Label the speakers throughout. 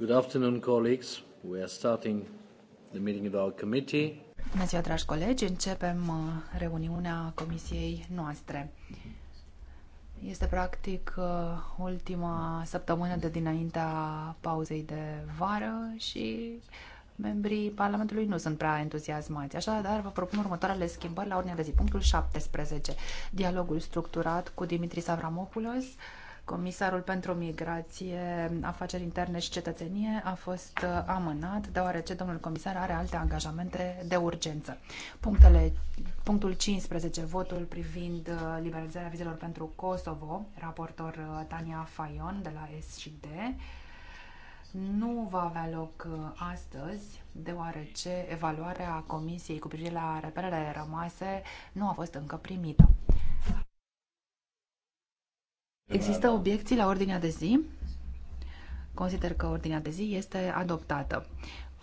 Speaker 1: Good afternoon, colleagues. We are starting the meeting of our committee.
Speaker 2: Bună ziua, dragi colegi. Începem uh, reuniunea comisiei noastre. Este practic uh, ultima săptămână de dinaintea pauzei de vară și membrii Parlamentului nu sunt prea entuziasmați. Așadar, vă propun următoarele schimbări la ordinea de zi. Punctul 17. Dialogul structurat cu Dimitris Avramopoulos. Comisarul pentru Migrație, Afaceri Interne și Cetățenie a fost uh, amânat deoarece domnul comisar are alte angajamente de urgență. Punctele, punctul 15, votul privind uh, liberalizarea vizelor pentru Kosovo, raportor uh, Tania Fayon de la SD, nu va avea loc astăzi, deoarece evaluarea Comisiei cu privire la reperele rămase nu a fost încă primită. Există obiecții la ordinea de zi? Consider că ordinea de zi este adoptată.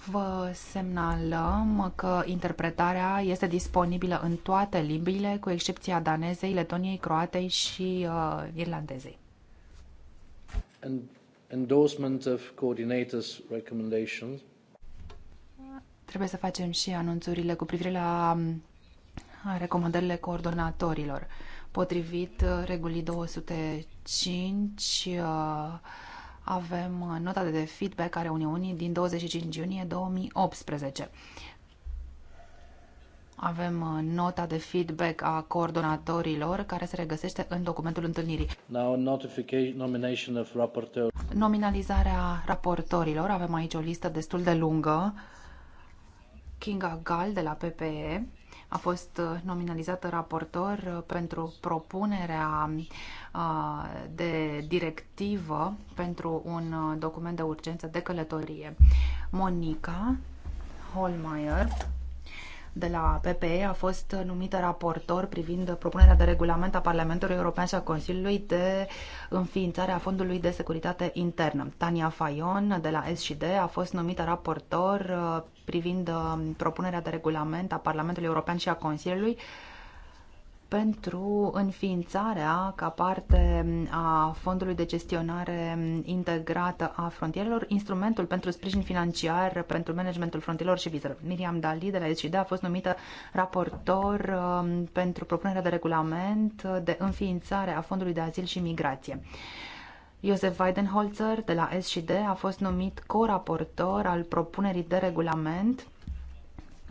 Speaker 2: Vă semnalăm că interpretarea este disponibilă în toate limbile, cu excepția danezei, letoniei, croatei și uh, irlandezei.
Speaker 1: Endorsement of coordinators recommendations.
Speaker 2: Trebuie să facem și anunțurile cu privire la um, recomandările coordonatorilor. Potrivit uh, regulii 205, uh, avem uh, nota de feedback a Uniunii din 25 iunie 2018. Avem nota de feedback a coordonatorilor care se regăsește în documentul întâlnirii.
Speaker 1: Now, nomination of
Speaker 2: Nominalizarea raportorilor. Avem aici o listă destul de lungă. Kinga Gal de la PPE, a fost uh, nominalizată raportor uh, pentru propunerea uh, de directivă pentru un document de urgență de călătorie. Monica Holmeier de la PPE a fost numită raportor privind propunerea de regulament a Parlamentului European și a Consiliului de a Fondului de Securitate Internă. Tania Fayon de la SD a fost numită raportor uh, privind uh, propunerea de regulament a Parlamentului European și a Consiliului pentru înființarea ca parte a Fondului de Gestionare Integrată a Frontierelor, instrumentul pentru sprijin financiar pentru managementul frontierelor și vizelor. Miriam Dali de la SCD a fost numită raportor um, pentru propunerea de regulament de înființare a Fondului de Azil și Migrație. Josef Weidenholzer de la SCD a fost numit coraportor al propunerii de regulament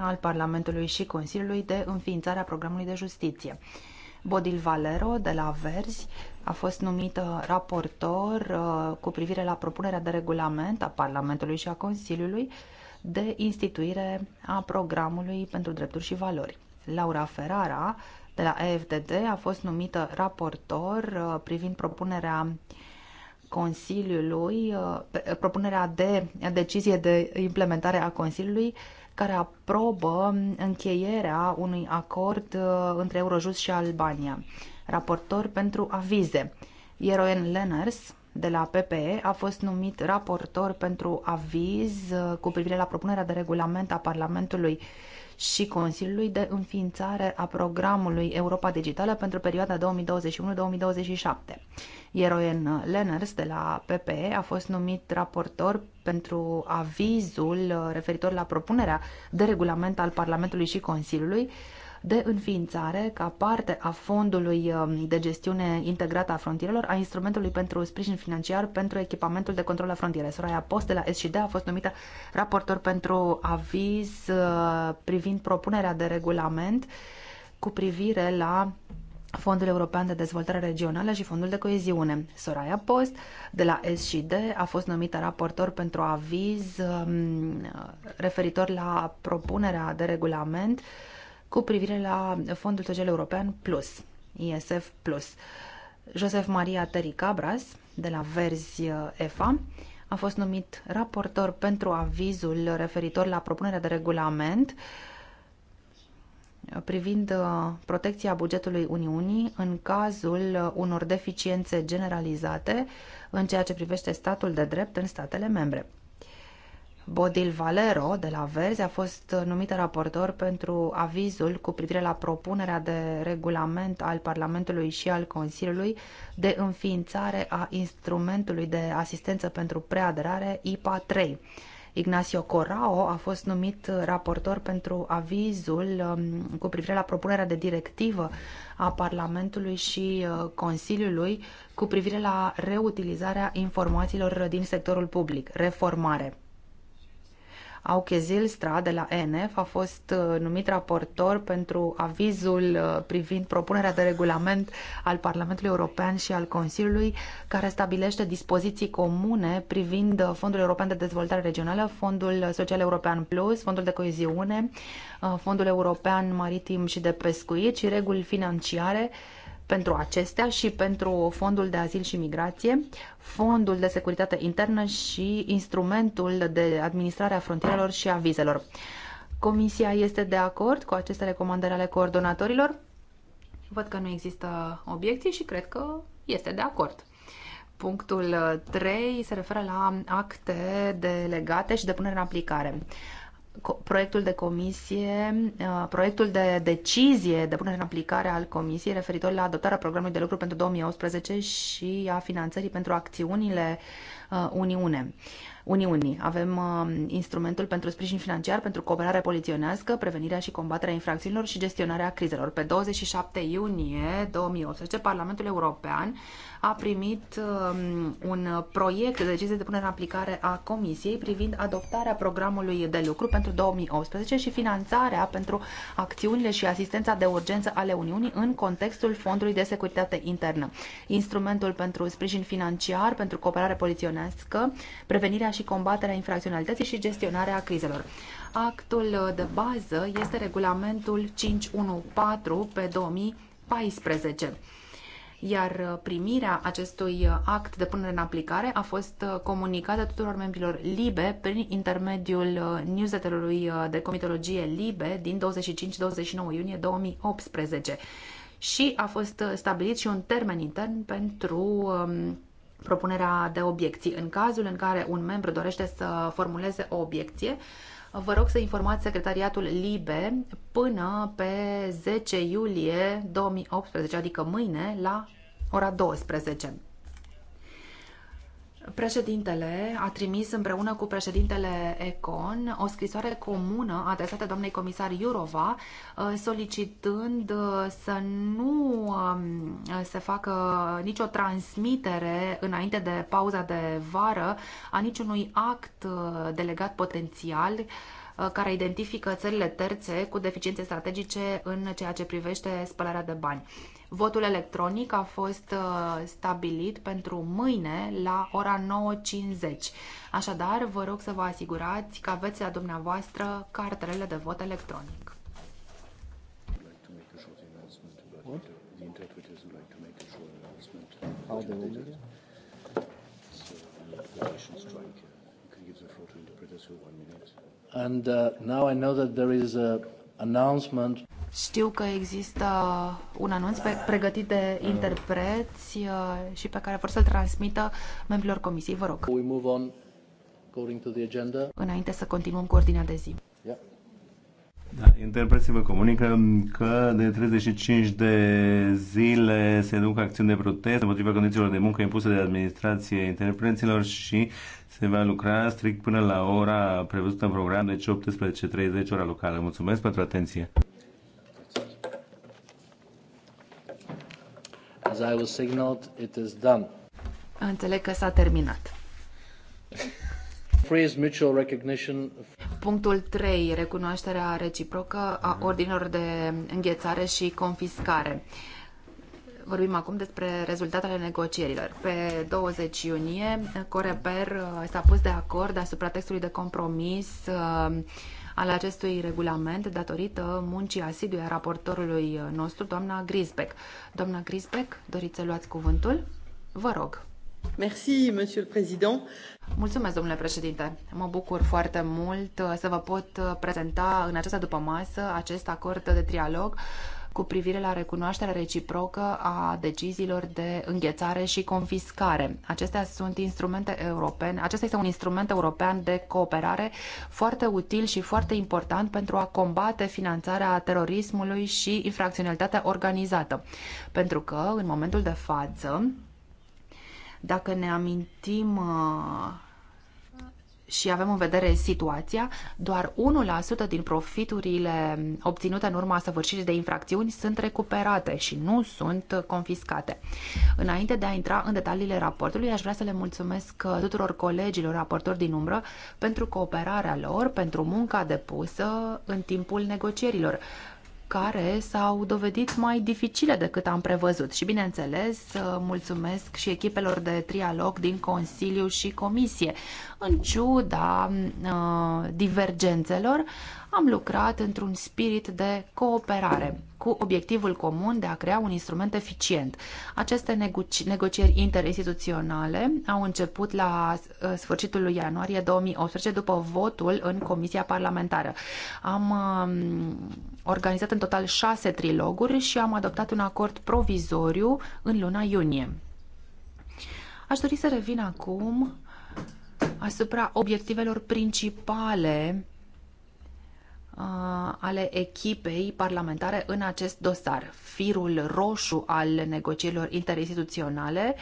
Speaker 2: al Parlamentului și Consiliului de înființarea programului de justiție. Bodil Valero de la Verzi a fost numită uh, raportor uh, cu privire la propunerea de regulament a Parlamentului și a Consiliului de instituire a programului pentru drepturi și valori. Laura Ferrara de la EFDD a fost numită raportor uh, privind propunerea Consiliului, propunerea de decizie de implementare a Consiliului care aprobă încheierea unui acord uh, între Eurojust și Albania. Raportor pentru avize. Ieroen Lenners, de la PPE a fost numit raportor pentru aviz uh, cu privire la propunerea de regulament a Parlamentului și Consiliului de înființare a programului Europa Digitală pentru perioada 2021-2027. Eroen Lenners de la PPE a fost numit raportor pentru avizul referitor la propunerea de regulament al Parlamentului și Consiliului de înființare ca parte a Fondului um, de Gestiune Integrată a Frontierelor a Instrumentului pentru Sprijin Financiar pentru Echipamentul de Control la Frontiere. Soraya Post de la SCD a fost numită raportor pentru aviz uh, privind propunerea de regulament cu privire la Fondul European de Dezvoltare Regională și Fondul de Coeziune. Soraya Post, de la SCD a fost numită raportor pentru aviz um, referitor la propunerea de regulament uh, cu privire la Fondul Social European Plus, ISF Plus. Josef Maria Teri Cabras, de la Verzi EFA, eh, a fost numit raportor pentru avizul referitor la propunerea de regulament privind eh, protecția bugetului Uniunii în cazul eh, unor deficiențe generalizate în ceea ce privește statul de drept în statele membre. Bodil Valero de la Verzi a fost numită raportor pentru avizul cu privire la propunerea de regulament al Parlamentului și al Consiliului de înființare a instrumentului de asistență pentru preaderare IPA 3. Ignacio Corao a fost numit raportor pentru avizul um, cu privire la propunerea de directivă a Parlamentului și uh, Consiliului cu privire la reutilizarea informațiilor din sectorul public, reformare. Auchezil Strada de la ENF a fost uh, numit raportor pentru avizul uh, privind propunerea de regulament al Parlamentului European și al Consiliului care stabilește dispoziții comune privind uh, Fondul European de Dezvoltare Regională, Fondul Social European Plus, Fondul de Coeziune, Fondul European Maritim și de Pescuit și reguli financiare uh, pentru acestea și pentru Fondul de Azil și Migrație, Fondul de Securitate Internă și Instrumentul de Administrare a Frontierelor și a Vizelor. Comisia este de acord cu aceste recomandări ale coordonatorilor? Văd că nu există obiecții și cred că este de acord. Punctul 3 se referă la acte delegate și de punere în aplicare proiectul de comisie, uh, proiectul de decizie de punere în aplicare al comisiei referitor la adoptarea programului de lucru pentru 2018 și a finanțării pentru acțiunile uh, Uniune. Uniunii. Avem uh, instrumentul pentru sprijin financiar, pentru cooperare poliționească, prevenirea și combaterea infracțiunilor și gestionarea crizelor. Pe 27 iunie 2018, Parlamentul European a primit um, un proiect de decizie de punere în aplicare a Comisiei privind adoptarea programului de lucru pentru 2018 și finanțarea pentru acțiunile și asistența de urgență ale Uniunii în contextul Fondului de Securitate Internă. Instrumentul pentru sprijin financiar, pentru cooperare poliționească, prevenirea și combaterea infracționalității și gestionarea crizelor. Actul de bază este regulamentul 514 pe 2014 iar uh, primirea acestui uh, act de punere în aplicare a fost uh, comunicată tuturor membrilor LIBE prin intermediul newsletterului de comitologie LIBE din 25-29 iunie 2018 și a fost stabilit și un termen intern pentru um, propunerea de obiecții. În cazul în care un membru dorește să formuleze o obiecție, Vă rog să informați secretariatul LIBE până pe 10 iulie 2018, adică mâine la ora 12. Președintele a trimis împreună cu președintele Econ o scrisoare comună adresată doamnei comisar Iurova uh, solicitând uh, să nu um, se facă nicio transmitere înainte de pauza de vară a niciunui act uh, delegat potențial care identifică țările terțe cu deficiențe strategice în ceea ce privește spălarea de bani. Votul electronic a fost uh, stabilit pentru mâine la ora 9.50. Așadar, vă rog să vă asigurați că aveți la dumneavoastră cartelele de vot electronic.
Speaker 1: And uh, now I know that there is an announcement. Știu că există un anunț pe, pregătit de interpreți
Speaker 2: uh, și pe care vor să-l transmită membrilor comisiei. Vă rog. We move on according to the agenda. Înainte să continuăm cu ordinea de zi. Yeah.
Speaker 3: Da, interpreții vă comunică că de 35 de zile se duc acțiuni de protest împotriva condițiilor de muncă impuse de administrație interpreților și se va lucra strict până la ora prevăzută în program, deci 18.30 ora locală. Mulțumesc pentru atenție!
Speaker 1: As I was signaled, it is done.
Speaker 2: Înțeleg că s-a terminat. Punctul 3. Recunoașterea reciprocă a ordinilor de înghețare și confiscare. Vorbim acum despre rezultatele negocierilor. Pe 20 iunie, Coreper uh, s-a pus de acord asupra textului de compromis uh, al acestui regulament datorită muncii asidue a raportorului nostru, doamna Grisbeck. Doamna Grisbeck, doriți să luați cuvântul? Vă rog. Merci, monsieur le président. Mulțumesc, domnule președinte. Mă bucur foarte mult să vă pot prezenta în această dupa-masă acest acord de trialog cu privire la recunoașterea reciprocă a deciziilor de înghețare și confiscare. Acestea sunt instrumente europene. Acesta este un instrument european de cooperare foarte util și foarte important pentru a combate finanțarea terorismului și infracționalitatea organizată. Pentru că, în momentul de față, dacă ne amintim uh, și avem în vedere situația, doar 1% din profiturile obținute în urma săvârșirii de infracțiuni sunt recuperate și nu sunt confiscate. Înainte de a intra în detaliile raportului, aș vrea să le mulțumesc tuturor colegilor raportori din umbră pentru cooperarea lor, pentru munca depusă în timpul negocierilor care s-au dovedit mai dificile decât am prevăzut. Și, bineînțeles, mulțumesc și echipelor de trialog din Consiliu și Comisie. În ciuda uh, divergențelor, am lucrat într-un spirit de cooperare cu obiectivul comun de a crea un instrument eficient. Aceste negoci negocieri interinstituționale au început la uh, sfârșitul lui ianuarie 2018 după votul în Comisia Parlamentară. Am um, organizat în total șase triloguri și am adoptat un acord provizoriu în luna iunie. Aș dori să revin acum asupra obiectivelor principale Uh, ale echipei parlamentare în acest dosar. Firul roșu al negocierilor interinstituționale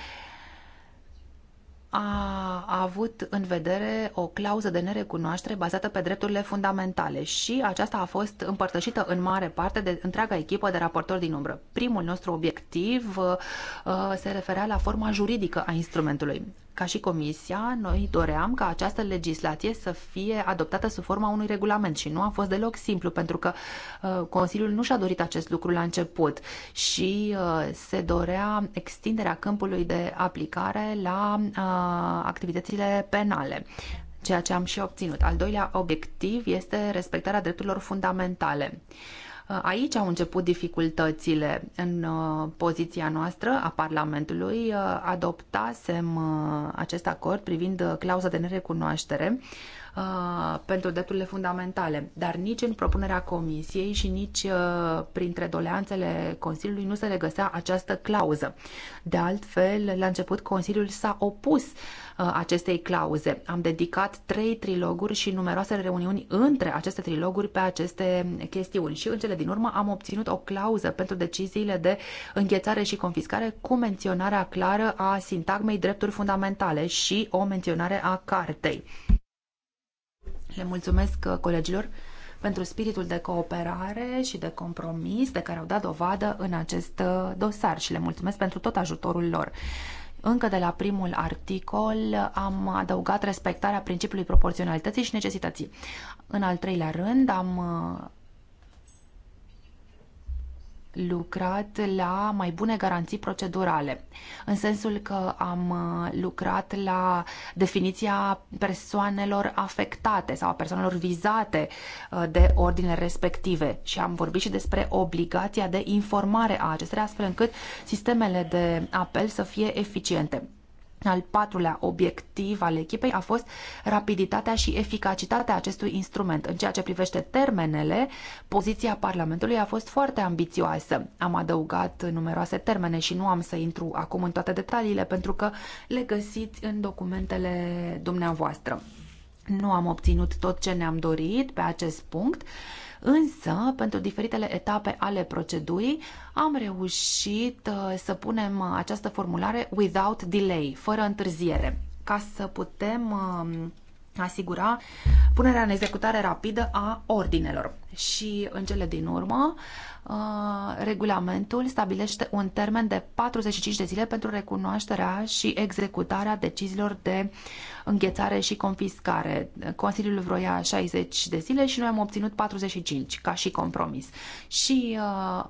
Speaker 2: a avut în vedere o clauză de nerecunoaștere bazată pe drepturile fundamentale și aceasta a fost împărtășită în mare parte de întreaga echipă de raportori din umbră. Primul nostru obiectiv uh, uh, se referea la forma juridică a instrumentului. Ca și Comisia, noi doream ca această legislație să fie adoptată sub forma unui regulament și nu a fost deloc simplu pentru că uh, Consiliul nu și-a dorit acest lucru la început și uh, se dorea extinderea câmpului de aplicare la uh, activitățile penale ceea ce am și obținut. Al doilea obiectiv este respectarea drepturilor fundamentale. Aici au început dificultățile în uh, poziția noastră a Parlamentului. Uh, adoptasem uh, acest acord privind clauza de nerecunoaștere uh, pentru drepturile fundamentale, dar nici în propunerea Comisiei și nici uh, printre doleanțele Consiliului nu se regăsea această clauză. De altfel, la început, Consiliul s-a opus uh, acestei clauze. Am dedicat trei triloguri și numeroase reuniuni între aceste triloguri pe aceste chestiuni și în cele din urmă am obținut o clauză pentru deciziile de înghețare și confiscare cu menționarea clară a sintagmei drepturi fundamentale și o menționare a cartei. Le mulțumesc uh, colegilor pentru spiritul de cooperare și de compromis de care au dat dovadă în acest uh, dosar și le mulțumesc pentru tot ajutorul lor. Încă de la primul articol am adăugat respectarea principiului proporționalității și necesității. În al treilea rând am uh, lucrat la mai bune garanții procedurale, în sensul că am uh, lucrat la definiția persoanelor afectate sau a persoanelor vizate uh, de ordine respective și am vorbit și despre obligația de informare a acestora, astfel încât sistemele de apel să fie eficiente. Al patrulea obiectiv al echipei a fost rapiditatea și eficacitatea acestui instrument. În ceea ce privește termenele, poziția Parlamentului a fost foarte ambițioasă. Am adăugat numeroase termene și nu am să intru acum în toate detaliile pentru că le găsiți în documentele dumneavoastră. Nu am obținut tot ce ne-am dorit pe acest punct Însă, pentru diferitele etape ale procedurii, am reușit uh, să punem uh, această formulare without delay, fără întârziere, ca să putem um, asigura punerea în executare rapidă a ordinelor. Și în cele din urmă, uh, regulamentul stabilește un termen de 45 de zile pentru recunoașterea și executarea deciziilor de înghețare și confiscare. Consiliul vroia 60 de zile și noi am obținut 45 ca și compromis. Și uh,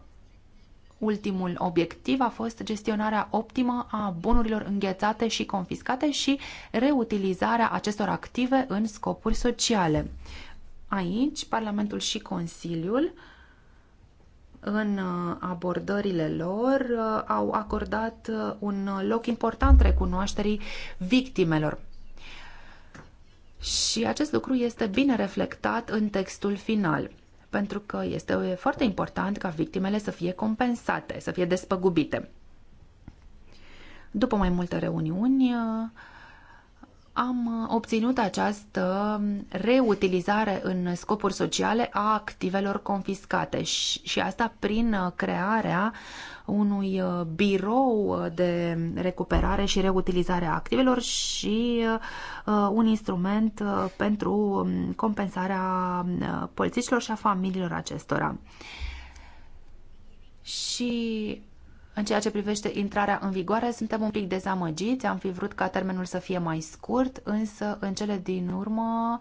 Speaker 2: Ultimul obiectiv a fost gestionarea optimă a bunurilor înghețate și confiscate și reutilizarea acestor active în scopuri sociale. Aici, Parlamentul și Consiliul în uh, abordările lor uh, au acordat uh, un loc important recunoașterii victimelor. Și acest lucru este bine reflectat în textul final pentru că este foarte important ca victimele să fie compensate, să fie despăgubite. După mai multe reuniuni, uh, am uh, obținut această reutilizare în scopuri sociale a activelor confiscate și, și asta prin uh, crearea unui uh, birou uh, de recuperare și reutilizare a activelor și uh, un instrument pentru um, compensarea polițiștilor și a familiilor acestora. Și în ceea ce privește intrarea în vigoare, suntem un pic dezamăgiți, am fi vrut ca termenul să fie mai scurt, însă în cele din urmă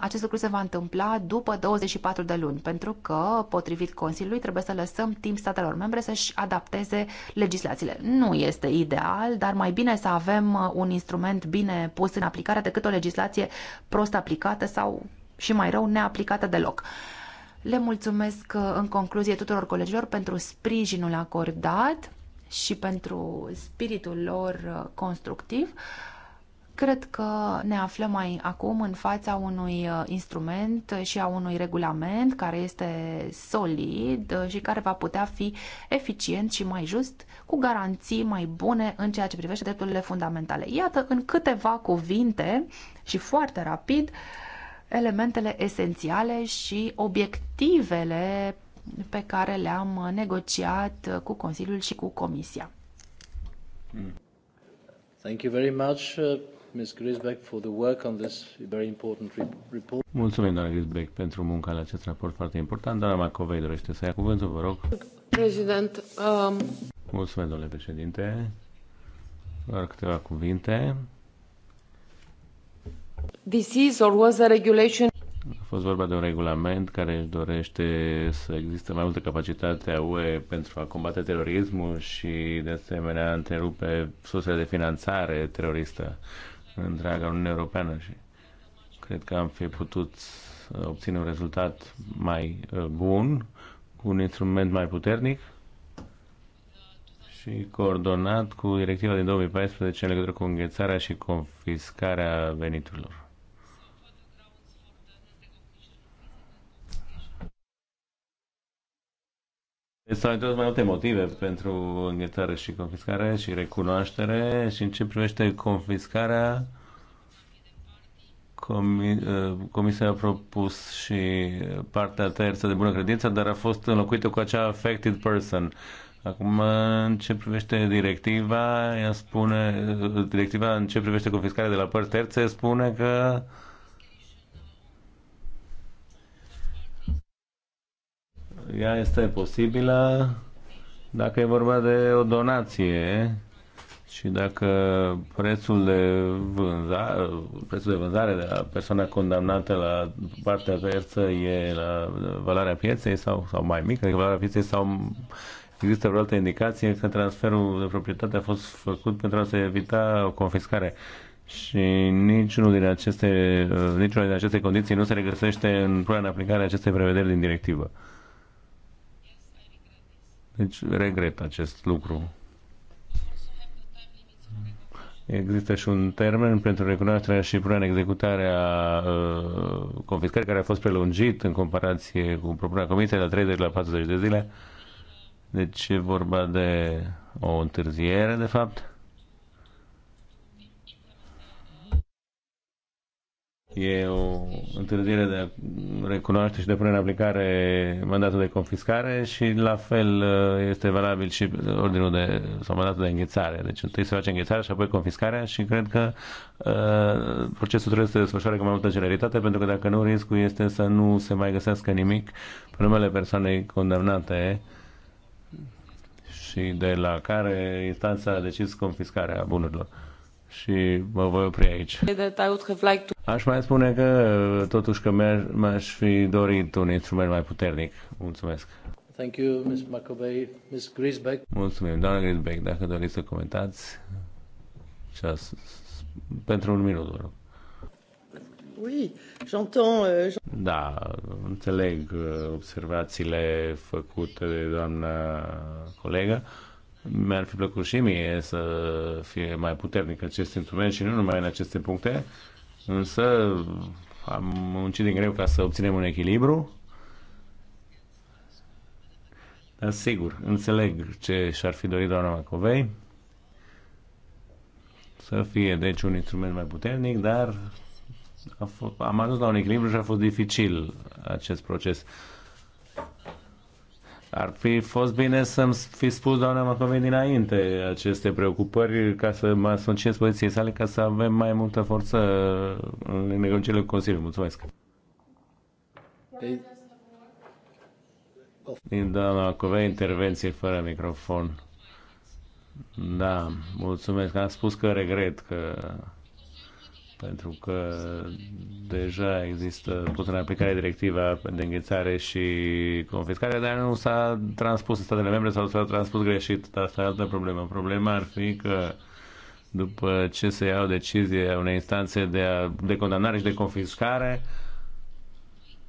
Speaker 2: acest lucru se va întâmpla după 24 de luni, pentru că, potrivit Consiliului, trebuie să lăsăm timp statelor membre să-și adapteze legislațiile. Nu este ideal, dar mai bine să avem un instrument bine pus în aplicare decât o legislație prost aplicată sau și mai rău neaplicată deloc. Le mulțumesc uh, în concluzie tuturor colegilor pentru sprijinul acordat și pentru spiritul lor uh, constructiv. Cred că ne aflăm mai acum în fața unui uh, instrument și a unui regulament care este solid și care va putea fi eficient și mai just, cu garanții mai bune în ceea ce privește drepturile fundamentale. Iată, în câteva cuvinte și foarte rapid, elementele esențiale și obiectivele pe care le-am negociat cu Consiliul și cu Comisia.
Speaker 1: Hmm. Thank you very much, uh, Ms. Grisbeck, for the work on this very important report.
Speaker 3: Mulțumim, doamna Grisbeck, pentru munca la acest raport foarte important. Doamna Macovei dorește să ia cuvântul, vă rog.
Speaker 4: Prezident. Um...
Speaker 3: Mulțumesc, domnule președinte. Doar câteva cuvinte a fost vorba de un regulament care își dorește să existe mai multă capacitate a UE pentru a combate terorismul și, de asemenea, întrerupe sursele de finanțare teroristă în întreaga Uniune Europeană și cred că am fi putut obține un rezultat mai uh, bun cu un instrument mai puternic și coordonat cu directiva din 2014 în legătură cu înghețarea și confiscarea veniturilor. Deci s-au introdus mai multe motive pentru înghețare și confiscare și recunoaștere și în ce privește confiscarea ă, Comisia a propus și partea terță de bună credință, dar a fost înlocuită cu acea affected person. Uh, Acum, în ce privește directiva, ea spune, directiva în ce privește confiscarea de la părți terțe, spune că ea este posibilă dacă e vorba de o donație și dacă prețul de vânzare, prețul de vânzare de la persoana condamnată la partea terță e la valoarea pieței sau, sau mai mică, adică valoarea pieței sau Există vreo altă indicație că transferul de proprietate a fost făcut pentru a se evita o confiscare și niciunul din aceste, uh, niciuna din aceste condiții nu se regăsește în pura în aplicare acestei prevederi din directivă. Deci regret acest lucru. Există și un termen pentru recunoașterea și punerea în executarea uh, confiscării care a fost prelungit în comparație cu propunerea comisiei de la 30 la 40 de zile. Uh, deci e vorba de o întârziere, de fapt. E o întârziere de a recunoaște și de pune în aplicare mandatul de confiscare și la fel uh, este valabil și ordinul de, sau mandatul de înghețare. Deci întâi se face înghețarea și apoi confiscarea și cred că uh, procesul trebuie să se desfășoare cu mai multă celeritate pentru că dacă nu, riscul este să nu se mai găsească nimic pe numele persoanei condamnate uh, și de la care instanța a decis confiscarea bunurilor. Și mă voi opri aici. Aș mai spune că totuși că mi-aș fi dorit un instrument mai puternic. Mulțumesc.
Speaker 1: Thank you, Ms. McAvey. Ms. Grisbeck.
Speaker 3: Mulțumim, doamna Grisbeck. Dacă doriți să comentați, ceas, pentru un minut, vă rog.
Speaker 5: Oui, euh, j'entends...
Speaker 3: Da, înțeleg uh, observațiile făcute de doamna colegă. Mi-ar fi plăcut și mie să fie mai puternic acest instrument și nu numai în aceste puncte, însă am muncit din greu ca să obținem un echilibru. Dar sigur, înțeleg ce și-ar fi dorit doamna Macovei. Să fie, deci, un instrument mai puternic, dar am ajuns la un echilibru și a fost dificil acest proces. Ar fi fost bine să-mi fi spus, doamna Macovei, dinainte aceste preocupări, ca să mă asunciez poziției sale, ca să avem mai multă forță în negocierile cu Consiliul. Mulțumesc! Din doamna Macovei, intervenție fără microfon. Da, mulțumesc. Am spus că regret că pentru că deja există puterea în aplicare directiva de înghețare și confiscare, dar nu s-a transpus în statele membre sau s-a transpus greșit. Dar asta e altă problemă. Problema ar fi că după ce se ia o decizie a unei instanțe de, a, de condamnare și de confiscare,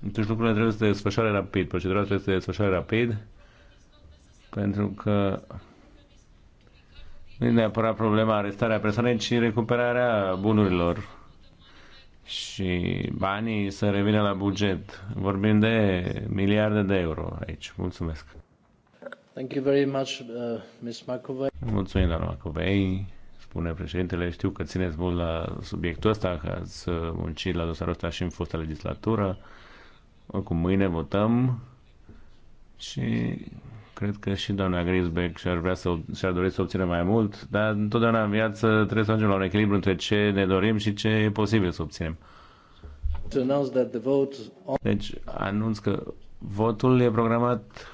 Speaker 3: atunci lucrurile trebuie să se desfășoare rapid, procedura trebuie să se desfășoare rapid, pentru că nu e neapărat problema arestarea persoanei, ci recuperarea bunurilor și banii să revină la buget. Vorbim de miliarde de euro aici. Mulțumesc.
Speaker 1: Thank you very much, uh, Ms. McAvey.
Speaker 3: Mulțumim, doamna McAvey. Spune președintele, știu că țineți mult la subiectul ăsta, că ați muncit la dosarul ăsta și în fosta legislatură. Oricum, mâine votăm și Cred că și doamna Grisbeck și-ar vrea să, și-ar dori să obțină mai mult, dar întotdeauna în viață trebuie să ajungem la un echilibru între ce ne dorim și ce e posibil să obținem. Deci anunț că votul e programat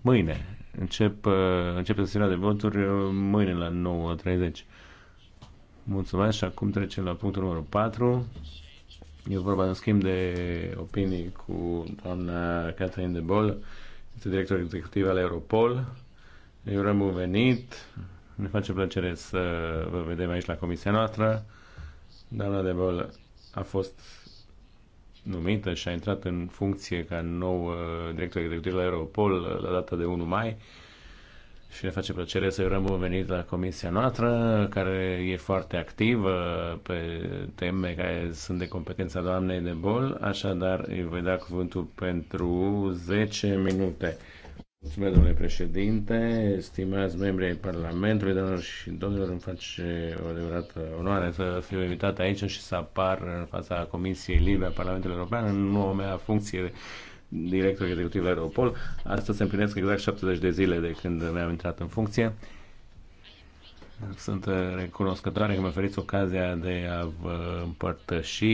Speaker 3: mâine. Încep, uh, începe sesiunea de voturi uh, mâine la 9.30. Mulțumesc și acum trecem la punctul numărul 4. E vorba, de schimb, de opinii cu doamna Catherine de Bol este director executiv al Europol. Eu urăm bun venit. Ne face plăcere să vă vedem aici la comisia noastră. Doamna de Bol a fost numită și a intrat în funcție ca nou director executiv la Europol la data de 1 mai și ne face plăcere să urăm bun venit la comisia noastră, care e foarte activă pe teme care sunt de competența doamnei de bol, așadar îi voi da cuvântul pentru 10 minute. Mulțumesc, domnule președinte, stimați membri ai Parlamentului, domnilor și domnilor, îmi face o adevărată onoare să fiu invitat aici și să apar în fața Comisiei Libe a Parlamentului European în noua mea funcție director executiv la Europol. Astăzi se împlinesc exact 70 de zile de când mi-am intrat în funcție. Sunt uh, recunoscătoare că mi-a oferit ocazia de a vă împărtăși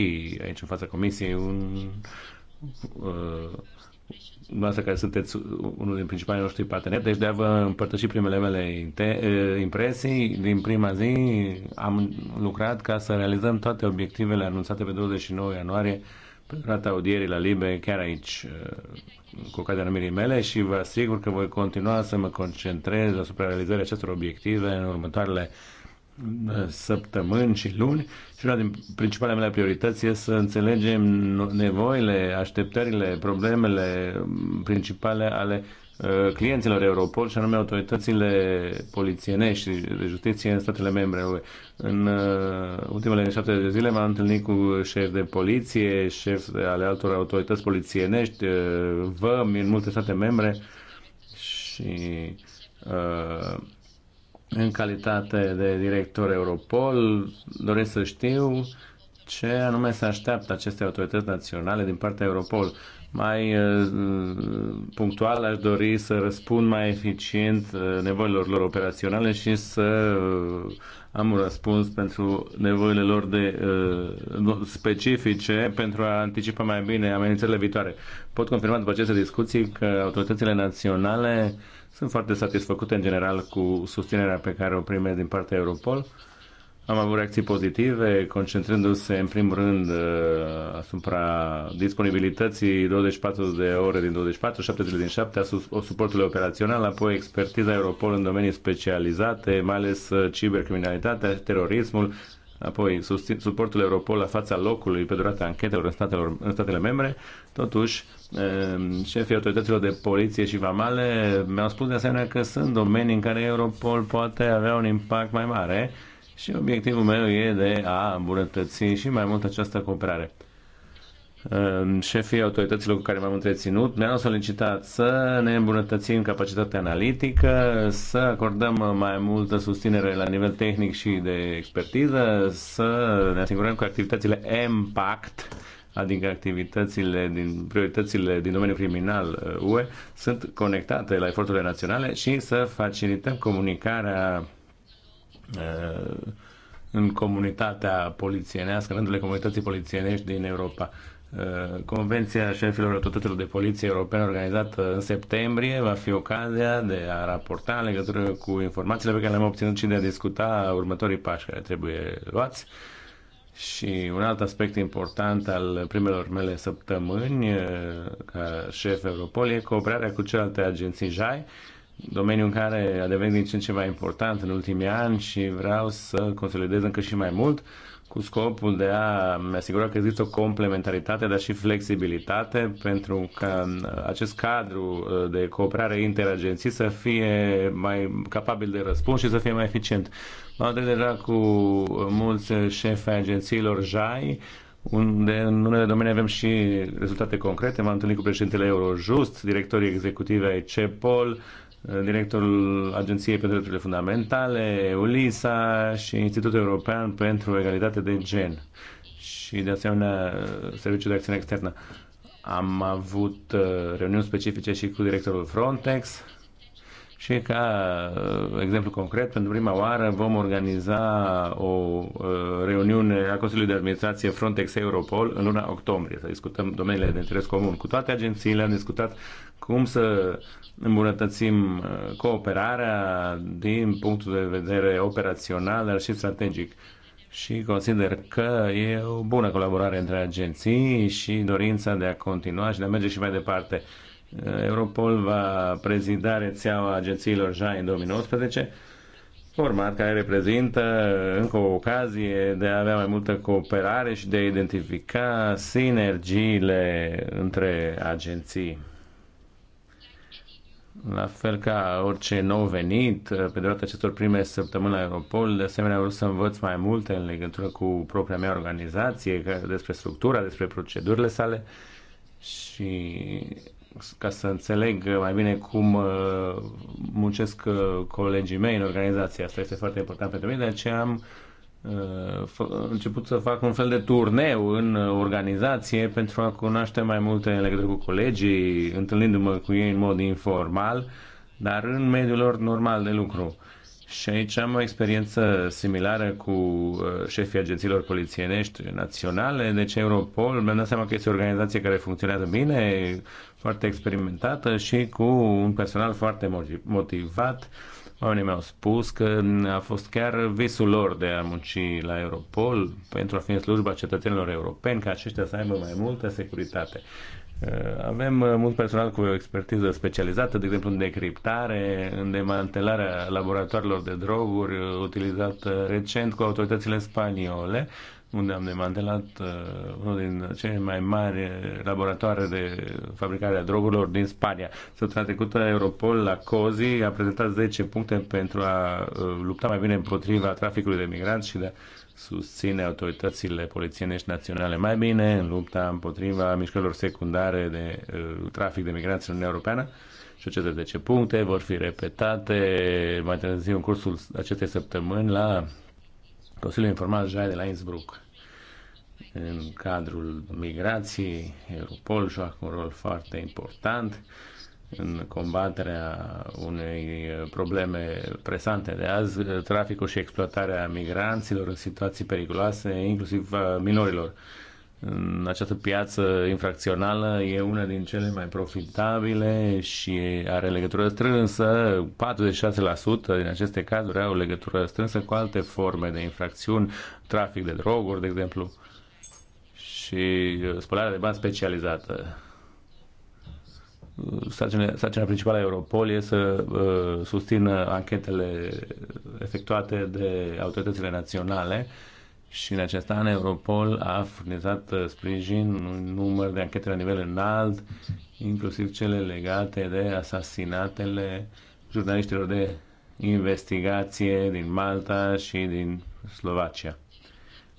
Speaker 3: aici în fața Comisiei un uh, noastră care sunteți unul din principalii noștri parteneri, deci de a vă împărtăși primele mele uh, impresii. Din prima zi am lucrat ca să realizăm toate obiectivele anunțate pe 29 ianuarie rata audierii la Libe chiar aici uh, cu ocazia numirii mele și vă asigur că voi continua să mă concentrez asupra realizării acestor obiective în următoarele uh, săptămâni și luni și una din principalele mele priorități este să înțelegem nevoile, așteptările, problemele principale ale Uh, clienților Europol și anume autoritățile polițienești și de justiție în statele membre. În uh, ultimele șapte de zile m-am întâlnit cu șef de poliție, șef de ale altor autorități polițienești, uh, văm în multe state membre și în calitate de director Europol doresc să știu ce anume se așteaptă aceste autorități naționale din partea Europol mai uh, punctual aș dori să răspund mai eficient uh, nevoilor lor operaționale și să uh, am un răspuns pentru nevoile lor de specifice pentru a anticipa mai bine amenințările viitoare. Pot confirma după aceste discuții că autoritățile naționale sunt foarte satisfăcute în general cu susținerea pe care o prime din partea Europol am avut reacții pozitive, concentrându-se în primul rând uh, asupra disponibilității 24 de ore din 24, 7 zile din 7, a suportului operațional, apoi expertiza Europol în domenii specializate, mai ales uh, cibercriminalitatea, terorismul, apoi suportul Europol la fața locului pe durata anchetelor în, statelor, în statele membre. Totuși, um, șefii autorităților de poliție și vamale mi-au spus de asemenea că sunt domenii în care Europol poate avea un impact mai mare și obiectivul meu e de a îmbunătăți și mai mult această cooperare. Șefii autorităților cu care m-am întreținut ne-au solicitat să ne îmbunătățim capacitatea analitică, să acordăm mai multă susținere la nivel tehnic și de expertiză, să ne asigurăm că activitățile impact adică activitățile din prioritățile din domeniul criminal UE, uh, sunt conectate la eforturile naționale și să facilităm comunicarea Uh, în comunitatea polițienească, în rândurile comunității polițienești din Europa. Uh, Convenția șefilor autorităților de poliție europene organizată în septembrie va fi ocazia de a raporta în legătură cu informațiile pe care le-am obținut și de a discuta următorii pași care trebuie luați. Și un alt aspect important al primelor mele săptămâni uh, ca șef Europol e cooperarea cu celelalte agenții JAI domeniu în care a devenit din ce în ce mai important în ultimii ani și vreau să consolidez încă și mai mult cu scopul de a mi asigura că există o complementaritate, dar și flexibilitate pentru ca uh, acest cadru uh, de cooperare interagenții să fie mai capabil de răspuns și să fie mai eficient. M-am întâlnit deja cu mulți șefi agențiilor JAI, unde în unele domenii avem și rezultate concrete. M-am întâlnit cu președintele Eurojust, directorii executive ai CEPOL, directorul Agenției pentru Drepturile Fundamentale, ULISA și Institutul European pentru Egalitate de Gen și de asemenea Serviciul de Acțiune Externă. Am avut uh, reuniuni specifice și cu directorul Frontex și ca uh, exemplu concret, pentru prima oară vom organiza o uh, reuniune a Consiliului de Administrație Frontex Europol în luna octombrie, să discutăm domeniile de interes comun. Cu toate agențiile am discutat cum să îmbunătățim uh, cooperarea din punctul de vedere operațional, dar și strategic și consider că e o bună colaborare între agenții și dorința de a continua și de a merge și mai departe. Europol va prezida rețeaua agențiilor JAI în 2019, format care reprezintă încă o ocazie de a avea mai multă cooperare și de a identifica sinergiile între agenții. La fel ca orice nou venit, pe durata acestor prime săptămâni la Europol, de asemenea vreau să învăț mai multe în legătură cu propria mea organizație, despre structura, despre procedurile sale și ca să înțeleg mai bine cum uh, muncesc uh, colegii mei în organizație. Asta este foarte important pentru mine, de aceea am uh, început să fac un fel de turneu în organizație pentru a cunoaște mai multe în legătură cu colegii, întâlnindu-mă cu ei în mod informal, dar în mediul lor normal de lucru. Și aici am o experiență similară cu uh, șefii agențiilor polițienești naționale, deci Europol, mi-am dat seama că este o organizație care funcționează bine, foarte experimentată și cu un personal foarte motivat. Oamenii mi-au spus că a fost chiar visul lor de a munci la Europol pentru a fi în slujba cetățenilor europeni, ca aceștia să aibă mai multă securitate. Eh, avem eh, mult personal cu o expertiză specializată, de exemplu în decriptare, în demantelarea laboratoarelor de droguri, eh, utilizată recent cu autoritățile spaniole, unde am demantelat unul din cele mai mari laboratoare de fabricare a drogurilor din Spania. Săptămâna trecută, Europol la COZI a prezentat 10 puncte pentru a lupta mai bine împotriva traficului de migranți și de a susține autoritățile polițienești naționale mai bine în lupta împotriva mișcărilor secundare de uh, trafic de migranți în Uniunea Europeană și aceste 10 puncte vor fi repetate mai târziu în cursul acestei săptămâni la Consiliul Informal Jai de la Innsbruck. În cadrul migrației, Europol joacă un rol foarte important în combaterea unei probleme presante de azi, traficul și exploatarea migranților în situații periculoase, inclusiv minorilor. În această piață infracțională e una din cele mai profitabile și are legătură strânsă, 46% din aceste cazuri au legătură strânsă cu alte forme de infracțiuni, trafic de droguri, de exemplu, și spălarea de bani specializată sarcina, sarcina principală a Europol e să uh, susțină anchetele efectuate de autoritățile naționale și în acest an Europol a furnizat uh, sprijin un număr de anchete la nivel înalt, inclusiv cele legate de asasinatele jurnaliștilor de investigație din Malta și din Slovacia.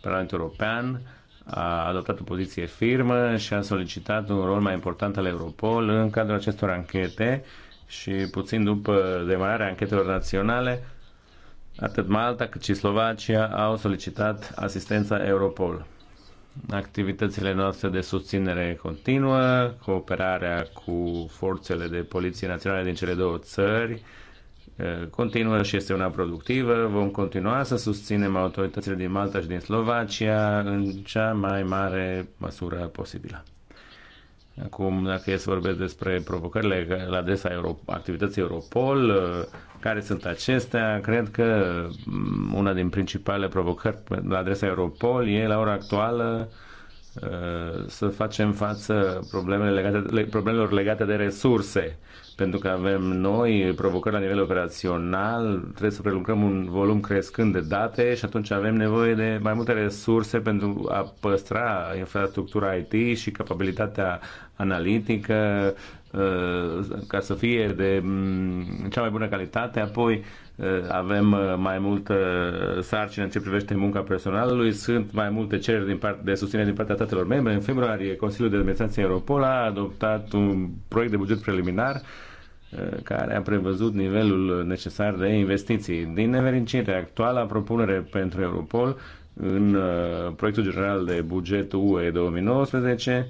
Speaker 3: Parlamentul European a adoptat o poziție firmă și a solicitat un rol mai important al Europol în cadrul acestor anchete și puțin după demararea anchetelor naționale, atât Malta cât și Slovacia au solicitat asistența Europol. Activitățile noastre de susținere continuă, cooperarea cu forțele de poliție naționale din cele două țări, continuă și este una productivă. Vom continua să susținem autoritățile din Malta și din Slovacia în cea mai mare măsură posibilă. Acum, dacă e să vorbesc despre provocările la adresa Euro- activității Europol, care sunt acestea, cred că una din principalele provocări la adresa Europol e la ora actuală să facem față problemele legate, problemelor legate de resurse pentru că avem noi provocări la nivel operațional, trebuie să prelucrăm un volum crescând de date și atunci avem nevoie de mai multe resurse pentru a păstra infrastructura IT și capabilitatea analitică uh, ca să fie de mm, cea mai bună calitate, apoi uh, avem uh, mai multă sarcină în ce privește munca personalului, sunt mai multe cereri din part, de susținere din partea statelor membre. În februarie, Consiliul de Administrație Europol a adoptat un proiect de buget preliminar Uh, care a prevăzut nivelul necesar de investiții. Din nevericire, actuala propunere pentru Europol în uh, proiectul general de buget UE 2019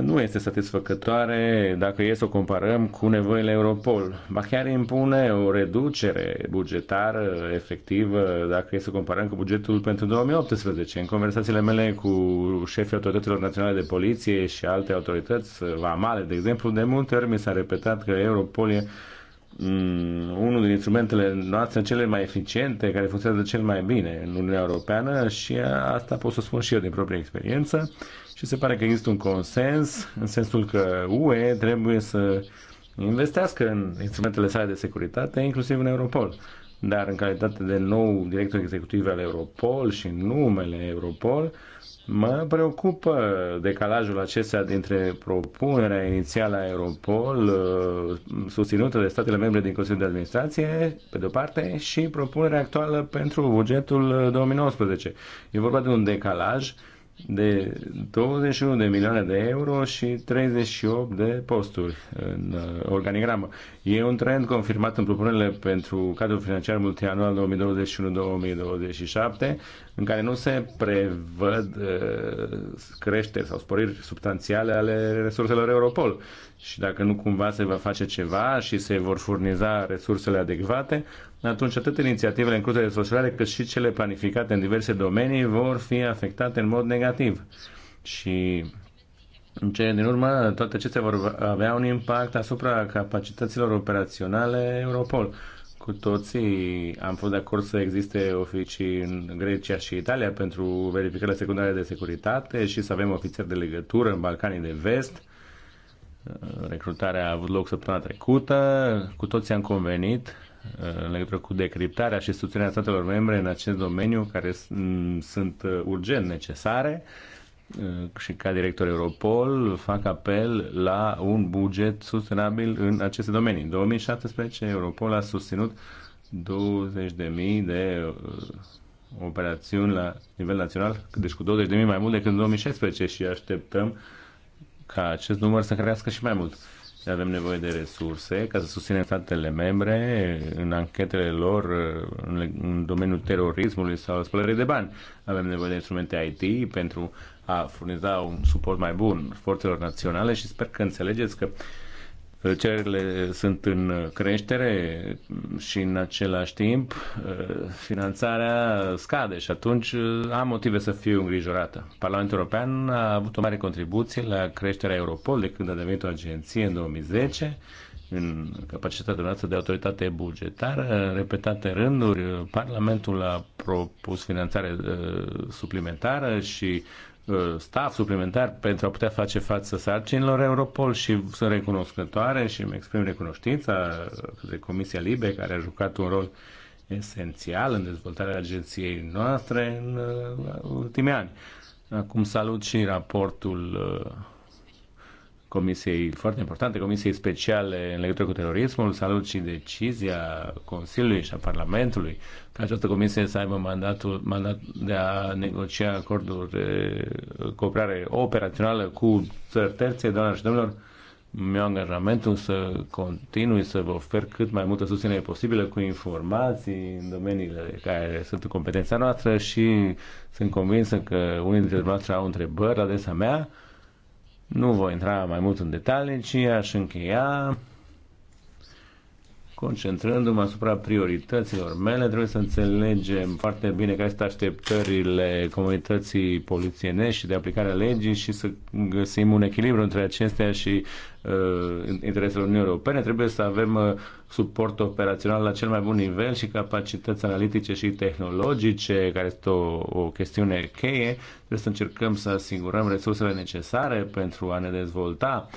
Speaker 3: nu este satisfăcătoare dacă e să o comparăm cu nevoile Europol. Ba chiar impune o reducere bugetară efectivă dacă e să comparăm cu bugetul pentru 2018. În conversațiile mele cu șefii autorităților naționale de poliție și alte autorități uh, vamale, de exemplu, de multe ori mi s-a repetat că Europol e mm, unul din instrumentele noastre cele mai eficiente, care funcționează cel mai bine în Uniunea Europeană și uh, asta pot să spun și eu din propria experiență și se pare că există un consens în sensul că UE trebuie să investească în instrumentele sale de securitate, inclusiv în Europol. Dar în calitate de nou director executiv al Europol și numele Europol, mă preocupă decalajul acesta dintre propunerea inițială a Europol, uh, susținută de statele membre din Consiliul de Administrație, pe de-o parte, și propunerea actuală pentru bugetul 2019. Uh, e vorba de un decalaj uh, de 21 de milioane de euro și 38 de posturi în uh, organigramă. E un trend confirmat în propunerile pentru cadrul financiar multianual 2021-2027, în care nu se prevăd uh, creșteri sau sporiri substanțiale ale resurselor Europol. Și dacă nu cumva se va face ceva și se vor furniza resursele adecvate, atunci atât inițiativele incluse de socializare cât și cele planificate în diverse domenii vor fi afectate în mod negativ. Și în cele din urmă, toate acestea vor avea un impact asupra capacităților operaționale Europol. Cu toții am fost de acord să existe oficii în Grecia și Italia pentru verificările secundare de securitate și să avem ofițeri de legătură în Balcanii de Vest. Recrutarea a avut loc săptămâna trecută. Cu toții am convenit în legătură cu decriptarea și susținerea statelor membre în acest domeniu care sunt uh, urgent necesare uh, și ca director Europol fac apel la un buget sustenabil în aceste domenii. În 2017 Europol a susținut 20.000 de uh, operațiuni la nivel național, deci cu 20.000 mai mult decât în 2016 și așteptăm ca acest număr să crească și mai mult avem nevoie de resurse ca să susținem statele membre în anchetele lor în domeniul terorismului sau spălării de bani. Avem nevoie de instrumente IT pentru a furniza un suport mai bun forțelor naționale și sper că înțelegeți că uh, cererile sunt în creștere și în același timp uh, finanțarea scade și atunci uh, am motive să fiu îngrijorată. Parlamentul European a avut o mare contribuție la creșterea Europol de când a devenit o agenție în 2010 în capacitatea noastră de autoritate bugetară, repetate rânduri, Parlamentul a propus finanțare uh, suplimentară și Uh, staff suplimentar pentru a putea face față sarcinilor Europol și sunt recunoscătoare și îmi exprim recunoștința de Comisia Libe care a jucat un rol esențial în dezvoltarea agenției noastre în uh, ultimii ani. Acum salut și raportul uh, Comisiei foarte importante, Comisiei Speciale în legătură cu terorismul, salut și decizia Consiliului și a Parlamentului ca această comisie să aibă mandatul mandat de a negocia acorduri de cooperare operațională cu țări terțe, doamnelor și domnilor. Mi-au angajamentul să continui să vă ofer cât mai multă susținere posibilă cu informații în domeniile care sunt în competența noastră și sunt convinsă că unii dintre dumneavoastră au întrebări la adresa mea nu voi intra mai mult în detalii, ci aș încheia Concentrându-mă asupra priorităților mele, trebuie să înțelegem foarte bine care sunt așteptările comunității polițienești și de aplicarea legii și să găsim un echilibru între acestea și uh, interesele Uniunii Europene. Trebuie să avem uh, suport operațional la cel mai bun nivel și capacități analitice și tehnologice, care este o, o chestiune cheie. Trebuie să încercăm să asigurăm resursele necesare pentru a ne dezvolta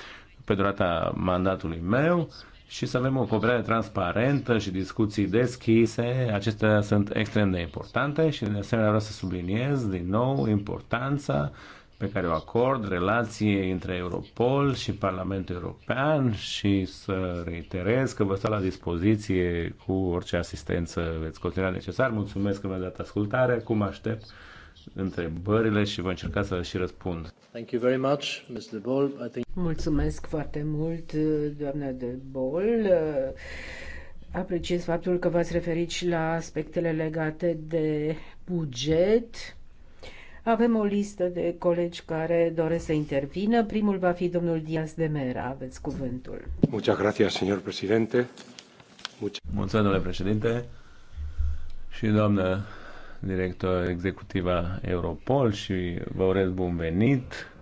Speaker 3: pe durata mandatului meu. Uh, și să avem o cooperare transparentă și discuții deschise. Acestea sunt extrem de importante și de asemenea vreau să subliniez din nou importanța pe care o acord relației între Europol și Parlamentul European și să reiterez că vă stau la dispoziție cu orice asistență veți considera necesar. Mulțumesc că mi-ați dat ascultare, cum aștept întrebările și voi încerca să le și răspund.
Speaker 1: Thank you very much, Mr. Ball. I think... Mulțumesc foarte mult, doamna de
Speaker 5: Bol. Apreciez faptul că v-ați referit și la aspectele legate de buget. Avem o listă de colegi care doresc să intervină. Primul va fi domnul Diaz de Mera. Aveți cuvântul.
Speaker 3: Muchas gracias, señor presidente. Mulțumesc, domnule președinte. Și doamnă director executiv al Europol și vă urez bun venit.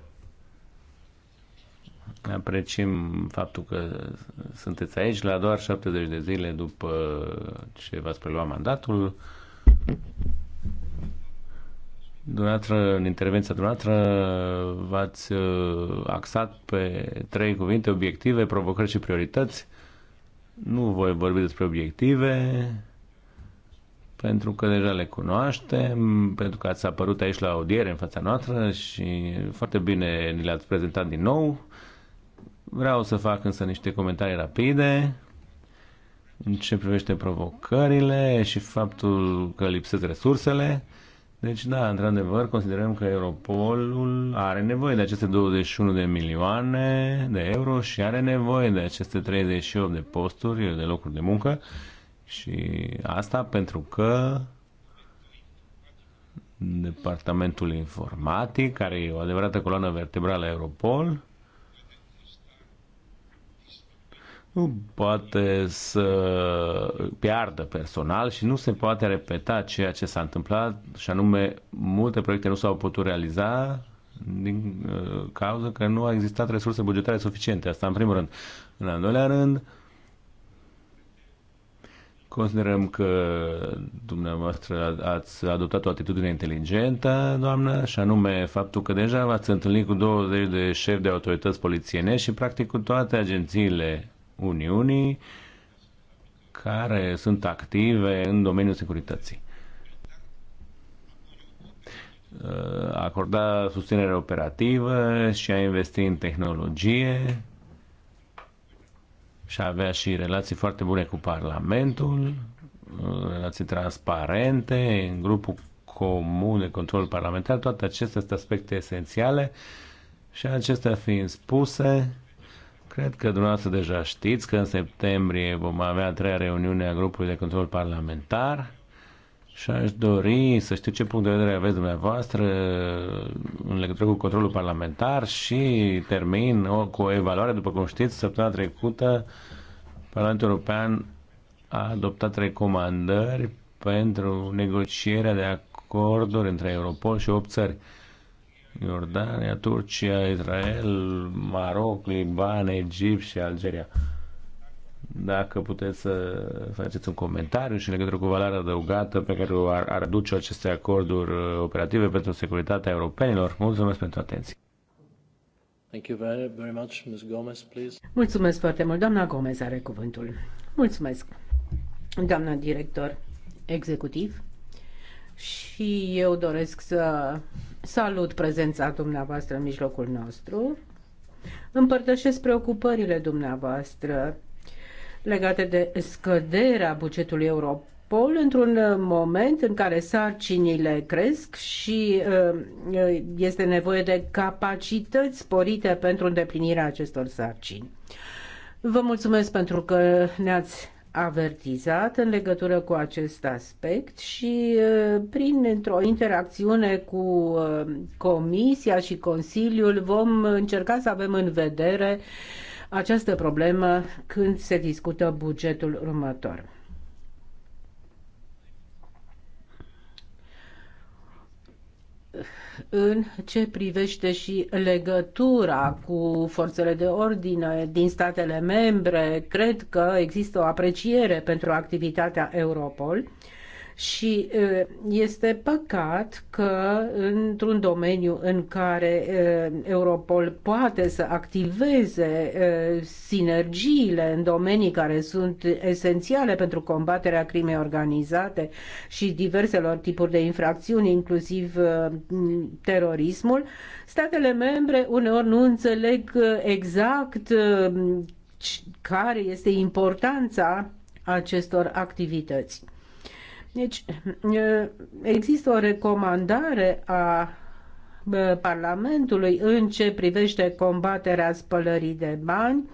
Speaker 3: Apreciem faptul că sunteți aici la doar 70 de zile după ce v-ați preluat mandatul. Dumneavoastră, în intervenția dumneavoastră, v-ați uh, axat pe trei cuvinte, obiective, provocări și priorități. Nu voi vorbi despre obiective, pentru că deja le cunoaștem, pentru că ați apărut aici la audiere în fața noastră și foarte bine ni le-ați prezentat din nou. Vreau să fac însă niște comentarii rapide în ce privește provocările și faptul că lipsesc resursele. Deci, da, într-adevăr, considerăm că Europolul are nevoie de aceste 21 de milioane de euro și are nevoie de aceste 38 de posturi, de locuri de muncă și asta pentru că departamentul informatic, care e o adevărată coloană vertebrală a Europol, nu poate să piardă personal și nu se poate repeta ceea ce s-a întâmplat și anume multe proiecte nu s-au putut realiza din uh, cauza că nu au existat resurse bugetare suficiente. Asta în primul rând. În al doilea rând, uh, Considerăm că dumneavoastră ați adoptat o atitudine inteligentă, doamnă, și anume faptul că deja v-ați întâlnit cu 20 de șefi de autorități polițiene și practic cu toate agențiile Uniunii care sunt active în domeniul securității. Acorda susținere operativă și a investi în tehnologie și avea și relații foarte bune cu Parlamentul, relații transparente, în grupul comun de control parlamentar, toate acestea sunt aspecte esențiale și acestea fiind spuse, cred că dumneavoastră deja știți că în septembrie vom avea a treia reuniune a grupului de control parlamentar și aș dori să știu ce punct de vedere aveți dumneavoastră în legătură cu controlul parlamentar și termin cu o evaluare. După cum știți, săptămâna trecută Parlamentul European a adoptat recomandări pentru negocierea de acorduri între Europol și 8 țări. Iordania, Turcia, Israel, Maroc, Liban, Egipt și Algeria dacă puteți să faceți un comentariu și în legătură cu valoarea adăugată pe care o ar, ar aduce aceste acorduri uh, operative pentru securitatea europenilor. Mulțumesc pentru atenție.
Speaker 1: Thank you very, very much, Ms. Gomez, please.
Speaker 5: Mulțumesc foarte mult. Doamna Gomez are cuvântul. Mulțumesc, doamna director executiv. Și eu doresc să salut prezența dumneavoastră în mijlocul nostru. Împărtășesc preocupările dumneavoastră legate de scăderea bugetului european Pol într-un uh, moment în care sarcinile cresc și uh, uh, este nevoie de capacități sporite pentru îndeplinirea acestor sarcini. Vă mulțumesc pentru că ne-ați avertizat în legătură cu acest aspect și prin o interacțiune cu Comisia și Consiliul vom încerca să avem în vedere uh, această problemă când se discută bugetul următor. în ce privește și legătura cu forțele de ordine din statele membre, cred că există o apreciere pentru activitatea Europol și este păcat că într-un domeniu în care Europol poate să activeze sinergiile în domenii care sunt esențiale pentru combaterea crimei organizate și diverselor tipuri de infracțiuni, inclusiv terorismul, statele membre uneori nu înțeleg exact care este importanța acestor activități. Deci există o recomandare a Parlamentului în ce privește combaterea spălării de bani.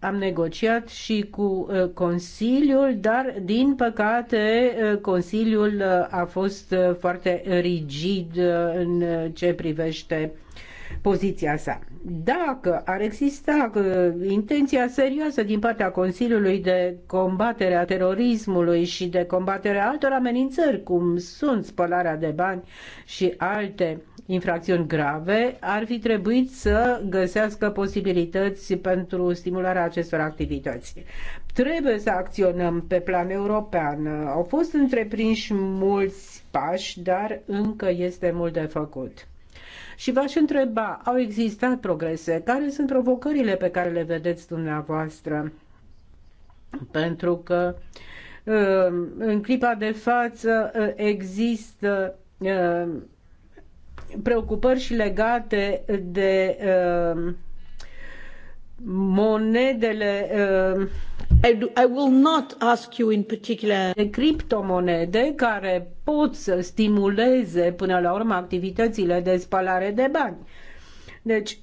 Speaker 5: Am negociat și cu Consiliul, dar din păcate Consiliul a fost foarte rigid în ce privește uh, poziția sa. Dacă ar exista uh, intenția serioasă din partea Consiliului de combatere a terorismului și de combatere a altor amenințări, cum sunt spălarea de bani și alte infracțiuni grave, ar fi trebuit să găsească posibilități pentru stimularea acestor activități. Trebuie să acționăm pe plan european. Au fost întreprinși mulți pași, dar încă este mult de făcut. Și v-aș întreba, au existat progrese? Care sunt provocările pe care le vedeți dumneavoastră? Pentru că uh, în clipa de față uh, există uh, preocupări și legate de monedele I will not ask you in particular... de criptomonede care pot să stimuleze până la urmă activitățile de spalare de bani. Deci,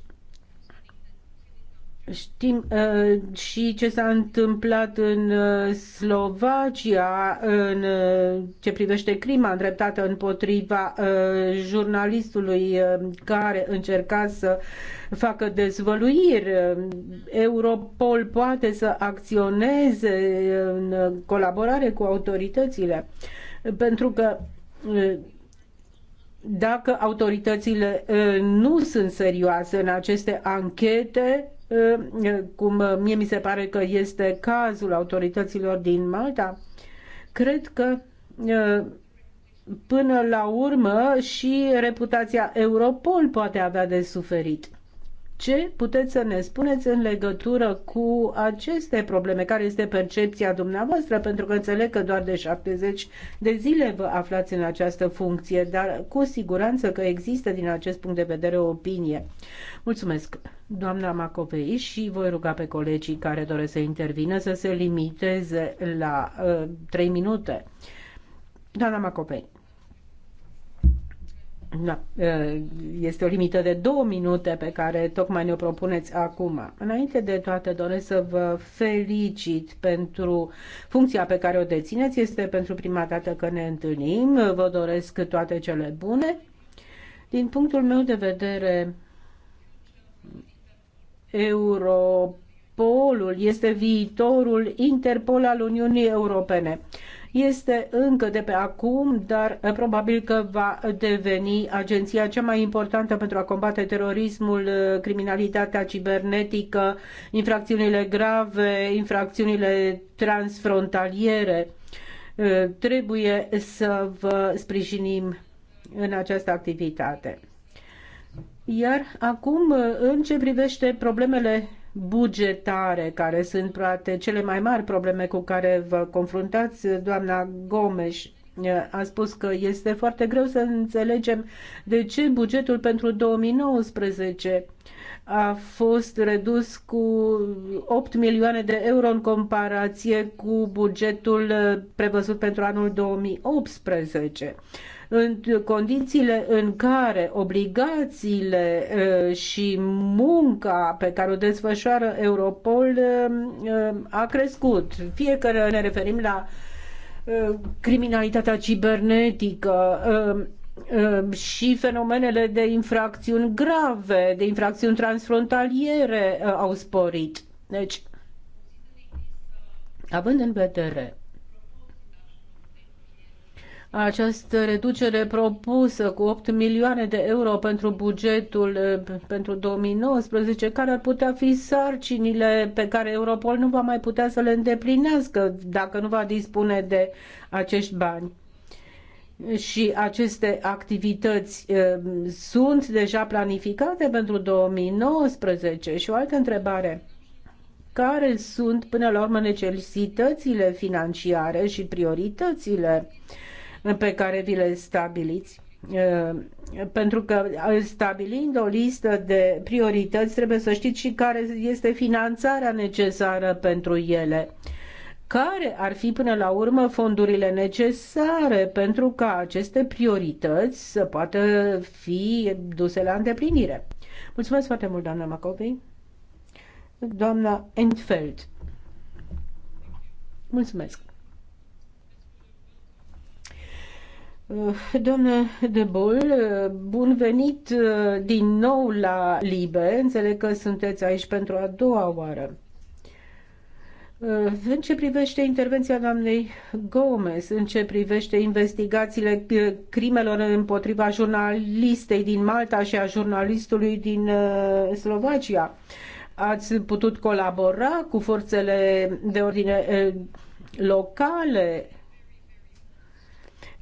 Speaker 5: Știm uh, și ce s-a întâmplat în uh, Slovacia în uh, ce privește crima îndreptată împotriva uh, jurnalistului uh, care încerca să facă dezvăluiri. Europol poate să acționeze în colaborare cu autoritățile pentru că uh, dacă autoritățile uh, nu sunt serioase în aceste anchete, cum uh, mie mi se pare că este cazul autorităților din Malta, cred că uh, până la urmă și reputația Europol poate avea de suferit. Ce puteți să ne spuneți în legătură cu aceste probleme? Care este percepția dumneavoastră? Pentru că înțeleg că doar de 70 de zile vă aflați în această funcție, dar cu siguranță că există din acest punct de vedere o opinie. Mulțumesc, doamna Macovei, și voi ruga pe colegii care doresc să intervină să se limiteze la uh, 3 minute. Doamna Macovei. Da, este o limită de două minute pe care tocmai ne-o propuneți acum. Înainte de toate doresc să vă felicit pentru funcția pe care o dețineți. Este pentru prima dată că ne întâlnim. Vă doresc toate cele bune. Din punctul meu de vedere, Europolul este viitorul Interpol al Uniunii Europene. Este încă de pe acum, dar eh, probabil că va deveni agenția cea mai importantă pentru a combate terorismul, eh, criminalitatea cibernetică, infracțiunile grave, infracțiunile transfrontaliere. Eh, trebuie să vă sprijinim în această activitate. Iar acum, în ce privește problemele bugetare, care sunt poate cele mai mari probleme cu care vă confruntați, doamna Gomes, a spus că este foarte greu să înțelegem de ce bugetul pentru 2019 a fost redus cu 8 milioane de euro în comparație cu bugetul prevăzut pentru anul 2018 în condițiile în care obligațiile uh, și munca pe care o desfășoară Europol uh, uh, a crescut. Fie că ne referim la criminalitatea cibernetică, și fenomenele de infracțiuni grave, de infracțiuni transfrontaliere au sporit. Deci, având în vedere această reducere propusă cu 8 milioane de euro pentru bugetul eh, pentru 2019, care ar putea fi sarcinile pe care Europol nu va mai putea să le îndeplinească dacă nu va dispune de acești bani și aceste activități eh, sunt deja planificate pentru 2019? Și o altă întrebare. Care sunt, până la urmă, necesitățile financiare și prioritățile pe care vi le stabiliți? Uh, pentru că uh, stabilind o listă de priorități trebuie să știți și care este finanțarea necesară pentru ele. Care ar fi până la urmă fondurile necesare pentru ca aceste priorități să poată fi duse la îndeplinire? Mulțumesc foarte mult, doamna Macovei. Doamna Entfeld. Mulțumesc. Eh, Domnule De Bol, eh, bun venit eh, din nou la Libe. Înțeleg că sunteți aici pentru a doua oară. În ce privește intervenția doamnei Gomez, în ce privește investigațiile crimelor împotriva jurnalistei din Malta și a jurnalistului din Slovacia, ați putut colabora cu forțele de ordine locale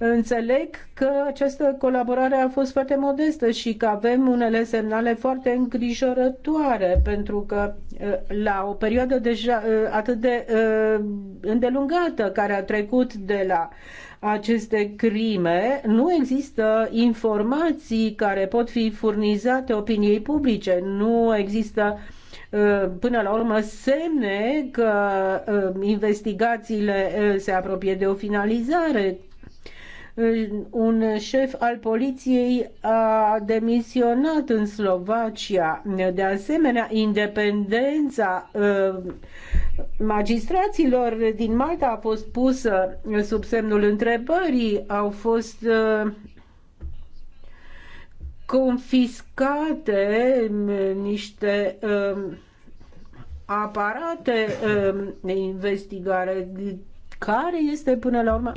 Speaker 5: Înțeleg că această colaborare a fost foarte modestă și că avem unele semnale foarte îngrijorătoare, pentru că la o perioadă deja atât de îndelungată care a trecut de la aceste crime, nu există informații care pot fi furnizate opiniei publice, nu există până la urmă semne că investigațiile se apropie de o finalizare, un șef al poliției a demisionat în Slovacia. De asemenea, independența uh, magistraților din Malta a fost pusă sub semnul întrebării, au fost uh, confiscate um, niște um, aparate um, de investigare care este până la urmă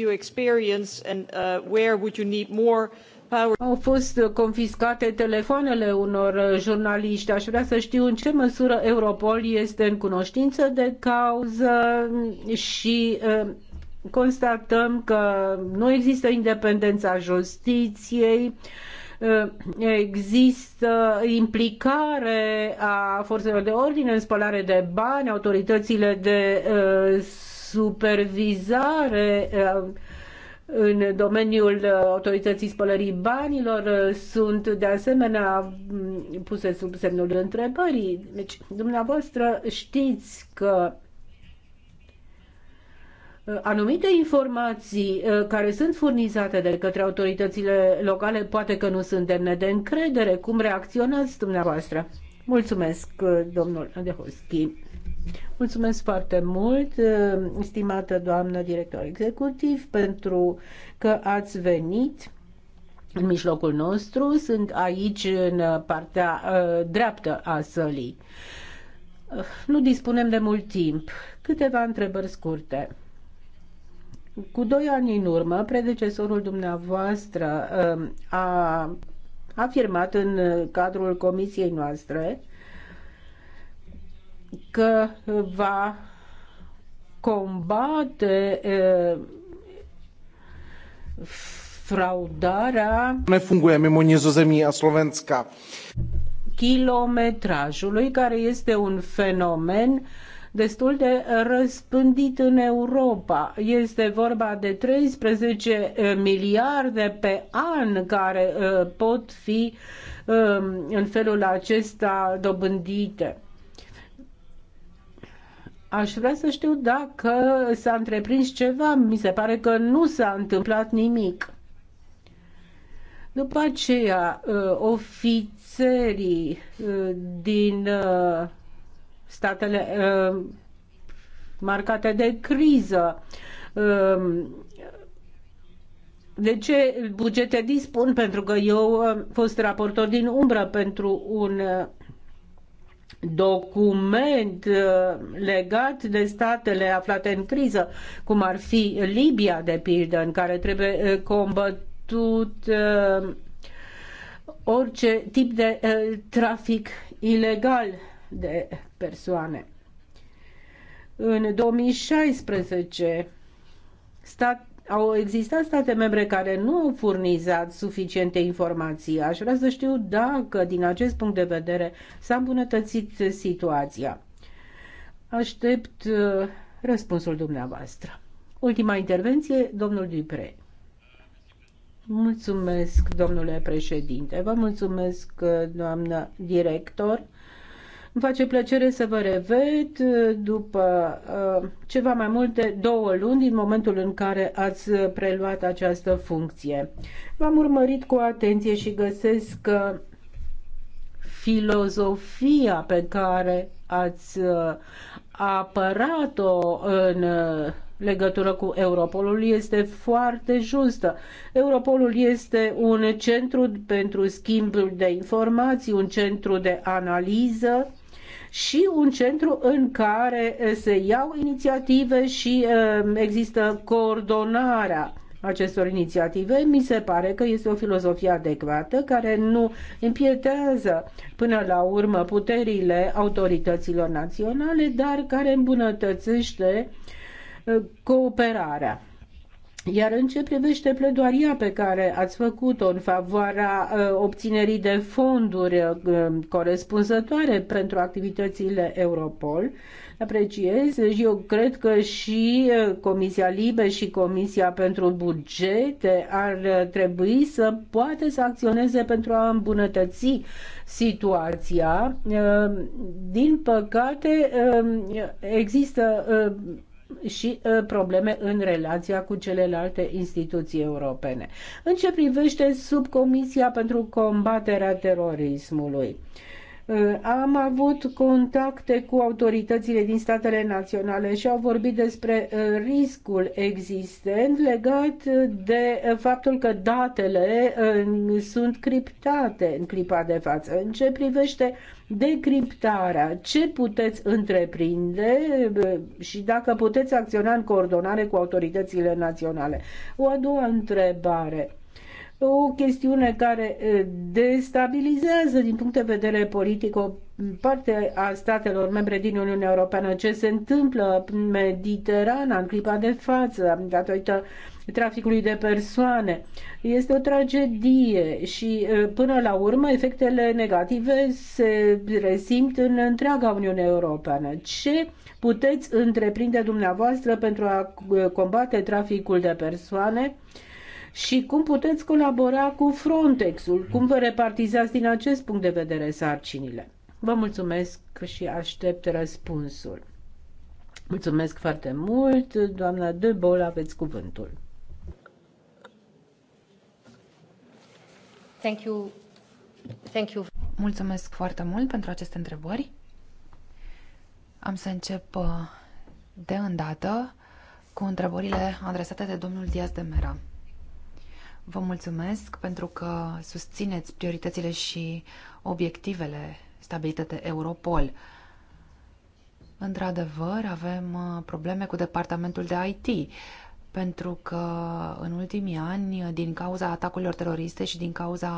Speaker 5: uh, au fost confiscate telefoanele unor jurnaliști. Aș vrea să știu în ce măsură Europol este în cunoștință de cauză și uh, constatăm că nu există independența justiției, uh, există implicare a forțelor de ordine în spălare de bani, autoritățile de supervizare uh, în domeniul uh, autorității spălării banilor uh, sunt de asemenea mm, puse sub semnul întrebării. Deci, dumneavoastră știți că anumite informații care sunt furnizate de către autoritățile locale poate că nu sunt demne de încredere. Cum reacționați dumneavoastră? Mulțumesc, domnul Andehoschi. Mulțumesc foarte mult, stimată doamnă director executiv, pentru că ați venit în mijlocul nostru. Sunt aici în partea uh, dreaptă a sălii. Uh, nu dispunem de mult timp. Câteva întrebări scurte. Cu doi ani în urmă, predecesorul dumneavoastră uh, a afirmat în cadrul comisiei noastre că va combate fraudarea
Speaker 1: nefungujemy mu nizozemii a Slovenska.
Speaker 5: Kilometrajului, care este un fenomen destul de răspândit în Europa. Este vorba de 13 miliarde pe an care pot fi în felul acesta dobândite. Aș vrea să știu dacă s-a întreprins ceva. Mi se pare că nu s-a întâmplat nimic. După aceea, uh, ofițerii uh, din uh, statele marcate de criză. Um, de ce bugete dispun? Pentru că eu am fost raportor din umbră pentru un document uh, legat de statele aflate în criză, cum ar fi Libia, de pildă, în care trebuie uh, combătut uh, orice tip de trafic ilegal de persoane. În 2016, stat, au existat state membre care nu au furnizat suficiente informații. Aș vrea să știu dacă, din acest punct de vedere, s-a îmbunătățit situația. Aștept uh, răspunsul dumneavoastră. Ultima intervenție, domnul Dupre. Mulțumesc, domnule președinte. Vă mulțumesc, uh, doamnă director. Îmi face plăcere să vă revet uh, după uh, ceva mai mult de două luni din momentul în care ați uh, preluat această funcție. V-am urmărit cu atenție și găsesc că filozofia pe care ați apărat-o în legătură cu Europolul este foarte justă. Europolul este un centru pentru schimbul de informații, un centru de analiză și un centru în care eh, se iau inițiative și eh, există coordonarea acestor inițiative, mi se pare că este o filozofie adecvată care nu împietează până la urmă puterile autorităților naționale, dar care îmbunătățește eh, cooperarea. Iar în ce privește pledoaria pe care ați făcut-o în favoarea uh, obținerii de fonduri uh, corespunzătoare pentru activitățile Europol, apreciez și deci eu cred că și uh, Comisia Libe și Comisia pentru Bugete ar trebui să poate să acționeze pentru a îmbunătăți situația. Din păcate, um, există și ă, probleme în relația cu celelalte instituții europene. În ce privește subcomisia pentru combaterea terorismului, uh, Uh, am avut contacte cu autoritățile din statele naționale și au vorbit despre uh, riscul existent legat de uh, faptul că datele sunt criptate în clipa de față. În ce privește decriptarea, ce puteți întreprinde și dacă puteți acționa în coordonare cu autoritățile naționale? O a doua întrebare o chestiune care destabilizează din punct de vedere politic o parte a statelor membre din Uniunea Europeană. Ce se întâmplă în Mediterana în clipa de față datorită traficului de persoane. Este o tragedie și până la urmă efectele negative se resimt în întreaga Uniune Europeană. Ce puteți întreprinde dumneavoastră pentru a combate traficul de persoane? și cum puteți colabora cu Frontexul, cum vă repartizați din acest punct de vedere sarcinile. Vă mulțumesc și aștept răspunsul. Mulțumesc foarte mult, doamna Bol, aveți cuvântul.
Speaker 2: Thank you. Thank you. Mulțumesc foarte mult pentru aceste întrebări. Am să încep uh, de îndată cu întrebările adresate de domnul Diaz de Mera. Vă mulțumesc pentru că susțineți prioritățile și obiectivele stabilite de Europol. Într-adevăr, avem uh, probleme cu departamentul de IT pentru că în ultimii ani, din cauza atacurilor teroriste și din cauza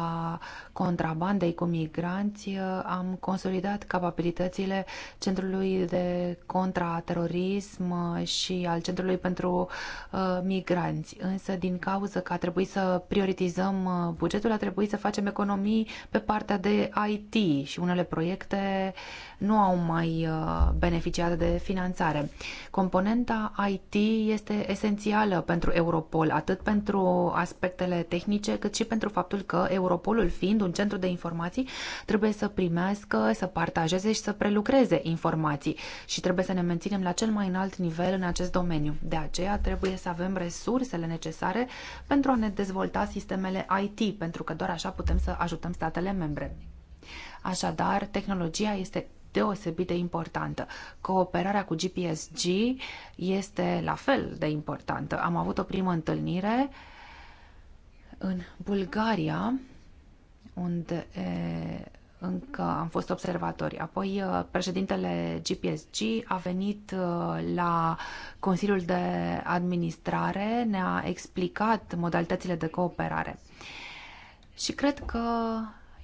Speaker 2: contrabandei cu migranți, am consolidat capabilitățile Centrului de Contraterorism și al Centrului pentru uh, Migranți. Însă, din cauza că a trebuit să prioritizăm uh, bugetul, a trebuit să facem economii pe partea de IT și unele proiecte nu au mai uh, beneficiat de finanțare. Componenta IT este esențială esențială pentru Europol, atât pentru aspectele tehnice, cât și pentru faptul că Europolul, fiind un centru de informații, trebuie să primească, să partajeze și să prelucreze informații și trebuie să ne menținem la cel mai înalt nivel în acest domeniu. De aceea trebuie să avem resursele necesare pentru a ne dezvolta sistemele IT, pentru că doar așa putem să ajutăm statele membre. Așadar, tehnologia este deosebit de importantă. Cooperarea cu GPSG este la fel de importantă. Am avut o primă întâlnire în Bulgaria, unde încă am fost observatori. Apoi președintele GPSG a venit la Consiliul de Administrare, ne-a explicat modalitățile de cooperare. Și cred că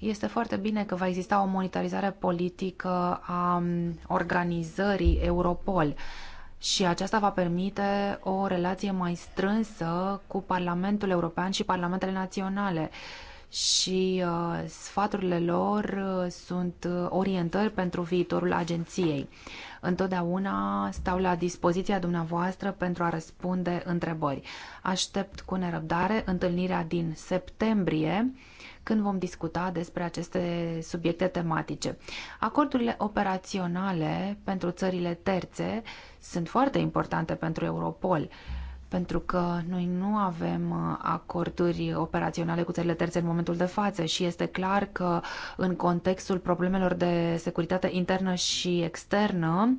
Speaker 2: este foarte bine că va exista o monitorizare politică a um, organizării Europol și aceasta va permite o relație mai strânsă cu Parlamentul European și Parlamentele Naționale și uh, sfaturile lor uh, sunt uh, orientări pentru viitorul agenției. Întotdeauna stau la dispoziția dumneavoastră pentru a răspunde întrebări. Aștept cu nerăbdare întâlnirea din septembrie când vom discuta despre aceste subiecte tematice. Acordurile operaționale pentru țările terțe sunt foarte importante pentru Europol pentru că noi nu avem acorduri operaționale cu țările terțe în momentul de față și este clar că în contextul problemelor de securitate internă și externă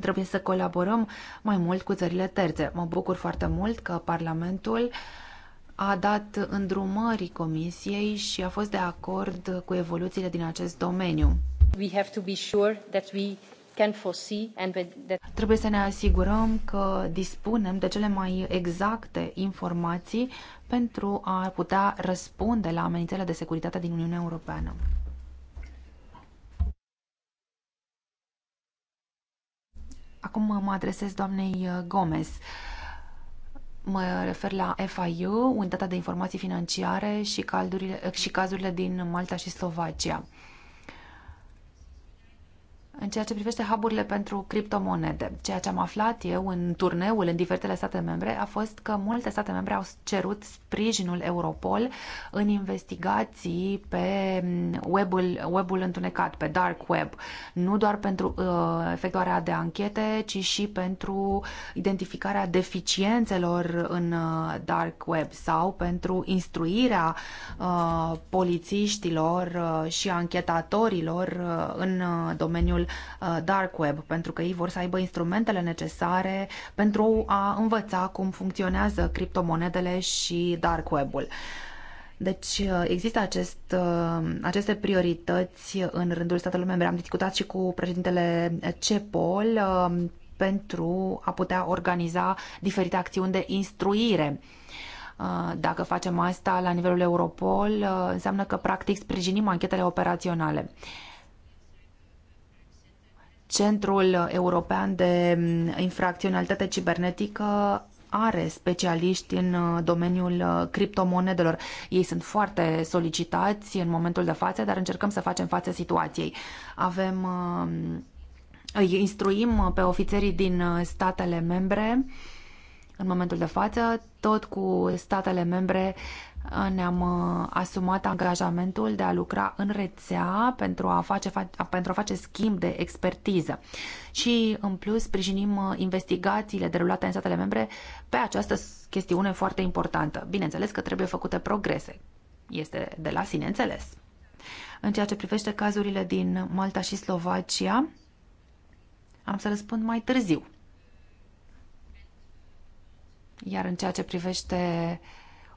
Speaker 2: trebuie să colaborăm mai mult cu țările terțe. Mă bucur foarte mult că Parlamentul uh, a dat îndrumări Comisiei și a fost de acord cu evoluțiile din acest domeniu. Sure that... Trebuie să ne asigurăm că dispunem de cele mai exacte informații pentru a putea răspunde la amenințele de securitate din Uniunea Europeană. Acum mă adresez doamnei Gomez. Mă refer la FIU, Unitatea de Informații Financiare și, caldurile, și cazurile din Malta și Slovacia în ceea ce privește hub pentru criptomonede. Ceea ce am aflat eu în turneul în diferitele state membre a fost că multe state membre au cerut sprijinul Europol în investigații pe mm, webul, webul întunecat, pe dark web, nu doar pentru uh, efectuarea de anchete, ci și pentru identificarea deficiențelor în uh, dark web sau pentru instruirea uh, polițiștilor uh, și anchetatorilor uh, în uh, domeniul Uh, dark web, pentru că ei vor să aibă instrumentele necesare pentru a învăța cum funcționează criptomonedele și dark web-ul. Deci uh, există acest, uh, aceste priorități în rândul statelor membre. Am discutat și cu președintele CEPOL pentru a putea organiza diferite acțiuni de instruire. Dacă facem asta la nivelul Europol, înseamnă că practic sprijinim anchetele operaționale. Centrul European de mm, Infracționalitate Cibernetică are specialiști în uh, domeniul uh, criptomonedelor. Ei sunt foarte solicitați în momentul de față, dar încercăm să facem față situației. Avem uh, îi instruim pe ofițerii din statele membre în momentul de față, tot cu statele membre ne-am uh, asumat angajamentul de a lucra în rețea pentru a face, pentru a face schimb de expertiză. Și, în plus, sprijinim uh, investigațiile derulate în statele membre pe această chestiune foarte importantă. Bineînțeles că trebuie făcute progrese. Este de la sine înțeles. În ceea ce privește cazurile din Malta și Slovacia, am să răspund mai târziu. Iar în ceea ce privește uh,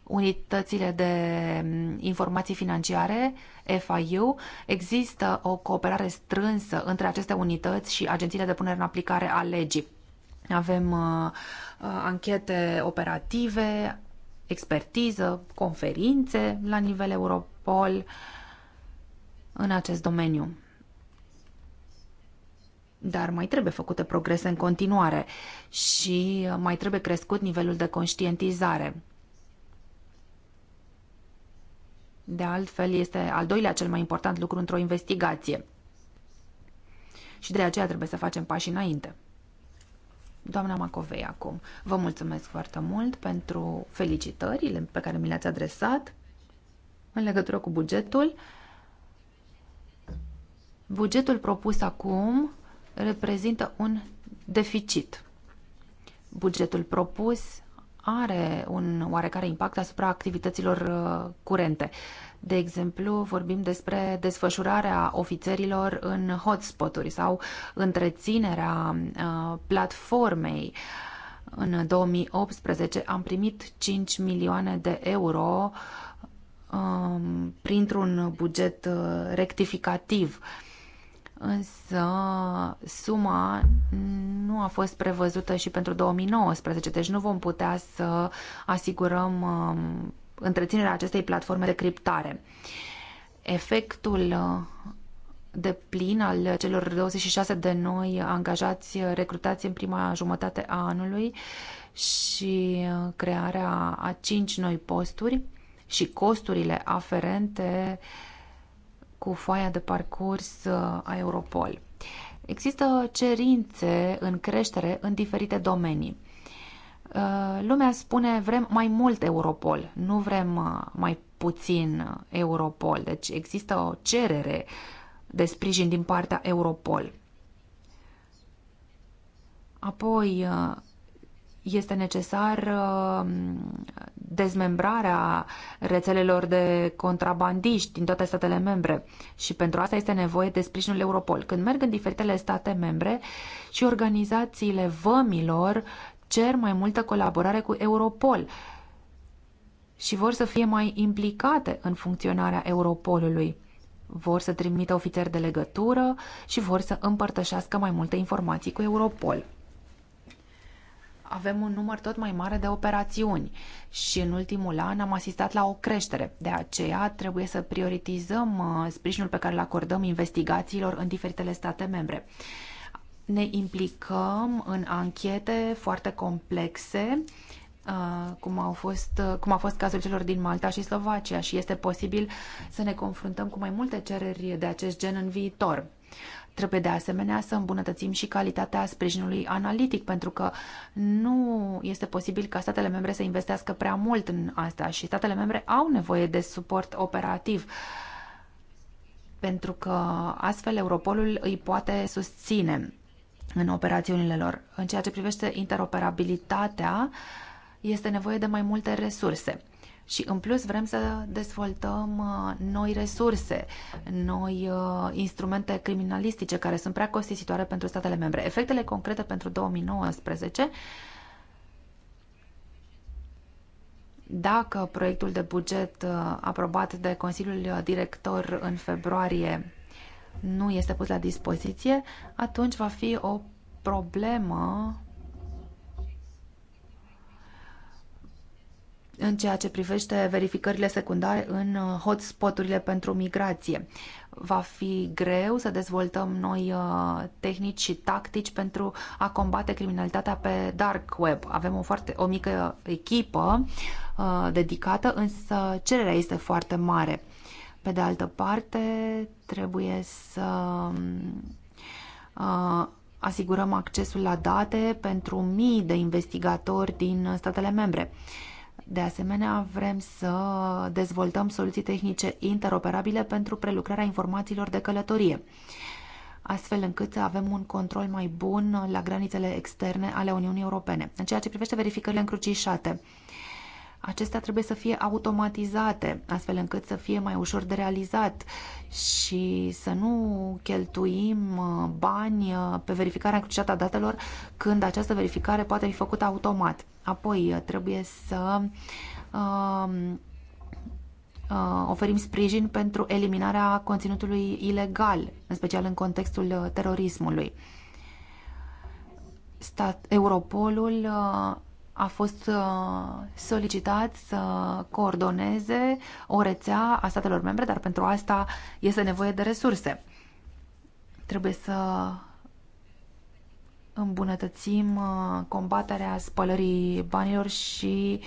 Speaker 2: unitățile de mm, informații financiare, FIU, există o cooperare strânsă între aceste unități și agențiile de punere în aplicare a legii. Avem uh, uh, anchete operative, expertiză, conferințe la nivel Europol în acest domeniu. Dar mai trebuie făcute progrese în continuare și mai trebuie crescut nivelul de conștientizare De altfel, este al doilea cel mai important lucru într-o investigație. Și de aceea trebuie să facem pași înainte. Doamna Macovei, acum, vă mulțumesc foarte mult pentru felicitările pe care mi le-ați adresat în legătură cu bugetul. Bugetul propus acum reprezintă un deficit. Bugetul propus are un oarecare impact asupra activităților uh, curente. De exemplu, vorbim despre desfășurarea ofițerilor în hotspoturi sau întreținerea uh, platformei. În 2018 am primit 5 milioane de euro um, printr-un buget uh, rectificativ însă suma nu a fost prevăzută și pentru 2019, deci nu vom putea să asigurăm um, întreținerea acestei platforme de criptare. Efectul uh, de plin al celor 26 de noi angajați recrutați în prima jumătate a anului și uh, crearea a 5 noi posturi și costurile aferente uh, cu foaia de parcurs uh, a Europol. Există cerințe în creștere în diferite domenii. Uh, lumea spune vrem mai mult Europol, nu vrem uh, mai puțin Europol. Deci există o cerere de sprijin din partea Europol. Apoi, este necesar uh, dezmembrarea rețelelor de contrabandiști din toate statele membre și pentru asta este nevoie de sprijinul Europol. Când merg în diferitele state membre și organizațiile vămilor cer mai multă colaborare cu Europol și vor să fie mai implicate în funcționarea Europolului. Vor să trimită ofițeri de legătură și vor să împărtășească mai multe informații cu Europol avem un număr tot mai mare de operațiuni și în ultimul an am asistat la o creștere. De aceea trebuie să prioritizăm uh, sprijinul pe care îl acordăm investigațiilor în diferitele state membre. Ne implicăm în anchete foarte complexe uh, cum, au fost, uh, cum a fost cazul celor din Malta și Slovacia și este posibil să ne confruntăm cu mai multe cereri de acest gen în viitor. Trebuie de asemenea să îmbunătățim și calitatea sprijinului analitic, pentru că nu este posibil ca statele membre să investească prea mult în asta și statele membre au nevoie de suport operativ pentru că astfel Europolul îi poate susține în operațiunile lor. În ceea ce privește interoperabilitatea, este nevoie de mai multe resurse și în plus vrem să dezvoltăm uh, noi resurse, noi uh, instrumente criminalistice care sunt prea costisitoare pentru statele membre. Efectele concrete pentru 2019 dacă proiectul de buget uh, aprobat de Consiliul Director în februarie nu este pus la dispoziție, atunci va fi o problemă în ceea ce privește verificările secundare în uh, hotspoturile pentru migrație. Va fi greu să dezvoltăm noi uh, tehnici și tactici pentru a combate criminalitatea pe dark web. Avem o, foarte, o mică echipă uh, dedicată, însă cererea este foarte mare. Pe de altă parte, trebuie să asigurăm accesul la date pentru mii de investigatori din statele membre. De asemenea, vrem să dezvoltăm soluții tehnice interoperabile pentru prelucrarea informațiilor de călătorie, astfel încât să avem un control mai bun la granițele externe ale Uniunii Europene. În ceea ce privește verificările încrucișate, Acestea trebuie să fie automatizate, astfel încât să fie mai ușor de realizat și să nu cheltuim uh, bani uh, pe verificarea încrucișată a datelor când această verificare poate fi făcută automat. Apoi uh, trebuie să um, oferim sprijin pentru eliminarea conținutului ilegal, în special în contextul terorismului. Stat, Europolul a fost uh, solicitat să coordoneze o rețea a statelor membre, dar pentru asta este nevoie de resurse. Trebuie să îmbunătățim uh, combaterea spălării banilor și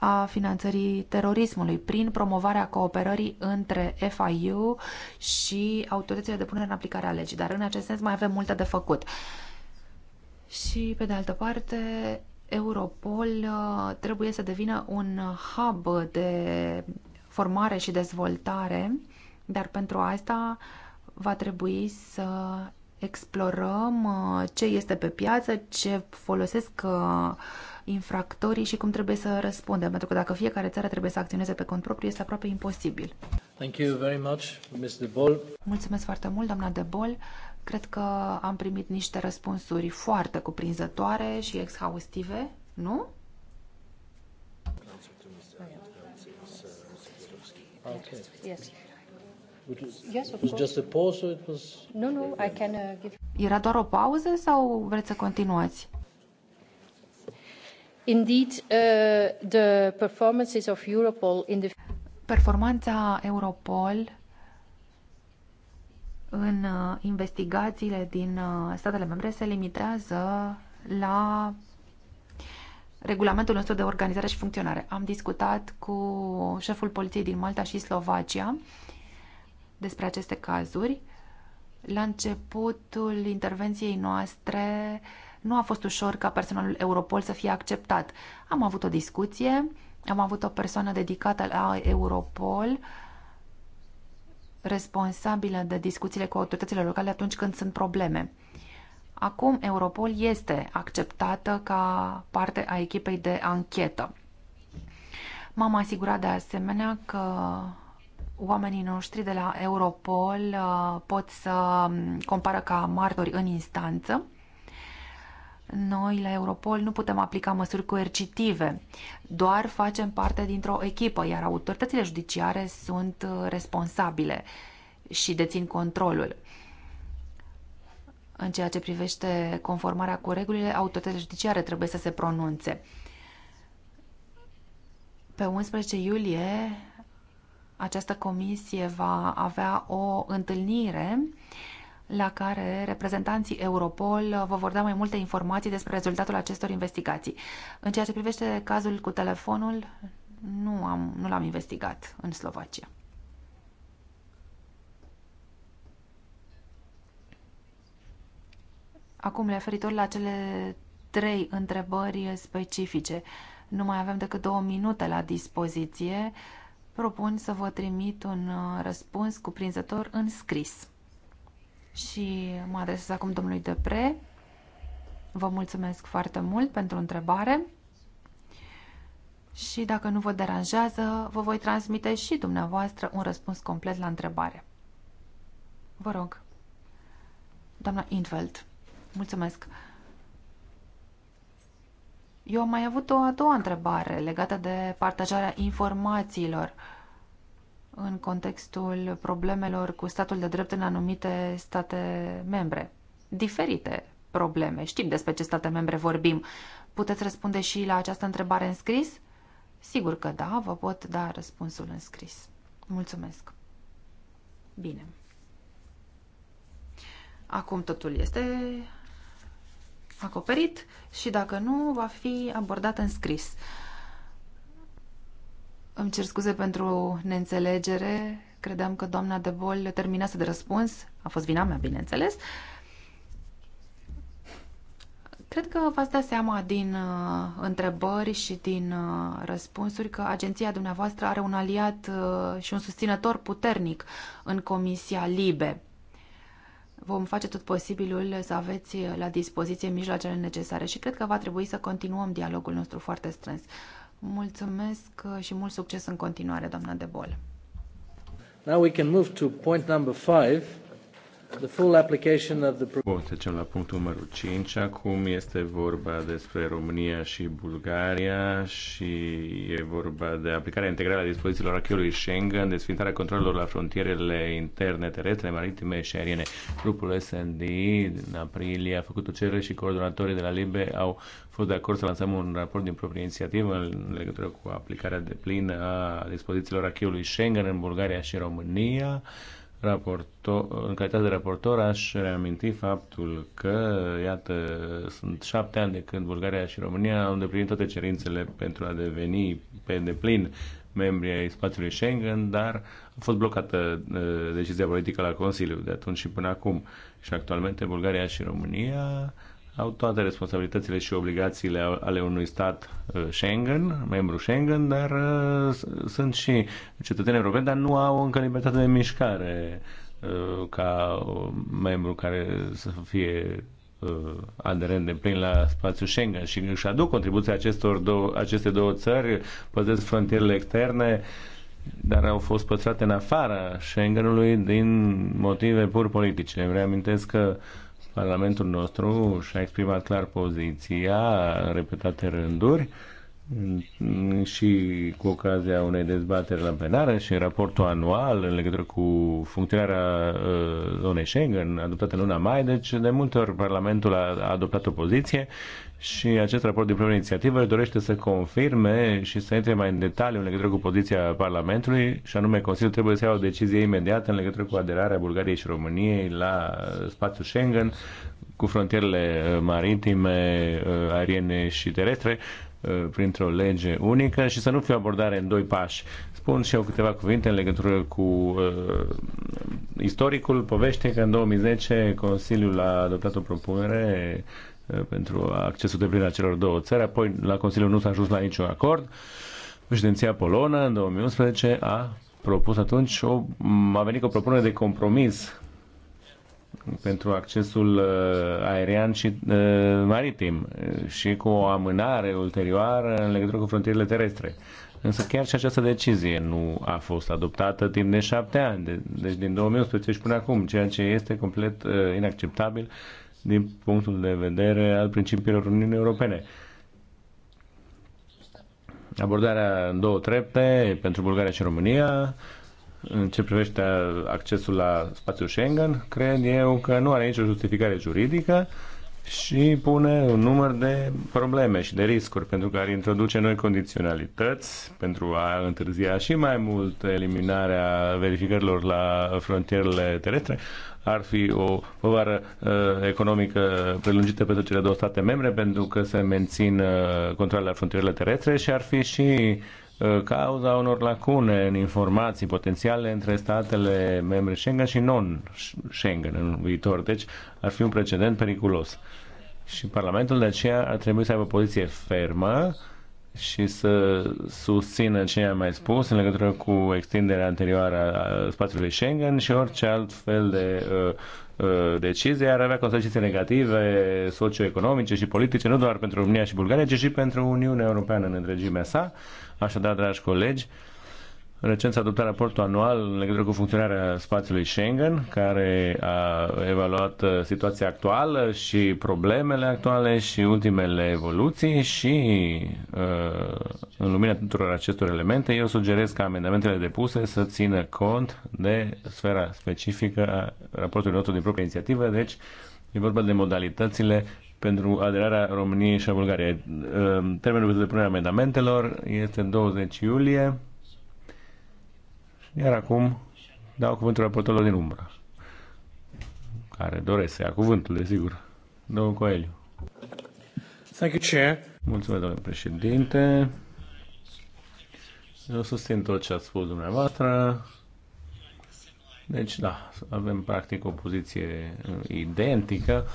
Speaker 2: a finanțării terorismului prin promovarea cooperării între FIU și autoritățile de punere în aplicare a legii. Dar în acest sens mai avem multe de făcut. Și pe de altă parte, Europol uh, trebuie să devină un hub de formare și dezvoltare, dar pentru asta va trebui să explorăm uh, ce este pe piață, ce folosesc uh, infractorii și cum trebuie să răspundem, pentru că dacă fiecare țară trebuie să acționeze pe cont propriu, este aproape imposibil.
Speaker 1: Thank you very much, Ms. De Bol.
Speaker 2: Mulțumesc foarte mult, doamna De Bol. Cred că am primit niște răspunsuri foarte cuprinzătoare și exhaustive, nu? Era doar o pauză sau vreți să continuați?
Speaker 5: Indeed, uh, the performances of Europol in the...
Speaker 2: Performanța Europol uh, în uh, investigațiile din uh, statele membre se limitează la regulamentul nostru de organizare și funcționare. Am discutat cu șeful poliției din Malta și Slovacia despre aceste cazuri. La începutul intervenției noastre nu a fost ușor ca personalul Europol să fie acceptat. Am avut o discuție, am avut o persoană dedicată la Europol responsabilă de discuțiile cu autoritățile locale atunci când sunt probleme. Acum Europol este acceptată ca parte a echipei de anchetă. M-am asigurat de asemenea că oamenii noștri de la Europol uh, pot să um, compară ca martori în instanță noi la Europol nu putem aplica măsuri coercitive, doar facem parte dintr-o echipă, iar autoritățile judiciare sunt uh, responsabile și dețin controlul. În ceea ce privește conformarea cu regulile, autoritățile judiciare trebuie să se pronunțe. Pe 11 iulie această comisie va avea o întâlnire uh, la care reprezentanții Europol vă vor da mai multe informații despre rezultatul acestor investigații. În ceea ce privește cazul cu telefonul, nu, am, nu l-am investigat în Slovacia. Acum, referitor la cele trei întrebări specifice, nu mai avem decât două minute la dispoziție, propun să vă trimit un uh, răspuns cuprinzător în scris și mă adresez acum domnului Depre. Vă mulțumesc foarte mult pentru întrebare și dacă nu vă deranjează, vă voi transmite și dumneavoastră un răspuns complet la întrebare. Vă rog. Doamna Infeld, mulțumesc. Eu am mai avut o a doua întrebare legată de partajarea informațiilor. Uh, în contextul problemelor cu statul de drept în anumite state membre. Diferite probleme. Știm despre ce state membre vorbim. Puteți răspunde și la această întrebare în scris? Sigur că da, vă pot da răspunsul în scris. Mulțumesc. Bine. Acum totul este acoperit și dacă nu, va fi abordat în scris. Îmi cer scuze pentru neînțelegere. Credeam că doamna de bol terminase de răspuns. A fost vina mea, bineînțeles. Cred că v-ați dat seama din uh, întrebări și din uh, răspunsuri că agenția dumneavoastră are un aliat uh, și un susținător puternic în Comisia Libe. Vom face tot posibilul să aveți la dispoziție mijloacele necesare și cred că va trebui să continuăm dialogul nostru foarte strâns. Uh, Mulțumesc uh, și mult succes în continuare, doamna De Bol.
Speaker 1: Now we can move to point number five. The full application
Speaker 3: of the... Bun, trecem la punctul numărul 5. Acum este vorba despre România și Bulgaria și e vorba de aplicarea integrală a dispozițiilor acquis Schengen, desfințarea controlelor la frontierele interne, terestre, maritime și aeriene. Grupul SND în aprilie a făcut o cerere și coordonatorii de la LIBE au fost de acord să lansăm un raport din proprie inițiativă în legătură cu aplicarea de plină a dispozițiilor acquis Schengen în Bulgaria și România. Raportor, în calitate de raportor aș reaminti faptul că, iată, sunt șapte ani de când Bulgaria și România au îndeplinit toate cerințele pentru a deveni pe deplin membri ai spațiului Schengen, dar a fost blocată uh, decizia politică la Consiliu de atunci și până acum. Și actualmente Bulgaria și România au toate responsabilitățile și obligațiile ale unui stat uh, Schengen, membru Schengen, dar uh, sunt și cetățeni europeni, dar nu au încă libertate de mișcare uh, ca membru care să fie aderent de plin la spațiul Schengen și își aduc contribuția acestor două, aceste două țări, păzesc frontierele externe, dar au fost păstrate în afara Schengenului din motive pur politice. Îmi reamintesc că Parlamentul nostru și-a exprimat clar poziția în repetate rânduri și cu ocazia unei dezbateri la plenară și în raportul anual în legătură cu funcționarea uh, zonei Schengen adoptată în luna mai, deci de multe ori Parlamentul a adoptat o poziție și acest raport din prima inițiativă își dorește să confirme și să intre mai în detaliu în legătură cu poziția Parlamentului și anume Consiliul trebuie să ia o decizie imediată în legătură cu aderarea Bulgariei și României la spațiul Schengen cu frontierele uh, maritime, uh, aeriene și terestre uh, printr-o lege unică și să nu fie o abordare în doi pași. Spun și eu câteva cuvinte în legătură cu uh, istoricul povește că în 2010 Consiliul a adoptat o propunere uh, Uh, pentru accesul de plin a celor două țări. Apoi, la Consiliu nu s-a ajuns la niciun acord. Președinția polonă, în 2011, a propus atunci, o, a venit cu o propunere de compromis pentru accesul uh, aerian și uh, maritim și cu o amânare ulterioară în legătură cu frontierele terestre. Însă chiar și această decizie nu a fost adoptată timp de șapte ani, de, deci din 2011 până acum, ceea ce este complet uh, inacceptabil din punctul de vedere al principiilor Uniunii Europene. Abordarea în două trepte pentru Bulgaria și România, în ce privește accesul la spațiul Schengen, cred eu că nu are nicio justificare juridică și pune un număr de probleme și de riscuri pentru ar introduce noi condiționalități pentru a întârzia și mai mult eliminarea verificărilor la frontierele terestre. Ar fi o povară uh, economică prelungită pentru cele două state membre pentru că se mențin uh, controlele la frontierele terestre și ar fi și uh, cauza unor lacune în informații potențiale între statele membre Schengen și non-Schengen în viitor. Deci ar fi un precedent periculos. Și Parlamentul de aceea ar trebui să aibă o poziție fermă și să susțină ce am mai spus în legătură cu extinderea anterioară a spațiului Schengen și orice alt fel de uh, uh, decizie ar avea consecințe negative socioeconomice și politice, nu doar pentru România și Bulgaria, ci și pentru Uniunea Europeană în întregimea sa. Așadar, dragi colegi, uh, Recent s-a adoptat raportul anual în legătură cu funcționarea spațiului Schengen, care a evaluat uh, situația actuală și problemele actuale și ultimele evoluții și uh, în lumina tuturor acestor elemente, eu sugerez ca amendamentele depuse să țină cont de sfera specifică a raportului nostru din proprie inițiativă, deci e vorba de modalitățile pentru aderarea României și a Bulgariei. Uh, termenul de depunere a amendamentelor este 20 iulie iar acum dau cuvântul raportorilor din umbră, care doresc să ia cuvântul, desigur. Domnul Coeliu. Thank you, Chair. Mulțumesc, domnule președinte. Eu susțin tot ce a spus dumneavoastră. Deci, da, avem practic o poziție uh, identică.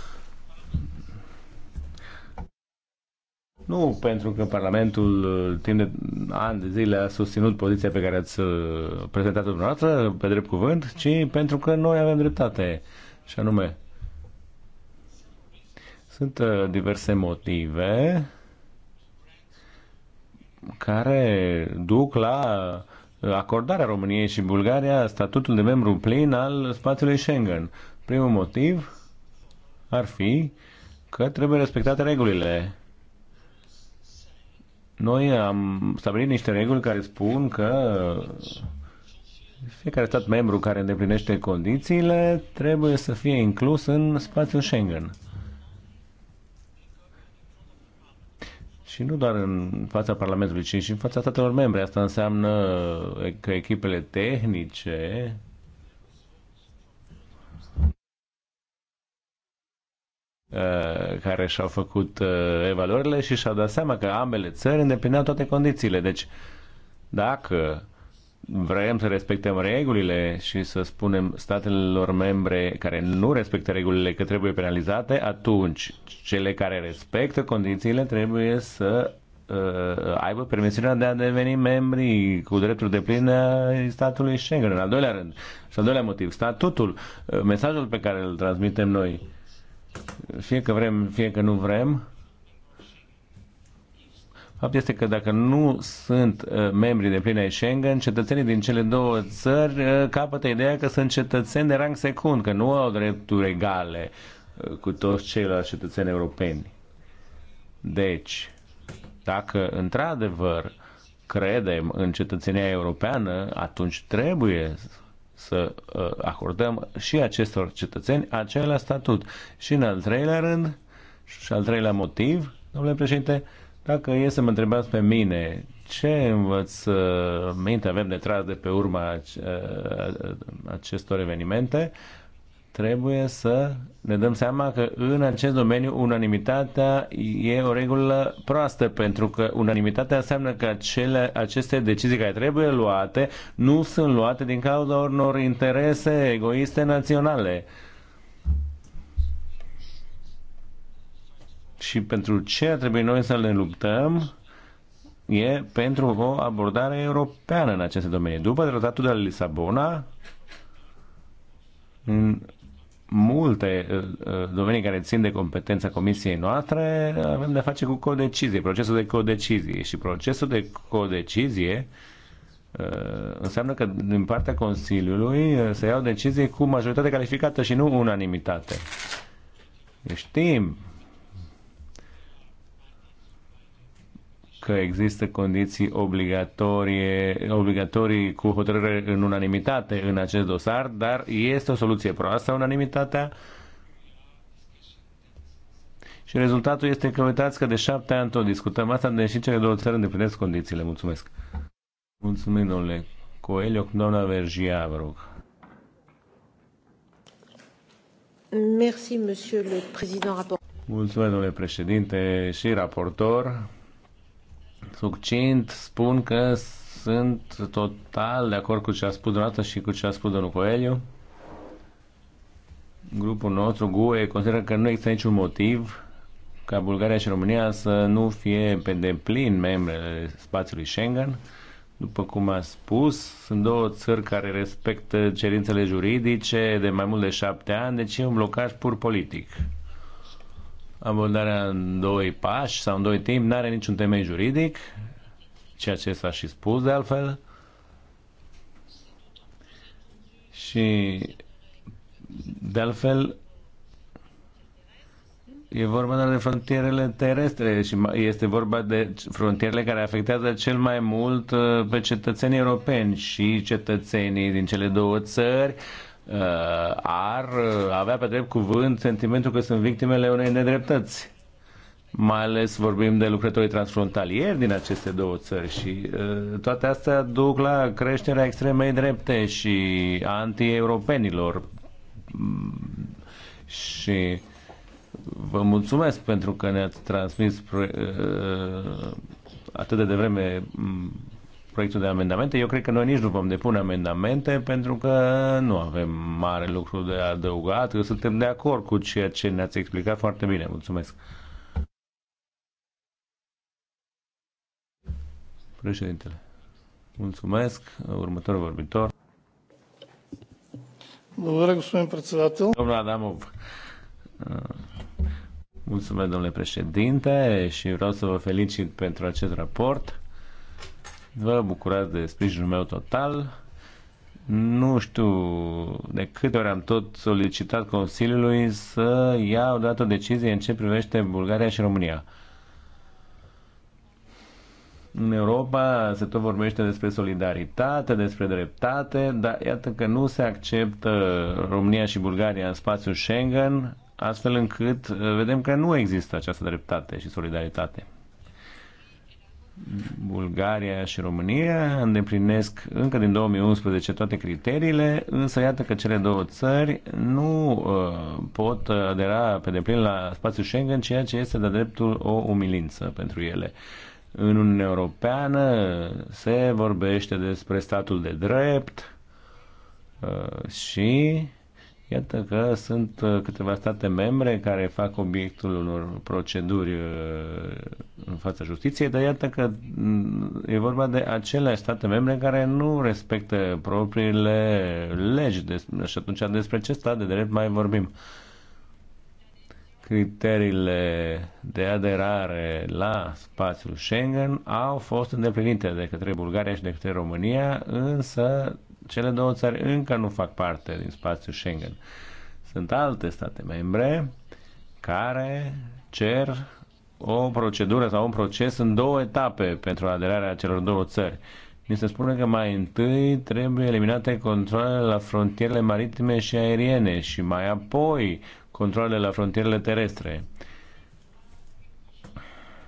Speaker 3: Nu pentru că Parlamentul uh, timp de ani de zile a susținut poziția pe care ați uh, prezentat-o dumneavoastră, pe drept cuvânt, ci pentru că noi avem dreptate. Și anume, sunt uh, diverse motive care duc la acordarea României și Bulgaria statutul de membru plin al spațiului Schengen. Primul motiv ar fi că trebuie respectate regulile noi am stabilit niște reguli care spun că fiecare stat membru care îndeplinește condițiile trebuie să fie inclus în spațiul Schengen. Și nu doar în fața Parlamentului, ci și în fața statelor membre. Asta înseamnă că echipele tehnice Uh, care și-au făcut uh, evaluările și și-au dat seama că ambele țări îndeplineau toate condițiile. Deci, dacă vrem să respectăm regulile și să spunem statelor membre care nu respectă regulile că trebuie penalizate, atunci cele care respectă condițiile trebuie să uh, aibă permisiunea de a deveni membri cu dreptul de pline statului Schengen. În al doilea rând, și al doilea motiv, statutul, uh, mesajul pe care îl transmitem noi fie că vrem, fie că nu vrem, faptul este că dacă nu sunt uh, membri de plină ai Schengen, cetățenii din cele două țări uh, capătă ideea că sunt cetățeni de rang secund, că nu au drepturi egale uh, cu toți ceilalți cetățeni europeni. Deci, dacă într-adevăr credem în cetățenia europeană, atunci trebuie să uh, acordăm și acestor cetățeni același statut. Și în al treilea rând, și al treilea motiv, domnule președinte, dacă e să mă întrebați pe mine ce învățăminte uh, avem de tras de pe urma uh, acestor evenimente, trebuie să ne dăm seama că în acest domeniu unanimitatea e o regulă proastă, pentru că unanimitatea înseamnă că acele, aceste decizii care trebuie luate nu sunt luate din cauza unor interese egoiste naționale. Și pentru ce ar trebui noi să le luptăm e pentru o abordare europeană în aceste domenii. După tratatul de la Lisabona, în multe uh, uh, domenii care țin de competența comisiei noastre, avem de face cu codecizie, procesul de codecizie. Și procesul de codecizie uh, înseamnă că din partea Consiliului se iau decizie cu majoritate calificată și nu unanimitate. Deci știm că există condiții obligatorie, obligatorii cu hotărâre în unanimitate în acest dosar, dar este o soluție proastă unanimitatea. Și rezultatul este că uitați că de șapte ani tot discutăm asta, deși cele două țări îndeplinesc condițiile. Mulțumesc. Mulțumim, domnule Coelho. Doamna Vergia, vă rog.
Speaker 5: Merci,
Speaker 4: monsieur le président
Speaker 3: Mulțumesc, domnule președinte și raportor succint spun că sunt total de acord cu ce a spus dumneavoastră și cu ce a spus domnul Coeliu. Grupul nostru, GUE, consideră că nu există niciun motiv ca Bulgaria și România să nu fie pe deplin membre spațiului Schengen. După cum a spus, sunt două țări care respectă cerințele juridice de mai mult de șapte ani, deci e un blocaj pur politic abordarea în doi pași sau în doi timp nu are niciun temei juridic, ceea ce s-a și spus de altfel. Și de altfel e vorba de frontierele terestre și este vorba de frontierele care afectează cel mai mult uh, pe cetățenii europeni și cetățenii din cele două țări Uh, ar avea pe drept cuvânt sentimentul că sunt victimele unei nedreptăți. Mai ales vorbim de lucrătorii transfrontalieri din aceste două țări și uh, toate astea duc la creșterea extremei drepte și anti-europenilor. Și vă mulțumesc pentru că ne-ați transmis uh, atât de devreme proiectul de amendamente. Eu cred că noi nici nu vom depune amendamente pentru că nu avem mare lucru de adăugat. Eu suntem de acord cu ceea ce ne-ați explicat foarte bine. Mulțumesc. Președintele. Mulțumesc. Următorul vorbitor. Bună, domnule președinte. Domnul Adamov. Mulțumesc, domnule președinte, și vreau să vă felicit pentru acest raport Vă bucurați de sprijinul meu total. Nu știu de câte ori am tot solicitat Consiliului să ia o dată o decizie în ce privește Bulgaria și România. În Europa se tot vorbește despre solidaritate, despre dreptate, dar iată că nu se acceptă România și Bulgaria în spațiul Schengen, astfel încât vedem că nu există această dreptate și solidaritate. Bulgaria și România îndeplinesc încă din 2011 toate criteriile, însă iată că cele două țări nu uh, pot adera pe deplin la spațiul Schengen, ceea ce este de dreptul o umilință pentru ele. În Uniunea Europeană se vorbește despre statul de drept uh, și Iată că sunt uh, câteva state membre care fac obiectul unor proceduri uh, în fața justiției, dar iată că mm, e vorba de acele state membre care nu respectă propriile legi. Și atunci despre ce stat de drept mai vorbim? criteriile de aderare la spațiul Schengen au fost îndeplinite de către Bulgaria și de către România, însă cele două țări încă nu fac parte din spațiul Schengen. Sunt alte state membre care cer o procedură sau un proces în două etape pentru aderarea celor două țări. Mi se spune că mai întâi trebuie eliminate controlele la frontierele maritime și aeriene și mai apoi controlele la frontierele terestre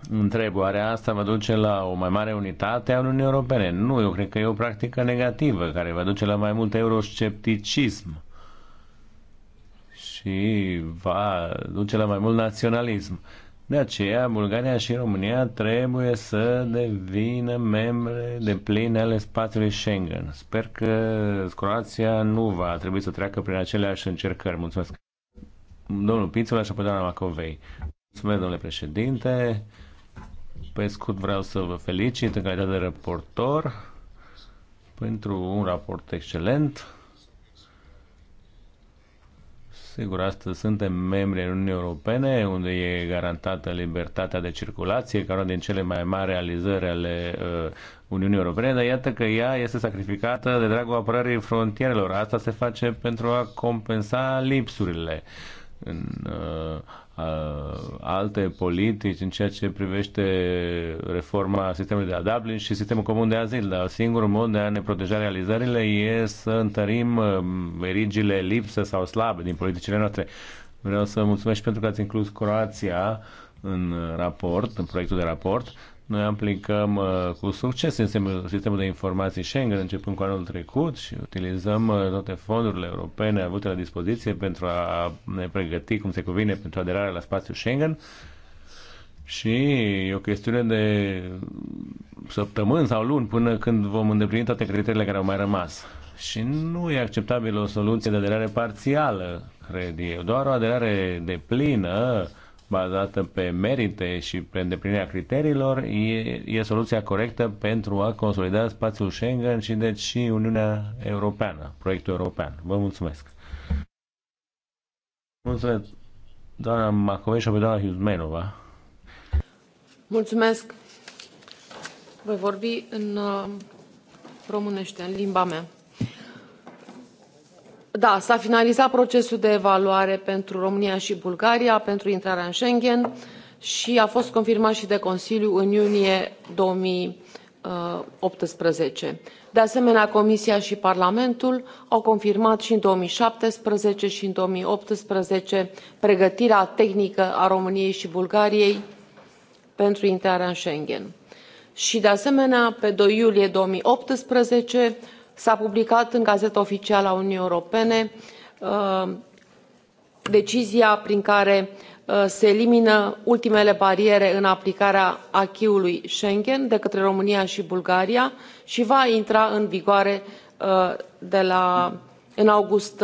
Speaker 3: întrebarea asta vă duce la o mai mare unitate a Uniunii Europene. Nu, eu cred că e o practică negativă care vă duce la mai mult euroscepticism și va duce la mai mult naționalism. De aceea, Bulgaria și România trebuie să devină membre de plin ale spațiului Schengen. Sper că Croația nu va trebui să treacă prin aceleași încercări. Mulțumesc. Domnul Pițul, așa pe doamna Macovei. Mulțumesc, domnule președinte. Pe scurt vreau să vă felicit în calitate de raportor pentru un raport excelent. Sigur, astăzi suntem membri în Uniunii Europene, unde e garantată libertatea de circulație, care una din cele mai mari realizări ale uh, Uniunii Europene, dar iată că ea este sacrificată de dragul apărării frontierelor. Asta se face pentru a compensa lipsurile în uh, Uh, alte politici în ceea ce privește reforma sistemului de la Dublin și sistemul comun de azil, dar singurul mod de a ne proteja realizările e să întărim uh, erigile lipsă sau slabe din politicile noastre. Vreau să mulțumesc și pentru că ați inclus Croația în uh, raport, în proiectul de raport. Noi aplicăm uh, cu succes în sistemul de informații Schengen începând cu anul trecut și utilizăm uh, toate fondurile europene avute la dispoziție pentru a ne pregăti cum se cuvine pentru aderarea la spațiul Schengen. Și e o chestiune de săptămâni sau luni până când vom îndeplini toate criteriile care au mai rămas. Și nu e acceptabilă o soluție de aderare parțială, cred eu. Doar o aderare de plină bazată pe merite și pe îndeplinirea criteriilor e, e soluția corectă pentru a consolida spațiul Schengen și deci și Uniunea Europeană, proiectul european. Vă mulțumesc! Mulțumesc, doamna Macovei și doamna Hiuzmenova.
Speaker 4: Mulțumesc! Voi vorbi în uh, românește, în limba mea da s a finalizat procesul de evaluare pentru românia și bulgaria pentru intrarea în schengen și a fost confirmat și de consiliu în iunie două mii uh, optsprezece de asemenea comisia și parlamentul au confirmat și în două mii șaptesprezece și în două mii optsprezece pregătirea tehnică a româniei și bulgariei pentru intrarea în schengen și de asemenea pe doi iulie două mii optsprezece s a publicat în gazeta oficială a uniunii europene uh, decizia prin care uh, se elimină ultimele bariere în aplicarea acquis ului schengen de către românia și bulgaria și va intra în vigoare uh, la, în august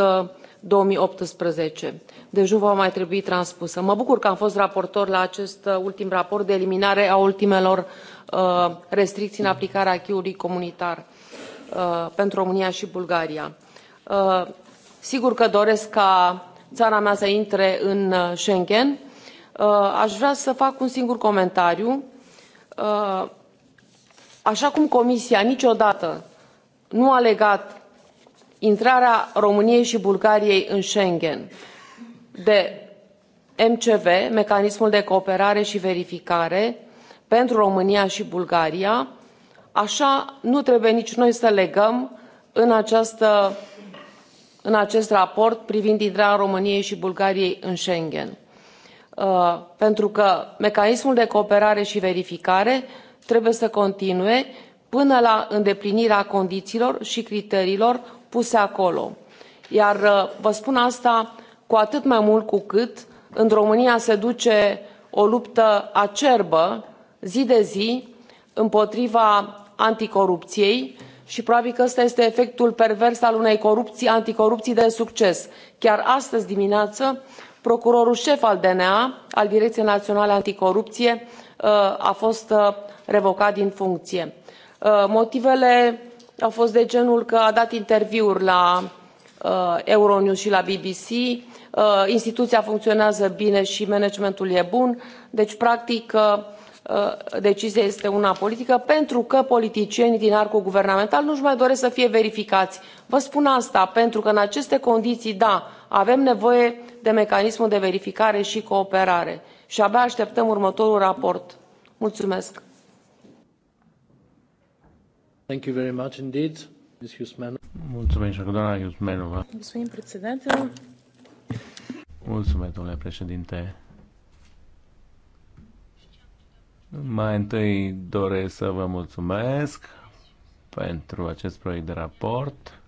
Speaker 4: două mii optsprezece deci nu va mai trebui transpusă. mă bucur că am fost raportor la acest ultim raport de eliminare a ultimelor restricții în aplicarea acquis ului comunitar. Uh, pentru România și Bulgaria. Uh, sigur că doresc ca țara mea să intre în uh, Schengen. Aș vrea să fac un singur comentariu. Așa cum Comisia niciodată nu a legat intrarea României și Bulgariei în Schengen de MCV, Mecanismul de Cooperare și Verificare pentru România și Bulgaria, așa nu trebuie nici noi să legăm în, această, în acest raport privind intrarea României și Bulgariei în Schengen. Uh, pentru că mecanismul de cooperare și verificare trebuie să continue până la îndeplinirea condițiilor și criteriilor puse acolo. Iar uh, vă spun asta cu atât mai mult cu cât în România se duce o luptă acerbă zi de zi împotriva anticorupției și probabil că ăsta este efectul pervers al unei corupții, anticorupții de succes. Chiar astăzi dimineață, procurorul șef al DNA, al Direcției Naționale Anticorupție, uh, a fost uh, revocat din funcție. Uh, motivele au fost de genul că a dat interviuri la Euronews și la BBC, instituția funcționează bine și managementul e bun, deci practic Uh, decizia este una politică pentru că politicienii din arcul guvernamental nu își mai doresc să fie verificați. Vă spun asta pentru că în aceste condiții, da, avem nevoie de mecanismul de verificare și cooperare și abia așteptăm următorul raport. Mulțumesc!
Speaker 1: Thank you very much indeed, Ms. Husmanova. Mulțumesc,
Speaker 3: doamna Husmanova.
Speaker 5: Mulțumim, președinte.
Speaker 3: Mulțumesc, domnule președinte. Mai întâi doresc să vă mulțumesc pentru acest proiect de raport.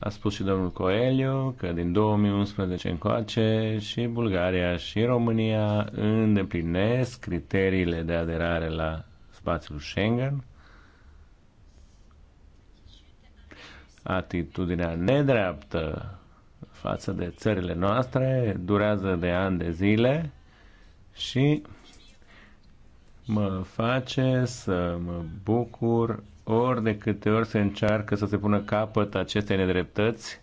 Speaker 3: A spus și domnul Coelho că din 2011 încoace și Bulgaria și România îndeplinesc criteriile de aderare la spațiul Schengen. Atitudinea nedreaptă față de țările noastre durează de ani de zile și mă face să mă bucur ori de câte ori se încearcă să se pună capăt acestei nedreptăți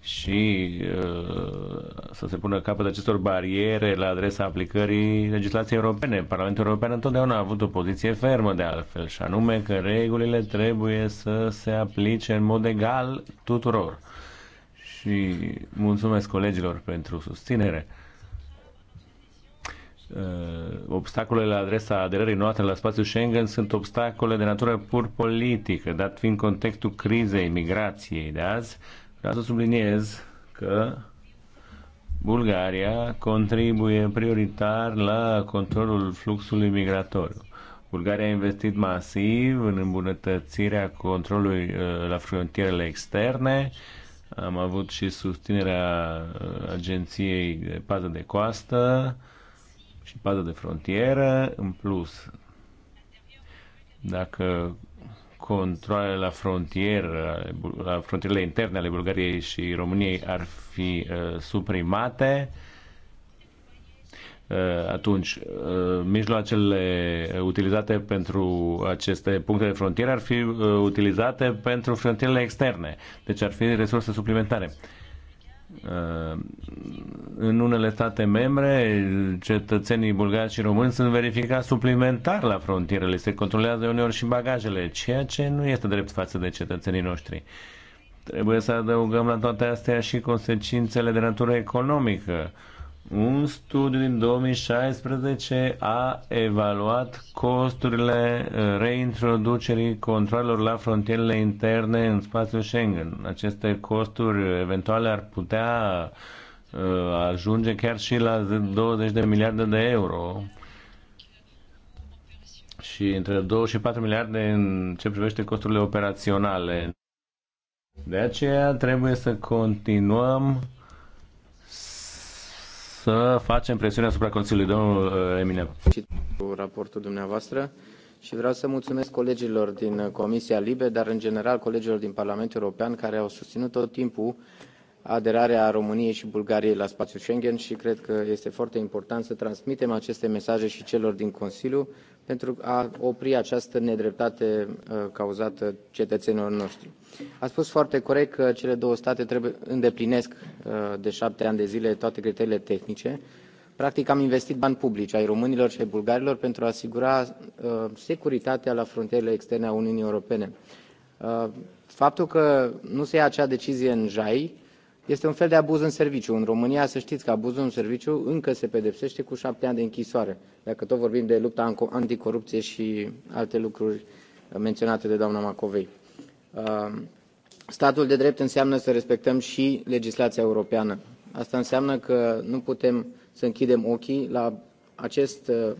Speaker 3: și uh, să se pună capăt acestor bariere la adresa aplicării legislației europene. Parlamentul European întotdeauna a avut o poziție fermă de altfel și anume că regulile trebuie să se aplice în mod egal tuturor. Și mulțumesc colegilor pentru susținere. Uh, obstacolele la adresa aderării noastre la spațiul Schengen sunt obstacole de natură pur politică, dat fiind contextul crizei migrației de azi. Vreau să subliniez că Bulgaria contribuie prioritar la controlul fluxului migratoriu. Bulgaria a investit masiv în îmbunătățirea controlului uh, la frontierele externe. Am avut și susținerea uh, Agenției de Pază de Coastă, și pază de frontieră în plus. Dacă controlele la frontieră, la frontierele interne ale Bulgariei și României ar fi uh, suprimate, uh, atunci uh, mijloacele utilizate pentru aceste puncte de frontieră ar fi uh, utilizate pentru frontierele externe. Deci ar fi resurse suplimentare. Uh, în unele state membre, cetățenii bulgari și români sunt verificați suplimentar la frontierele, se controlează uneori și bagajele, ceea ce nu este drept față de cetățenii noștri. Trebuie să adăugăm la toate astea și consecințele de natură economică un studiu din 2016 a evaluat costurile uh, reintroducerii controlelor la frontierele interne în spațiul Schengen. Aceste costuri uh, eventuale ar putea uh, ajunge chiar și la 20 de miliarde de euro și între 2 și 4 miliarde în ce privește costurile operaționale. De aceea trebuie să continuăm să facem presiune asupra Consiliului. Domnul uh, Eminem. Cu raportul dumneavoastră
Speaker 6: și vreau să mulțumesc colegilor din Comisia Libe, dar în general colegilor din Parlamentul European care au susținut tot timpul aderarea României și Bulgariei la spațiul Schengen și cred că este foarte important să transmitem aceste mesaje și celor din Consiliu pentru a opri această nedreptate uh, cauzată cetățenilor noștri. A spus foarte corect că cele două state trebuie, îndeplinesc uh, de șapte ani de zile toate criteriile tehnice. Practic am investit bani publici ai românilor și ai bulgarilor pentru a asigura uh, securitatea la frontierele externe a Uniunii Europene. Faptul că nu se ia acea decizie în JAI este un fel de abuz în serviciu. În România, să știți că abuzul în serviciu încă se pedepsește cu șapte ani de închisoare, dacă tot vorbim de lupta anticorupție și alte lucruri uh, menționate de doamna Macovei. Uh, statul de drept înseamnă să respectăm și legislația europeană. Asta înseamnă că nu putem să închidem ochii la acest uh,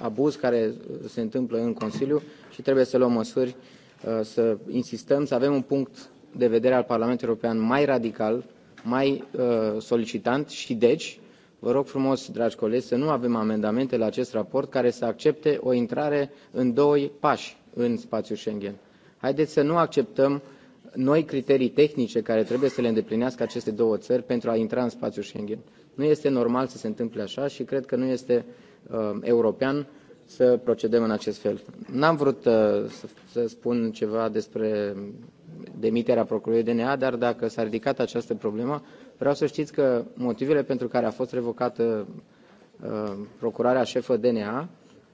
Speaker 6: abuz care se întâmplă în Consiliu și trebuie să luăm măsuri, să insistăm, să avem un punct de vedere al Parlamentului European mai radical mai uh, solicitant și deci vă rog frumos, dragi colegi, să nu avem amendamente la acest raport care să accepte o intrare în doi pași în spațiul Schengen. Haideți să nu acceptăm noi criterii tehnice care trebuie să le îndeplinească aceste două țări pentru a intra în spațiul Schengen. Nu este normal să se întâmple așa și cred că nu este uh, european să procedăm în acest fel. N-am vrut uh, să, să spun ceva despre demiterea procurorului DNA, dar dacă s-a ridicat această problemă, vreau să știți că motivele pentru care a fost revocată uh, procurarea șefă DNA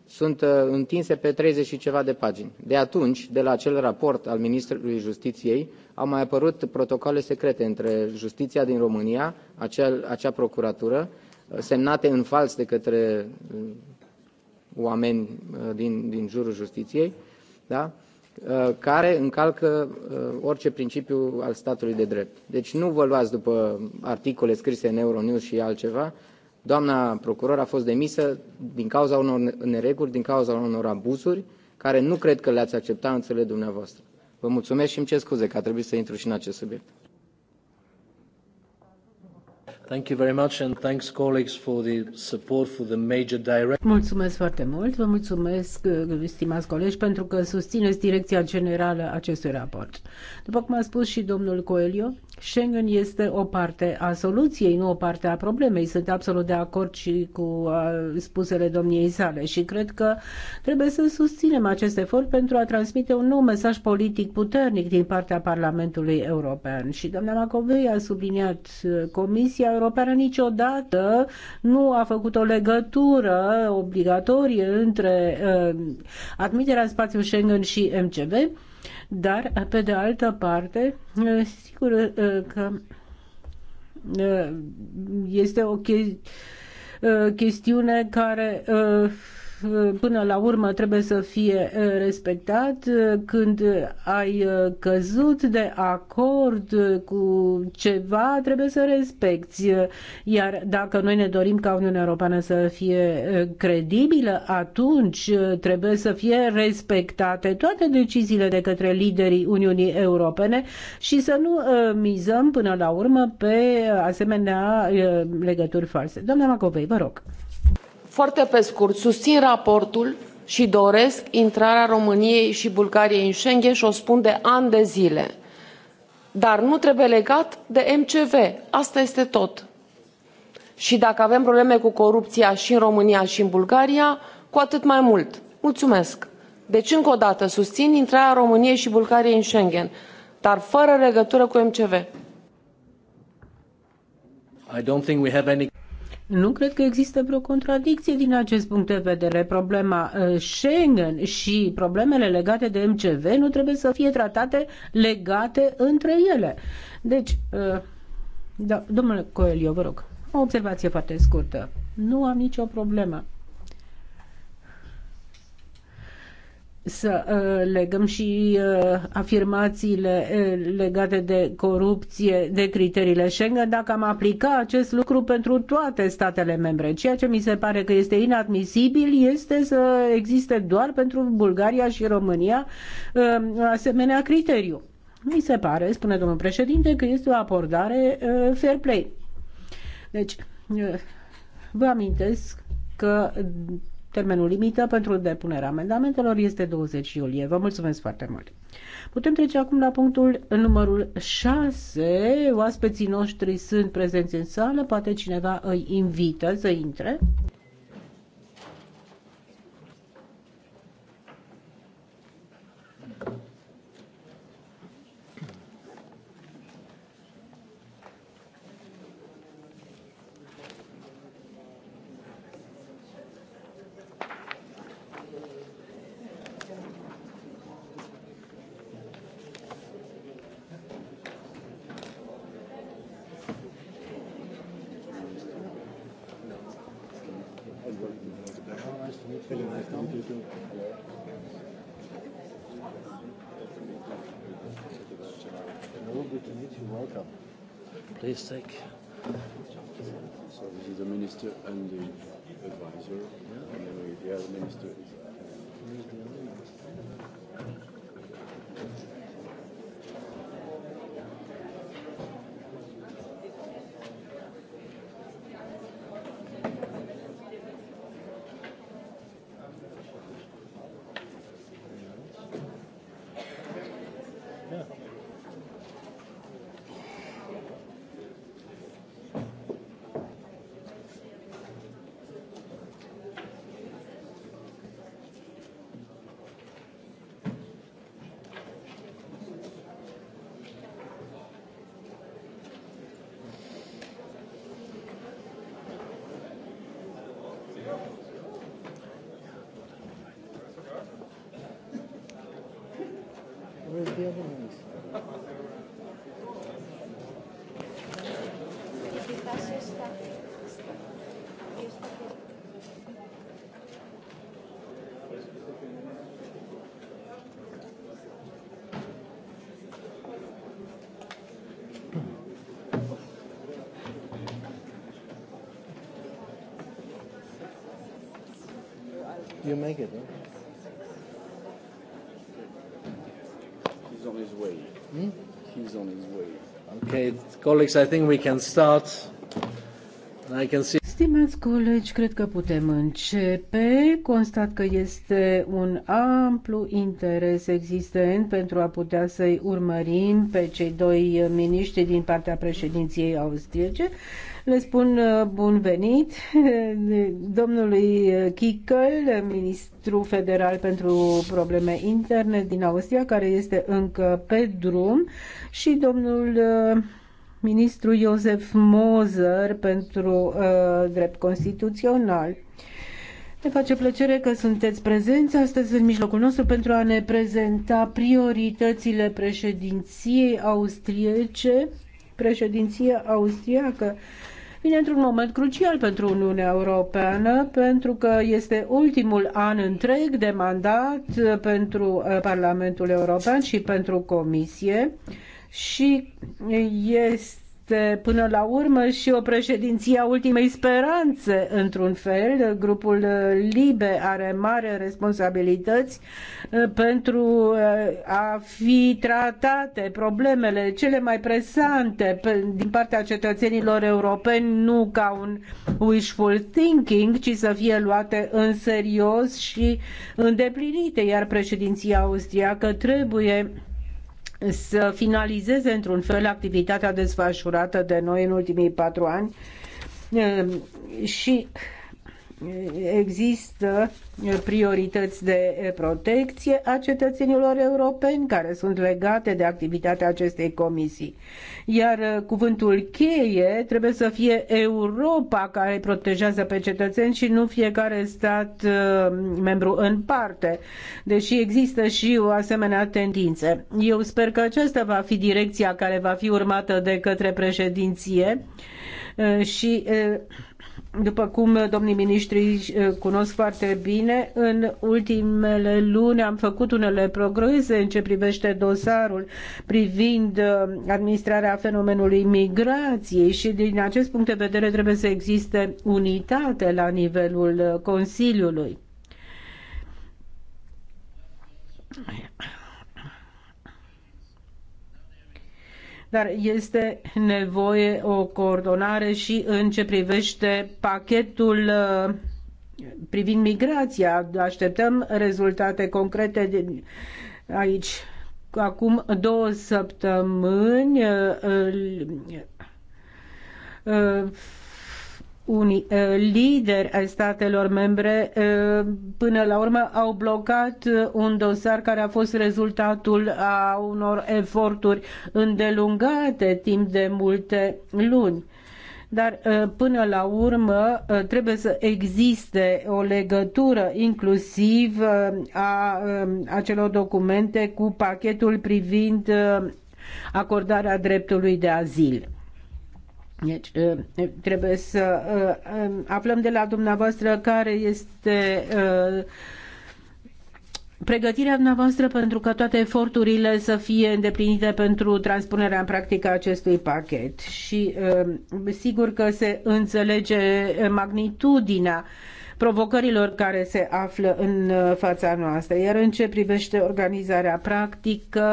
Speaker 6: sunt uh, întinse pe 30 și ceva de pagini. De atunci, de la acel raport al Ministrului Justiției, au mai apărut protocoale secrete între Justiția din România, acel, acea procuratură, uh, semnate în fals de către uh, oameni uh, din, din jurul justiției, da? Uh, care încalcă uh, orice principiu al statului de drept. Deci nu vă luați după articole scrise în Euronews și altceva. Doamna procuror a fost demisă din cauza unor nereguli, din cauza unor abuzuri, care nu cred că le-ați accepta în țările dumneavoastră. Vă mulțumesc și îmi cer scuze că a trebuit să intru și în acest subiect.
Speaker 1: Thank you very much and thanks colleagues for the support for the major direct. Mulțumesc
Speaker 5: foarte mult, vă mulțumesc, uh, stimați colegi, pentru că susțineți direcția generală acestui raport. După cum a spus și domnul Coelio, Schengen este o parte a soluției, nu o parte a problemei. Sunt absolut de acord și cu uh, spusele domniei sale și cred că trebuie să susținem acest efort pentru a transmite un nou mesaj politic puternic din partea Parlamentului European. Și doamna Macovei a subliniat uh, Comisia Europeană niciodată nu a făcut o legătură obligatorie între uh, admiterea în spațiul Schengen și MCV dar, pe de altă parte, sigur că este o chestiune care până la urmă trebuie să fie uh, respectat uh, când ai uh, căzut de acord cu ceva, trebuie să respecti. Iar dacă noi ne dorim ca Uniunea Europeană să fie credibilă, atunci trebuie să fie respectate toate deciziile de către liderii Uniunii Europene și să nu mizăm până la urmă pe asemenea legături false. Doamna Macovei, vă rog
Speaker 4: foarte pe scurt susțin raportul și doresc intrarea româniei și bulgariei în schengen și o spun de ani de zile dar nu trebuie legat de mcv asta este tot și dacă avem probleme cu corupția și în românia și în bulgaria cu atât mai mult. mulțumesc. deci încă o dată susțin intrarea româniei și bulgariei în schengen dar fără legătură cu mcv. I
Speaker 1: don't think we have any...
Speaker 5: Nu cred că există vreo contradicție din acest punct de vedere. Problema uh, Schengen și problemele legate de MCV nu trebuie să fie tratate legate între ele. Deci, uh, da, domnule Coelio, vă rog, o observație foarte scurtă. Nu am nicio problemă să uh, legăm și uh, afirmațiile uh, legate de corupție de criteriile Schengen dacă am aplica acest lucru pentru toate statele membre. Ceea ce mi se pare că este inadmisibil este să existe doar pentru Bulgaria și România asemenea criteriu. Mi se pare, spune domnul președinte, că este o abordare fair play. Deci, vă amintesc că Termenul limită pentru depunerea amendamentelor este 20 iulie. Vă mulțumesc foarte mult! Putem trece acum la punctul numărul 6. Oaspeții noștri sunt prezenți în sală. Poate cineva îi invită să intre.
Speaker 1: realistic.
Speaker 4: So this is the minister and the advisor. Yeah. And the other minister
Speaker 1: you make it? Huh? He's on his way. Hmm? He's on his way. Okay, colleagues, I think we can start. I can see... Stimați
Speaker 5: colegi, cred că putem
Speaker 1: începe
Speaker 5: constat că este un amplu interes existent pentru a putea să-i urmărim pe cei doi miniștri din partea președinției austriece. Le spun uh, bun venit domnului Kickel, ministru federal pentru probleme interne din Austria, care este încă pe drum, și domnul uh, ministru Iosef Moser pentru uh, drept constituțional. Uh, ne face plăcere că sunteți prezenți astăzi în mijlocul nostru pentru a ne prezenta prioritățile președinției austriece, președinția austriacă. Vine într-un moment crucial pentru Uniunea Europeană, pentru că este ultimul an întreg de mandat pentru uh, Parlamentul European și pentru Comisie și este este până la urmă și o președinție a ultimei speranțe, într-un fel. Grupul Libe are mare responsabilități uh, pentru uh, a fi tratate problemele cele mai presante din partea cetățenilor europeni, nu ca un wishful thinking, ci să fie luate în serios și îndeplinite, iar președinția austriacă trebuie să finalizeze într-un fel activitatea desfășurată de noi în ultimii patru ani ehm, și există eh, priorități de eh, protecție a cetățenilor europeni care sunt legate de activitatea acestei comisii. Iar eh, cuvântul cheie trebuie să fie Europa care protejează pe cetățeni și nu fiecare stat membru în parte, deși există și o asemenea tendință. Eu sper că aceasta va fi direcția care va fi urmată de către președinție și după cum domnii miniștri eh, cunosc foarte bine, în ultimele luni am făcut unele progrese în ce privește dosarul privind eh, administrarea fenomenului migrației și din acest punct de vedere trebuie să existe unitate la nivelul eh, Consiliului. dar este nevoie o coordonare și în ce privește pachetul uh, privind migrația. Așteptăm rezultate concrete din aici. Acum două săptămâni uh, uh, uh, lideri ai statelor membre uh, până la urmă au blocat uh, un dosar care a fost rezultatul a unor eforturi îndelungate timp de multe luni. Dar uh, până la urmă trebuie să existe o legătură inclusiv a acelor documente cu pachetul privind acordarea dreptului de azil. Deci, uh, trebuie să uh, um, aflăm de la dumneavoastră care este uh, pregătirea dumneavoastră pentru ca toate eforturile să fie îndeplinite pentru transpunerea în practică a acestui pachet. Și sigur că se înțelege magnitudinea provocărilor care se află în fața noastră. Iar în ce privește organizarea practică,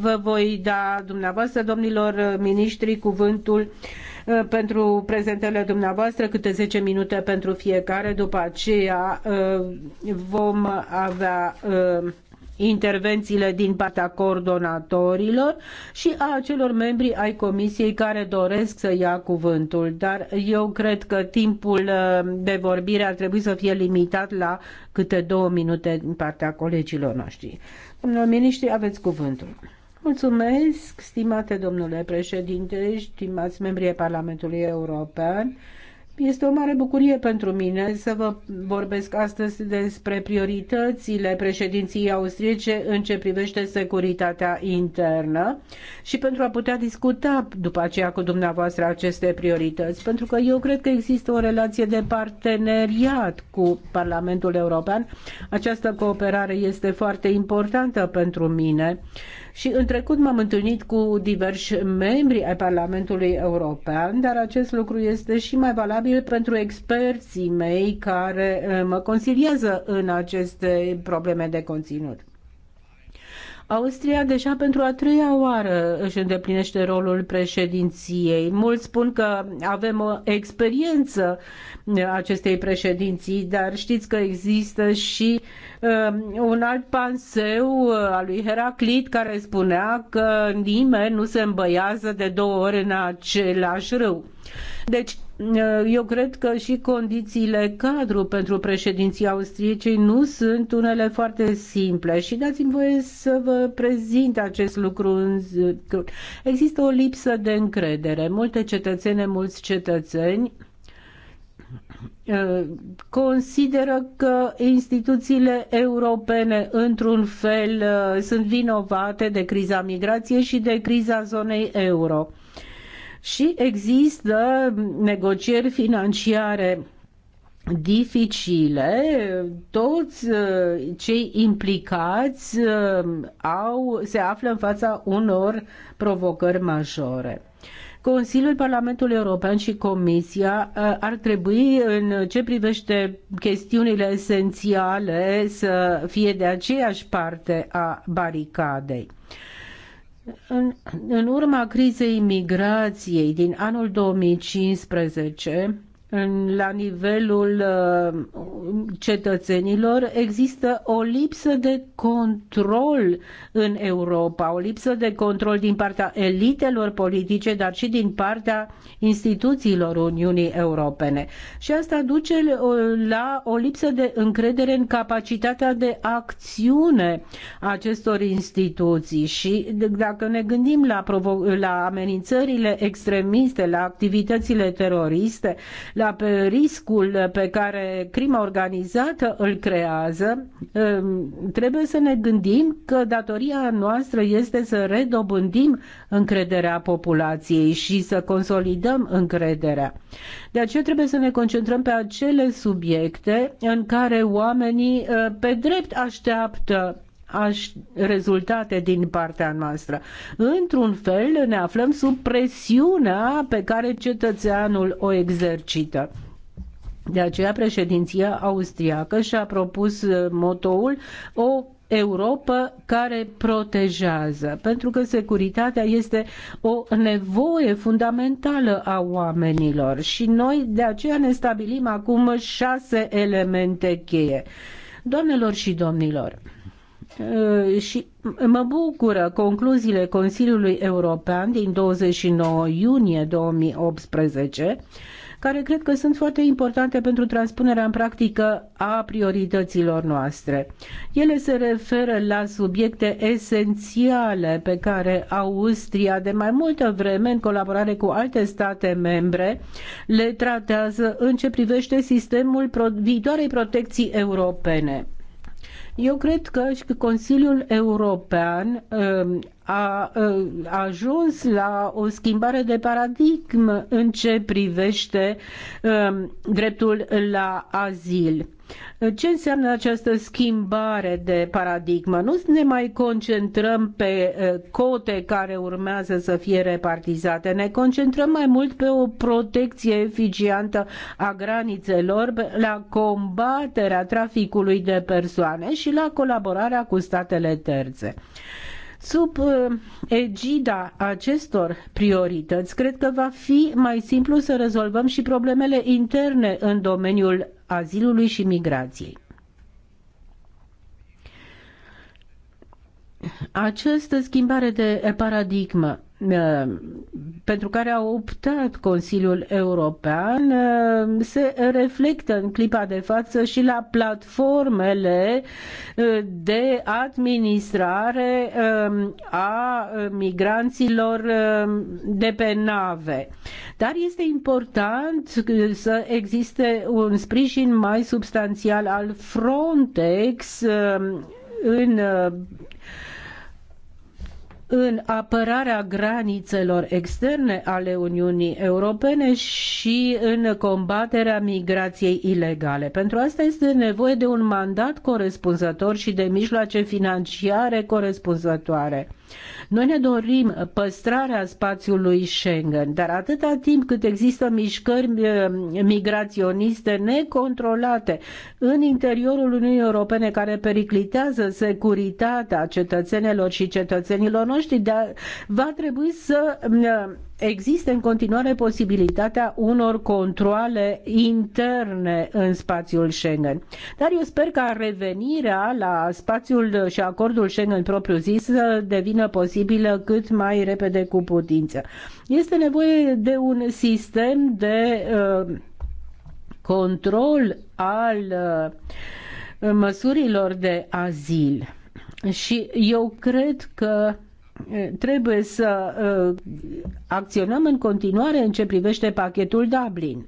Speaker 5: vă voi da dumneavoastră, domnilor miniștri, cuvântul uh, Uh, pentru prezentele dumneavoastră, câte 10 minute pentru fiecare. După aceea uh, vom avea uh, intervențiile din partea coordonatorilor și a celor membri ai comisiei care doresc să ia cuvântul. Dar eu cred că timpul de vorbire ar trebui să fie limitat la câte două minute din partea colegilor noștri. Domnul ministru, aveți cuvântul. Mulțumesc, stimate domnule președinte, stimați membrii Parlamentului European. Este o mare bucurie pentru mine să vă vorbesc astăzi despre prioritățile președinției austriece în ce privește securitatea internă și pentru a putea discuta după aceea cu dumneavoastră aceste priorități, pentru că eu cred că există o relație de parteneriat cu Parlamentul European. Această cooperare este foarte importantă pentru mine și în trecut m-am întâlnit cu diversi membri ai Parlamentului European, dar acest lucru este și mai valabil pentru experții mei care eh, mă consiliază în aceste probleme de conținut. Austria deja pentru a treia oară își îndeplinește rolul președinției. Mulți spun că avem o experiență acestei președinții, dar știți că există și um, un alt panseu uh, al lui Heraclit care spunea că nimeni nu se îmbăiază de două ori în același râu. Deci Eh, eu cred că și condițiile cadru pentru președinția austriecei nu sunt unele foarte simple și dați-mi voie să vă prezint acest lucru. Există o lipsă de încredere. Multe cetățene, mulți cetățeni eh, consideră că instituțiile europene într-un fel eh, sunt vinovate de criza migrației și de criza zonei euro și există negocieri financiare dificile, toți uh, cei implicați uh, au, se află în fața unor provocări majore. Consiliul Parlamentului European și Comisia uh, ar trebui, în ce privește chestiunile esențiale, să fie de aceeași parte a baricadei. În, în urma crizei migrației din anul 2015, la nivelul uh, cetățenilor există o lipsă de control în Europa, o lipsă de control din partea elitelor politice, dar și din partea instituțiilor Uniunii Europene. Și asta duce uh, la o lipsă de încredere în capacitatea de acțiune a acestor instituții și dacă ne gândim la, la amenințările extremiste, la activitățile teroriste, la riscul pe care crima organizată îl creează, um, trebuie să ne gândim că datoria noastră este să redobândim încrederea populației și să consolidăm încrederea. De aceea trebuie să ne concentrăm pe acele subiecte în care oamenii uh, pe drept așteaptă rezultate din partea noastră. Într-un fel ne aflăm sub presiunea pe care cetățeanul o exercită. De aceea președinția austriacă și-a propus motoul o Europa care protejează, pentru că securitatea este o nevoie fundamentală a oamenilor și noi de aceea ne stabilim acum șase elemente cheie. Doamnelor și domnilor, Eh, și mă bucură concluziile Consiliului European din 29 iunie 2018, care cred că sunt foarte importante pentru transpunerea în practică a priorităților noastre. Ele se referă la subiecte esențiale pe care Austria, de mai multă vreme, în colaborare cu alte state membre, le tratează în ce privește sistemul viitoarei protecții europene. Eu cred că și Consiliul European um, um, a ajuns la o schimbare de paradigmă în ce privește um, dreptul la azil ce înseamnă această schimbare de paradigmă? Nu ne mai concentrăm pe cote care urmează să fie repartizate, ne concentrăm mai mult pe o protecție eficientă a granițelor, la combaterea traficului de persoane și la colaborarea cu statele terțe. Sub uh, egida acestor priorități, cred că va fi mai simplu să rezolvăm și problemele interne în domeniul azilului și migrației. Această schimbare de paradigmă Uh, pentru care a optat Consiliul European uh, se reflectă în clipa de față și la platformele uh, de administrare um, a migranților um, de pe nave. Dar este important să existe un sprijin mai substanțial al Frontex um, în în apărarea granițelor externe ale Uniunii Europene și în combaterea migrației ilegale. Pentru asta este nevoie de un mandat corespunzător și de mijloace financiare corespunzătoare. Noi ne dorim păstrarea spațiului Schengen, dar atâta timp cât există mișcări eh, migraționiste necontrolate în interiorul Uniunii Europene care periclitează securitatea cetățenilor și cetățenilor noștri, va trebui să eh, Există în continuare posibilitatea unor controle interne în spațiul Schengen. Dar eu sper ca revenirea la spațiul și acordul Schengen propriu-zis să devină posibilă cât mai repede cu putință. Este nevoie de un sistem de uh, control al uh, măsurilor de azil. Și eu cred că trebuie să uh, acționăm în continuare în ce privește pachetul Dublin.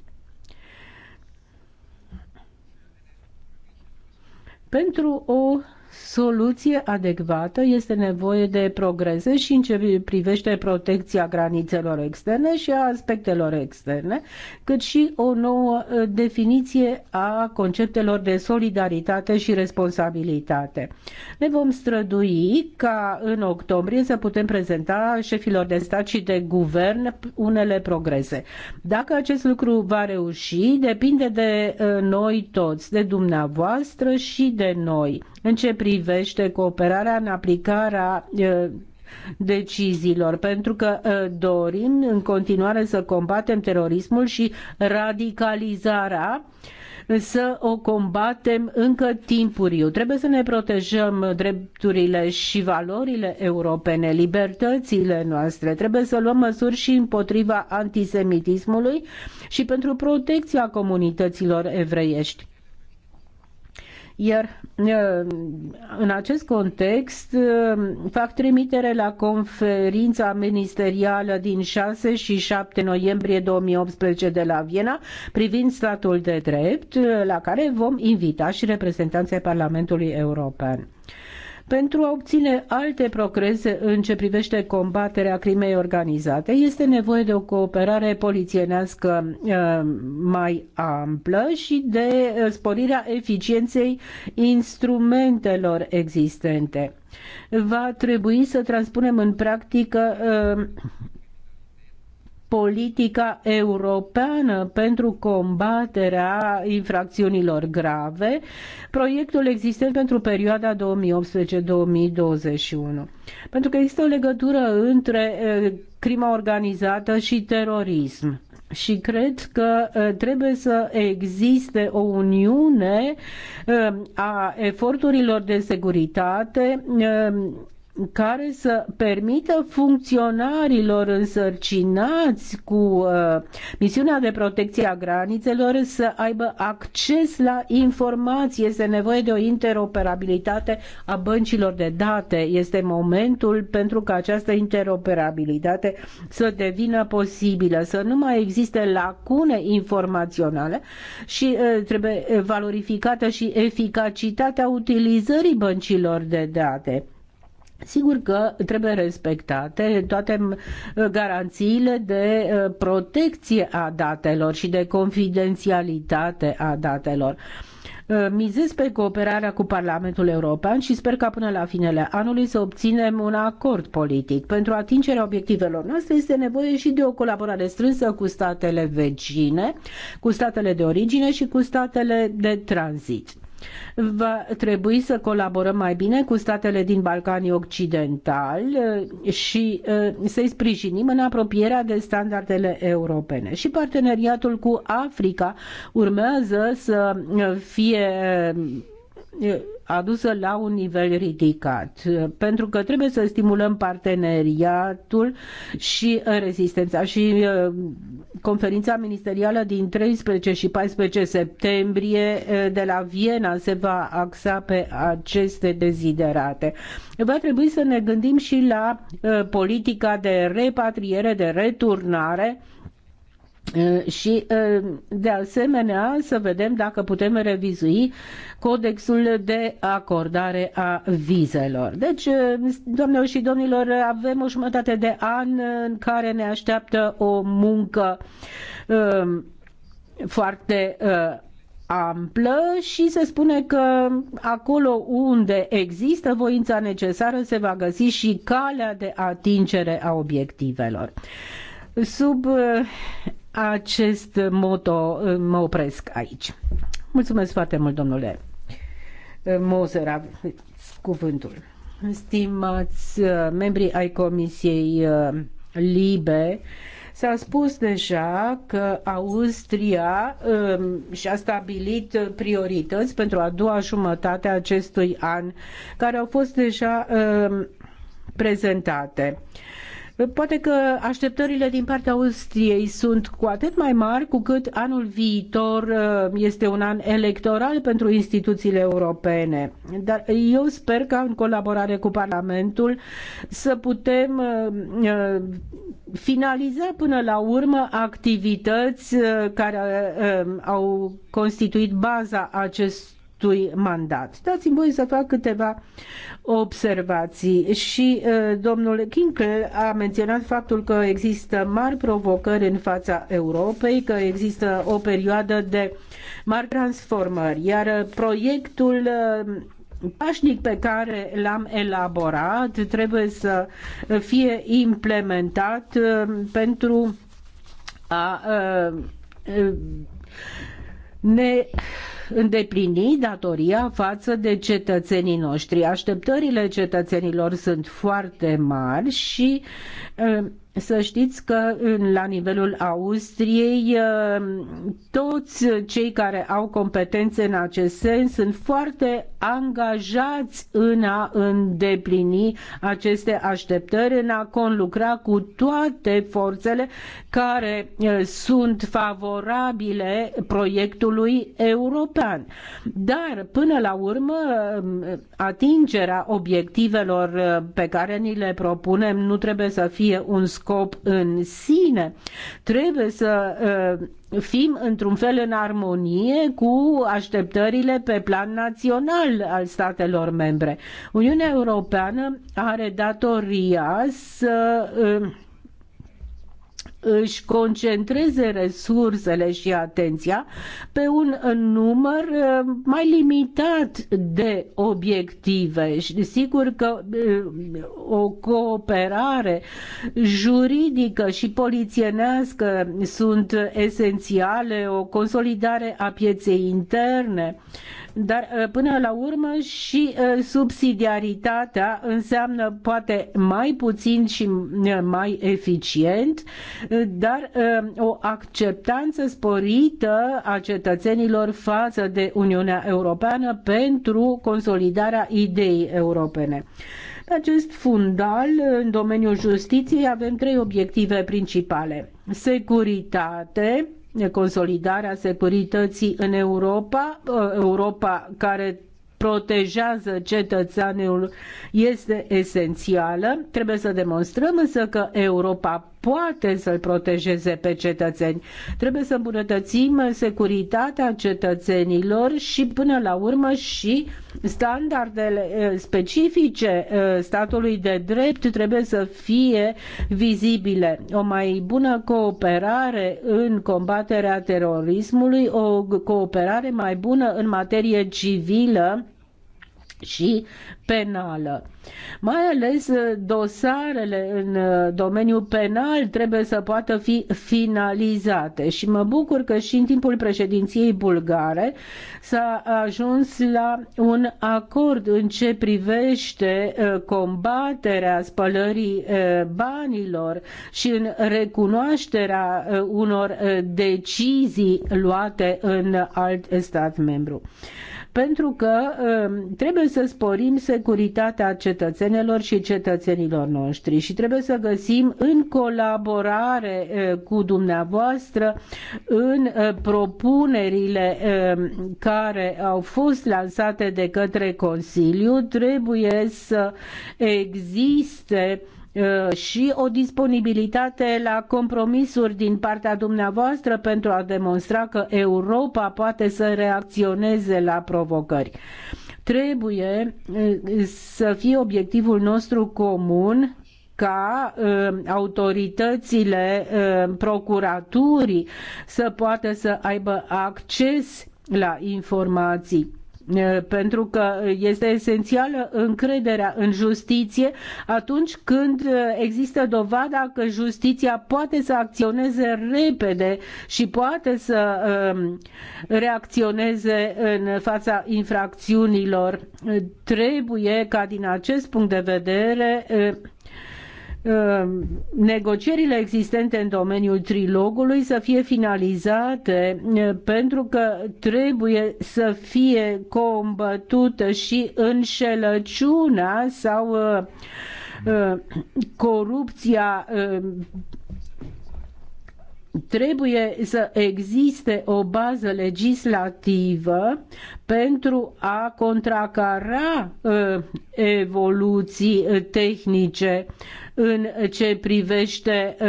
Speaker 5: Pentru o soluție adecvată, este nevoie de progrese și în ce privește protecția granițelor externe și a aspectelor externe, cât și o nouă uh, definiție a conceptelor de solidaritate și responsabilitate. Ne vom strădui ca în octombrie să putem prezenta șefilor de stat și de guvern unele progrese. Dacă acest lucru va reuși, depinde de uh, noi toți, de dumneavoastră și de noi în ce privește cooperarea în aplicarea deciziilor, pentru că dorim în continuare să combatem terorismul și radicalizarea să o combatem încă timpuriu. Trebuie să ne protejăm drepturile și valorile europene, libertățile noastre. Trebuie să luăm măsuri și împotriva antisemitismului și pentru protecția comunităților evreiești. Iar uh, în acest context uh, fac trimitere la conferința ministerială din 6 și 7 noiembrie 2018 de la Viena privind statul de drept, uh, la care vom invita și reprezentanții Parlamentului European. Pentru a obține alte progrese în ce privește combaterea crimei organizate, este nevoie de o cooperare polițienească eh, mai amplă și de eh, sporirea eficienței instrumentelor existente. Va trebui să transpunem în practică eh, politica europeană pentru combaterea infracțiunilor grave, proiectul existent pentru perioada 2018-2021. Pentru că există o legătură între crima organizată și terorism. Și cred că trebuie să existe o uniune a eforturilor de securitate care să permită funcționarilor însărcinați cu uh, misiunea de protecție a granițelor să aibă acces la informații. Este nevoie de o interoperabilitate a băncilor de date. Este momentul pentru ca această interoperabilitate să devină posibilă, să nu mai existe lacune informaționale și uh, trebuie valorificată și eficacitatea utilizării băncilor de date. Sigur că trebuie respectate toate garanțiile de protecție a datelor și de confidențialitate a datelor. Mizez pe cooperarea cu Parlamentul European și sper ca până la finele anului să obținem un acord politic. Pentru atingerea obiectivelor noastre este nevoie și de o colaborare strânsă cu statele vecine, cu statele de origine și cu statele de tranzit Va trebui să colaborăm mai bine cu statele din Balcanii Occidentali eh, și eh, să-i sprijinim în apropierea de standardele europene. Și parteneriatul cu Africa urmează să eh, fie adusă la un nivel ridicat, pentru că trebuie să stimulăm parteneriatul și rezistența. Și conferința ministerială din 13 și 14 septembrie eh, de la Viena se va axa pe aceste deziderate. Va trebui să ne gândim și la eh, politica de repatriere, de returnare și, de asemenea, să vedem dacă putem revizui codexul de acordare a vizelor. Deci, doamnelor și domnilor, avem o jumătate de an în care ne așteaptă o muncă foarte amplă și se spune că acolo unde există voința necesară se va găsi și calea de atingere a obiectivelor. Sub acest moto. Uh, mă opresc aici. Mulțumesc foarte mult, domnule uh, Moser, aveți cuvântul. Stimați uh, membrii ai Comisiei Libe, S-a spus deja că Austria um, și-a stabilit priorități pentru a doua jumătate a acestui an, care au fost deja um, prezentate. Poate că așteptările din partea Austriei sunt cu atât mai mari cu cât anul viitor uh, este un an electoral pentru instituțiile europene. Dar eu sper ca în colaborare cu Parlamentul să putem uh, uh, finaliza până la urmă activități care au constituit baza acestui acestui mandat. Dați-mi voi să fac câteva observații și uh, domnul Kinkel a menționat faptul că există mari provocări în fața Europei, că există o perioadă de mari transformări, iar proiectul uh, pașnic pe care l-am elaborat trebuie să fie implementat uh, pentru a ne îndeplini datoria față de cetățenii noștri. Așteptările cetățenilor sunt foarte mari și uh, să știți că la nivelul Austriei uh, toți cei care au competențe în acest sens sunt foarte angajați în a îndeplini aceste așteptări, în a conlucra cu toate forțele care uh, sunt favorabile proiectului european. Dar, până la urmă, uh, atingerea obiectivelor pe care ni le propunem nu trebuie să fie un scop scop în sine. Trebuie să uh, fim într-un fel în armonie cu așteptările pe plan național al statelor membre. Uniunea Europeană are datoria să uh, își concentreze resursele și atenția pe un număr uh, mai limitat de obiective. Și sigur că uh, o cooperare juridică și polițienească sunt esențiale, o consolidare a pieței interne dar uh, până la urmă și uh, subsidiaritatea înseamnă poate mai puțin și uh, mai eficient, dar o acceptanță sporită a cetățenilor față de Uniunea Europeană pentru consolidarea ideii europene. Pe acest fundal, în domeniul justiției, avem trei obiective principale. Securitate, consolidarea securității în Europa, ă, Europa care protejează cetățeanul este esențială. Trebuie să demonstrăm însă că Europa poate să-l protejeze pe cetățeni. Trebuie să îmbunătățim securitatea cetățenilor și până la urmă și standardele eh, specifice eh, statului de drept trebuie să fie vizibile. O mai bună cooperare în combaterea terorismului, o cooperare mai bună în materie civilă, și penală. Mai ales uh, dosarele în uh, domeniul penal trebuie să poată fi finalizate și mă bucur că și în timpul președinției bulgare s-a ajuns la un acord în ce privește uh, combaterea spălării banilor și în recunoașterea unor decizii luate în alt stat membru pentru că um, trebuie să sporim securitatea cetățenilor și cetățenilor noștri și trebuie să găsim în colaborare uh, cu dumneavoastră în uh, propunerile um, care au fost lansate de către Consiliu, trebuie să existe Uh, și o disponibilitate la compromisuri din partea dumneavoastră pentru a demonstra că Europa poate să reacționeze la provocări. Trebuie uh, să fie obiectivul nostru comun ca uh, autoritățile procuraturii să poată să aibă acces la informații pentru că este esențială încrederea în justiție atunci când există dovada că justiția poate să acționeze repede și poate să reacționeze în fața infracțiunilor. Trebuie ca din acest punct de vedere Uh, negocierile existente în domeniul trilogului să fie finalizate uh, pentru că trebuie să fie combătută și înșelăciunea sau uh, corupția trebuie să existe o bază legislativă pentru a contracara ă, evoluții ă, tehnice în ce privește ă,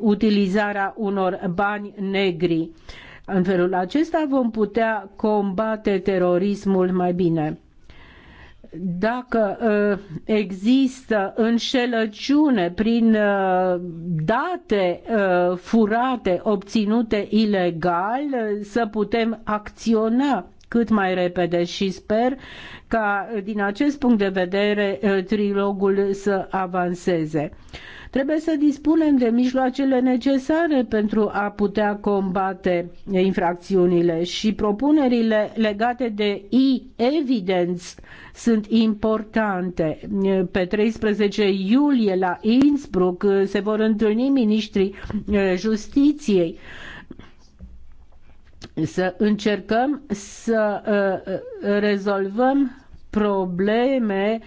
Speaker 5: utilizarea unor bani negri. În felul acesta vom putea combate terorismul mai bine dacă uh, există înșelăciune prin uh, date uh, furate, obținute ilegal, să putem acționa cât mai repede și sper ca din acest punct de vedere trilogul să avanseze. Trebuie să dispunem de mijloacele necesare pentru a putea combate infracțiunile și propunerile legate de e-evidence sunt importante. Pe 13 iulie la Innsbruck se vor întâlni ministrii eh, justiției să încercăm să eh, rezolvăm probleme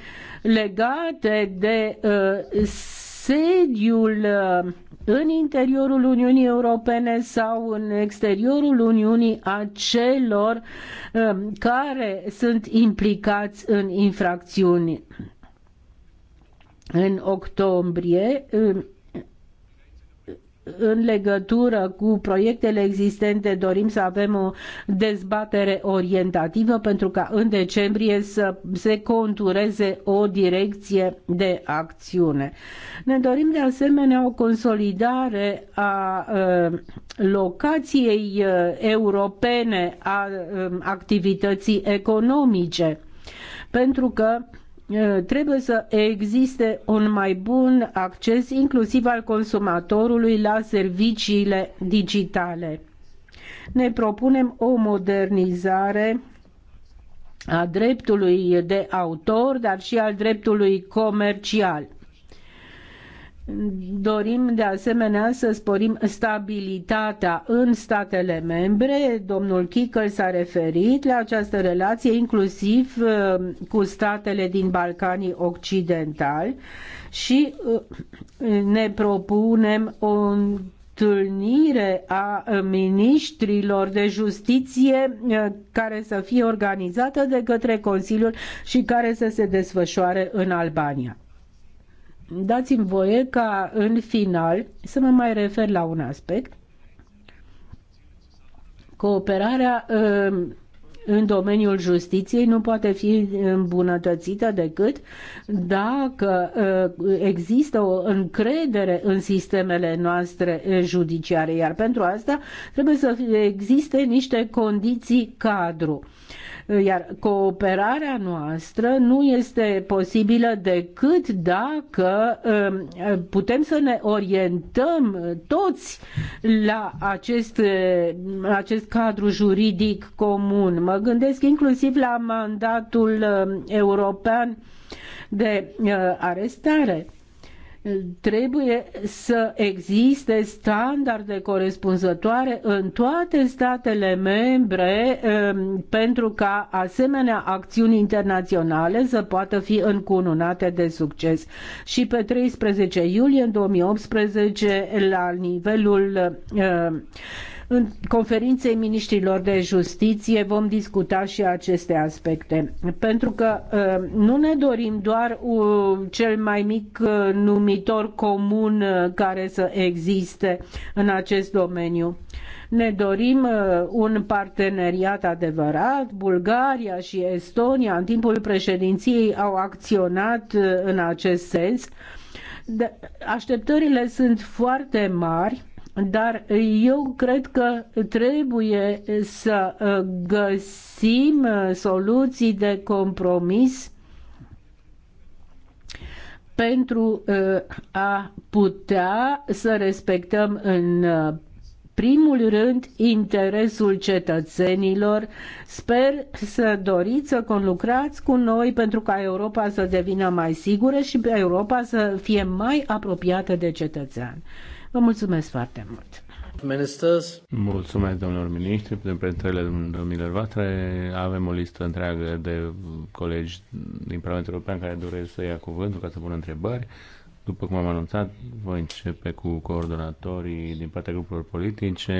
Speaker 5: legate de eh, sediul uh, în interiorul Uniunii Europene sau în exteriorul Uniunii a celor uh, care sunt implicați în infracțiuni. În octombrie uh, în legătură cu proiectele existente dorim să avem o dezbatere orientativă pentru ca în decembrie să se contureze o direcție de acțiune. Ne dorim de asemenea o consolidare a ă, locației ă, europene a ă, activității economice pentru că Eh, trebuie să existe un mai bun acces inclusiv al consumatorului la serviciile digitale. Ne propunem o modernizare a dreptului de autor, dar și al dreptului comercial. Dorim de asemenea să sporim stabilitatea în statele membre. Domnul Kickel s-a referit la această relație inclusiv uh, cu statele din Balcanii Occidentali și uh, ne propunem o întâlnire a ministrilor de justiție uh, care să fie organizată de către Consiliul și care să se desfășoare în Albania dați-mi voie ca în final să mă mai refer la un aspect. Cooperarea uh, în domeniul justiției nu poate fi îmbunătățită decât dacă uh, există o încredere în sistemele noastre uh, judiciare, iar pentru asta trebuie să existe niște condiții cadru. Iar cooperarea noastră nu este posibilă decât dacă um, putem să ne orientăm toți la acest, acest cadru juridic comun. Mă gândesc inclusiv la mandatul um, european de uh, arestare trebuie să existe standarde corespunzătoare în toate statele membre um, pentru ca asemenea acțiuni internaționale să poată fi încununate de succes. Și pe 13 iulie 2018, la nivelul um, în conferinței miniștrilor de justiție vom discuta și aceste aspecte, pentru că uh, nu ne dorim doar uh, cel mai mic uh, numitor comun care să existe în acest domeniu. Ne dorim un parteneriat adevărat. Bulgaria și Estonia în timpul președinției au acționat în acest sens. Așteptările sunt foarte mari dar eu cred că trebuie să uh, găsim uh, soluții de compromis pentru uh, a putea să respectăm în primul rând interesul cetățenilor. Sper să doriți să conlucrați cu noi pentru ca Europa să devină mai sigură și Europa să fie mai apropiată de cetățean. Vă mulțumesc foarte mult!
Speaker 3: Ministers. Mulțumesc, domnilor miniștri, pentru prezentările domnilor voastre. Avem o listă întreagă de colegi din Parlamentul European care doresc să ia cuvântul ca să pună întrebări. După cum am anunțat, voi începe cu coordonatorii din partea grupurilor politice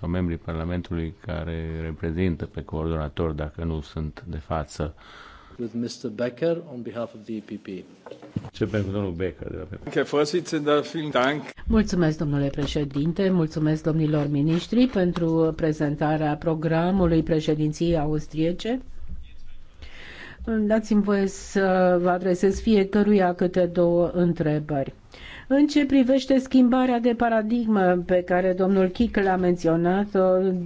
Speaker 3: sau membrii Parlamentului care reprezintă pe coordonator dacă nu sunt de față with Mr. Becker on behalf of the EPP.
Speaker 5: Mulțumesc, domnule președinte, mulțumesc domnilor miniștri pentru prezentarea programului președinției austriece. Dați-mi voie să vă adresez fiecăruia câte două întrebări. În ce privește schimbarea de paradigmă pe care domnul Chic l-a menționat,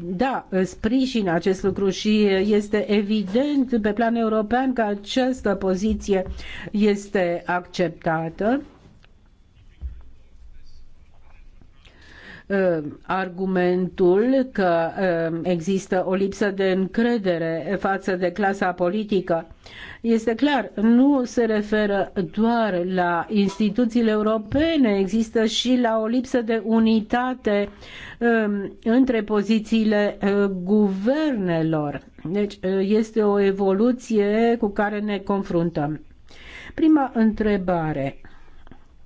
Speaker 5: da, sprijin acest lucru și este evident pe plan european că această poziție este acceptată Ă, argumentul că ă, există o lipsă de încredere față de clasa politică. Este clar, nu se referă doar la instituțiile europene, există și la o lipsă de unitate ă, între pozițiile guvernelor. Deci este o evoluție cu care ne confruntăm. Prima întrebare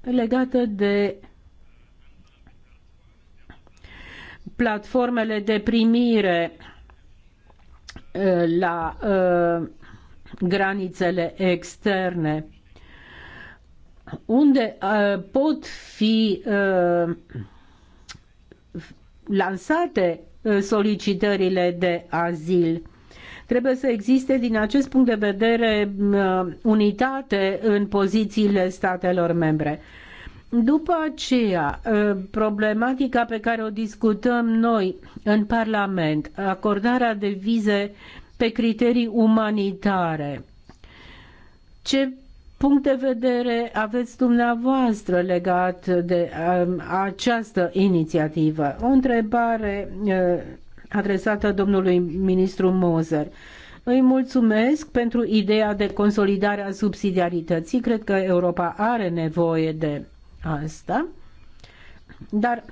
Speaker 5: legată de platformele de primire uh, la uh, granițele externe, unde uh, pot fi lansate solicitările de azil. Trebuie să existe, din acest punct de vedere, unitate în pozițiile statelor membre. După aceea, ă, problematica pe care o discutăm noi în Parlament, acordarea de vize pe criterii umanitare. Ce punct de vedere aveți dumneavoastră legat de ă, această inițiativă? O întrebare ă, adresată domnului ministru Moser. Îi mulțumesc pentru ideea de consolidare a subsidiarității. Cred că Europa are nevoie de asta. Dar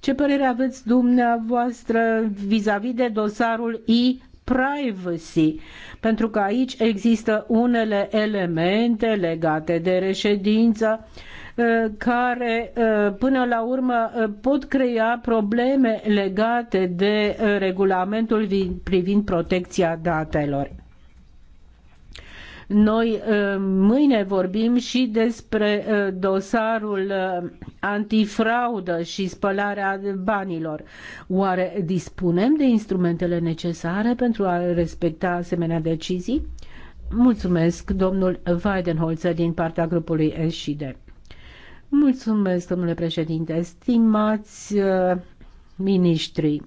Speaker 5: ce părere aveți dumneavoastră vis-a-vis -vis de dosarul I privacy, pentru că aici există unele elemente legate de reședință uh, care uh, până la urmă uh, pot crea probleme legate de regulamentul privind protecția datelor. Noi uh, mâine vorbim și despre uh, dosarul uh, antifraudă și spălarea banilor. Oare dispunem de instrumentele necesare pentru a respecta asemenea decizii? Mulțumesc, domnul Weidenholzer, din partea grupului SCD. Mulțumesc, domnule președinte, stimați uh, miniștrii.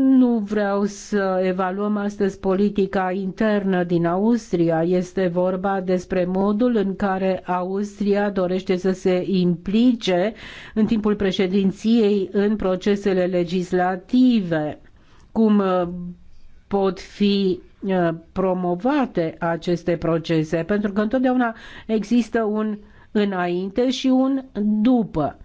Speaker 5: Nu vreau să evaluăm astăzi politica internă din Austria. Este vorba despre modul în care Austria dorește să se implice în timpul președinției în procesele legislative. Cum uh, pot fi uh, promovate aceste procese, pentru că întotdeauna există un înainte și un după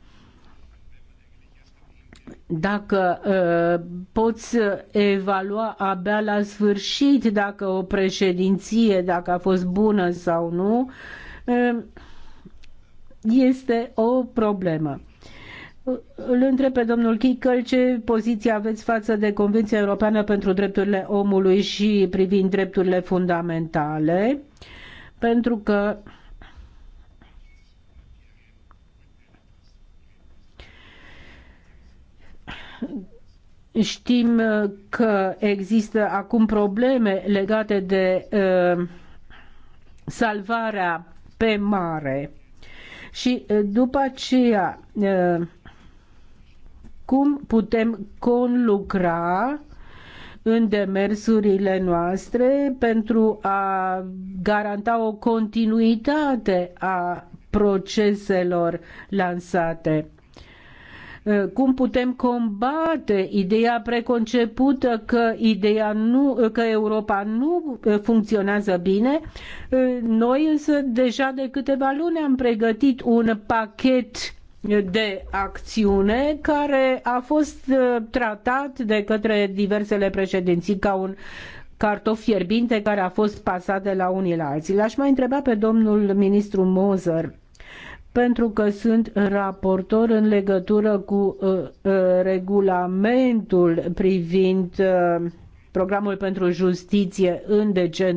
Speaker 5: dacă ă, poți evalua abia la sfârșit dacă o președinție, dacă a fost bună sau nu, ă, este o problemă. Îl întreb pe domnul Chichel ce poziție aveți față de Convenția Europeană pentru Drepturile Omului și privind drepturile fundamentale, pentru că Știm uh, că există acum probleme legate de uh, salvarea pe mare. Și uh, după aceea, cum putem conlucra în demersurile noastre pentru a garanta o continuitate a proceselor lansate. Eh, cum putem combate ideea preconcepută că, ideea nu, că Europa nu eh, funcționează bine? Eh, noi însă deja de câteva luni am pregătit un pachet de acțiune care a fost tratat de către diversele președinții ca un cartof fierbinte care a fost pasat de la unii la alții. L-aș mai întreba pe domnul ministru Moser pentru că sunt raportor în legătură cu uh, uh, regulamentul privind uh, programul pentru justiție în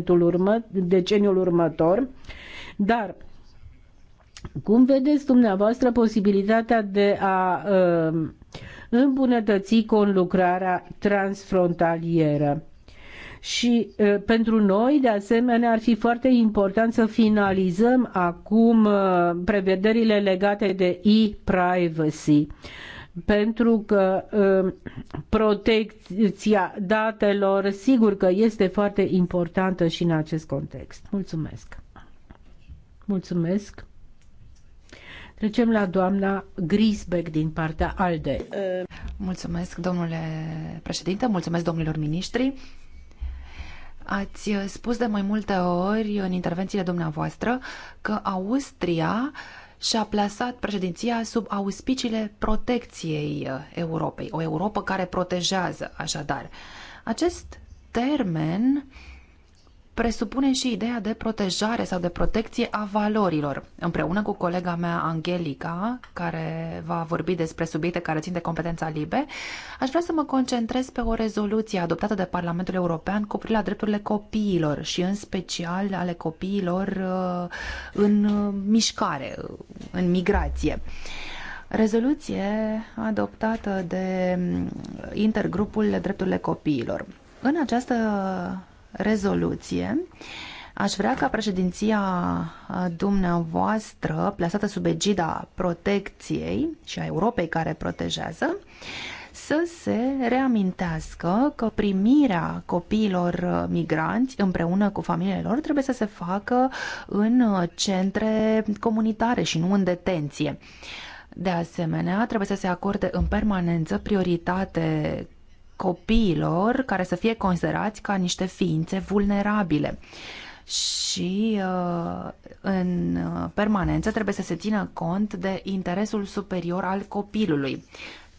Speaker 5: urmă, deceniul următor, dar cum vedeți dumneavoastră posibilitatea de a uh, îmbunătăți conlucrarea transfrontalieră? Și uh, pentru noi, de asemenea, ar fi foarte important să finalizăm acum uh, prevederile legate de e-privacy pentru că uh, protecția datelor sigur că este foarte importantă și în acest context. Mulțumesc! Mulțumesc! Trecem la doamna Grisbeck din partea ALDE. Mulțumesc, domnule președinte, mulțumesc domnilor miniștri.
Speaker 2: Ați eh, spus de mai multe ori în intervențiile dumneavoastră că Austria și-a plasat președinția sub auspiciile protecției eh, Europei, o Europa care protejează, așadar. Acest termen presupune și ideea de protejare sau de protecție a valorilor. Împreună cu colega mea Angelica, care va vorbi despre subiecte care țin de competența libe, aș vrea să mă concentrez pe o rezoluție adoptată de Parlamentul European cu privire la drepturile copiilor și în special ale copiilor uh, în uh, mișcare, uh, în migrație. Rezoluție adoptată de mm, intergrupul Drepturile Copiilor. În această rezoluție. Aș vrea ca președinția dumneavoastră, plasată sub egida protecției și a Europei care protejează, să se reamintească că primirea copiilor migranți împreună cu familiile lor trebuie să se facă în centre comunitare și nu în detenție. De asemenea, trebuie să se acorde în permanență prioritate copiilor care să fie considerați ca niște ființe vulnerabile și uh, în uh, permanență trebuie să se țină cont de interesul superior al copilului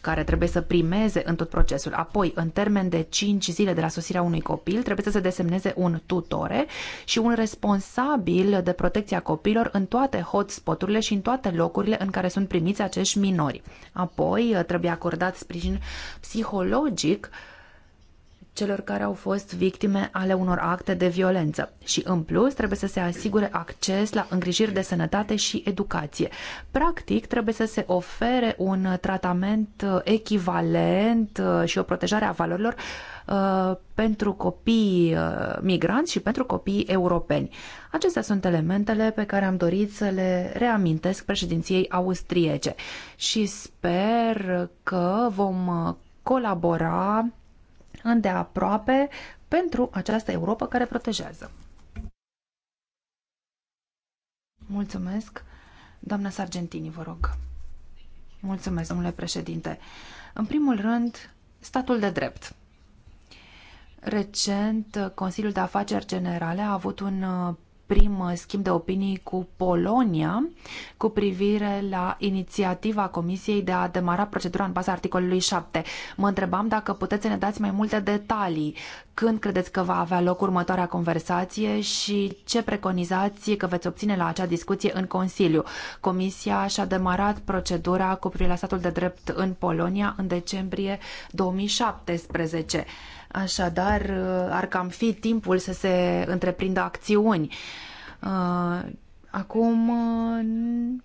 Speaker 2: care trebuie să primeze în tot procesul. Apoi, în termen de 5 zile de la sosirea unui copil, trebuie să se desemneze un tutore și un responsabil de protecția copilor în toate hotspoturile și în toate locurile în care sunt primiți acești minori. Apoi, trebuie acordat sprijin psihologic uh, celor care au fost victime ale unor acte de violență. Și în plus trebuie să se asigure acces la îngrijiri de sănătate și educație. Practic trebuie să se ofere un tratament uh, echivalent uh, și o protejare a valorilor uh, pentru copii migranți și pentru copii europeni. Acestea sunt elementele pe care am dorit să le reamintesc președinției austriece și sper că vom colabora îndeaproape pentru această Europa care protejează. Mulțumesc. Doamna Sargentini, vă rog. Mulțumesc, domnule președinte. În primul rând, statul de drept. Recent, Consiliul de Afaceri Generale a avut un uh, prim uh, schimb de opinii cu Polonia cu privire la inițiativa Comisiei de a demara procedura în baza articolului 7. Mă întrebam dacă puteți să ne dați mai multe detalii. Când credeți că va avea loc următoarea conversație și ce preconizați că veți obține la acea discuție în Consiliu? Comisia și-a demarat procedura cu privire la statul de drept în Polonia în decembrie 2017. Așadar, ar cam fi timpul să se întreprindă acțiuni. Uh, acum uh,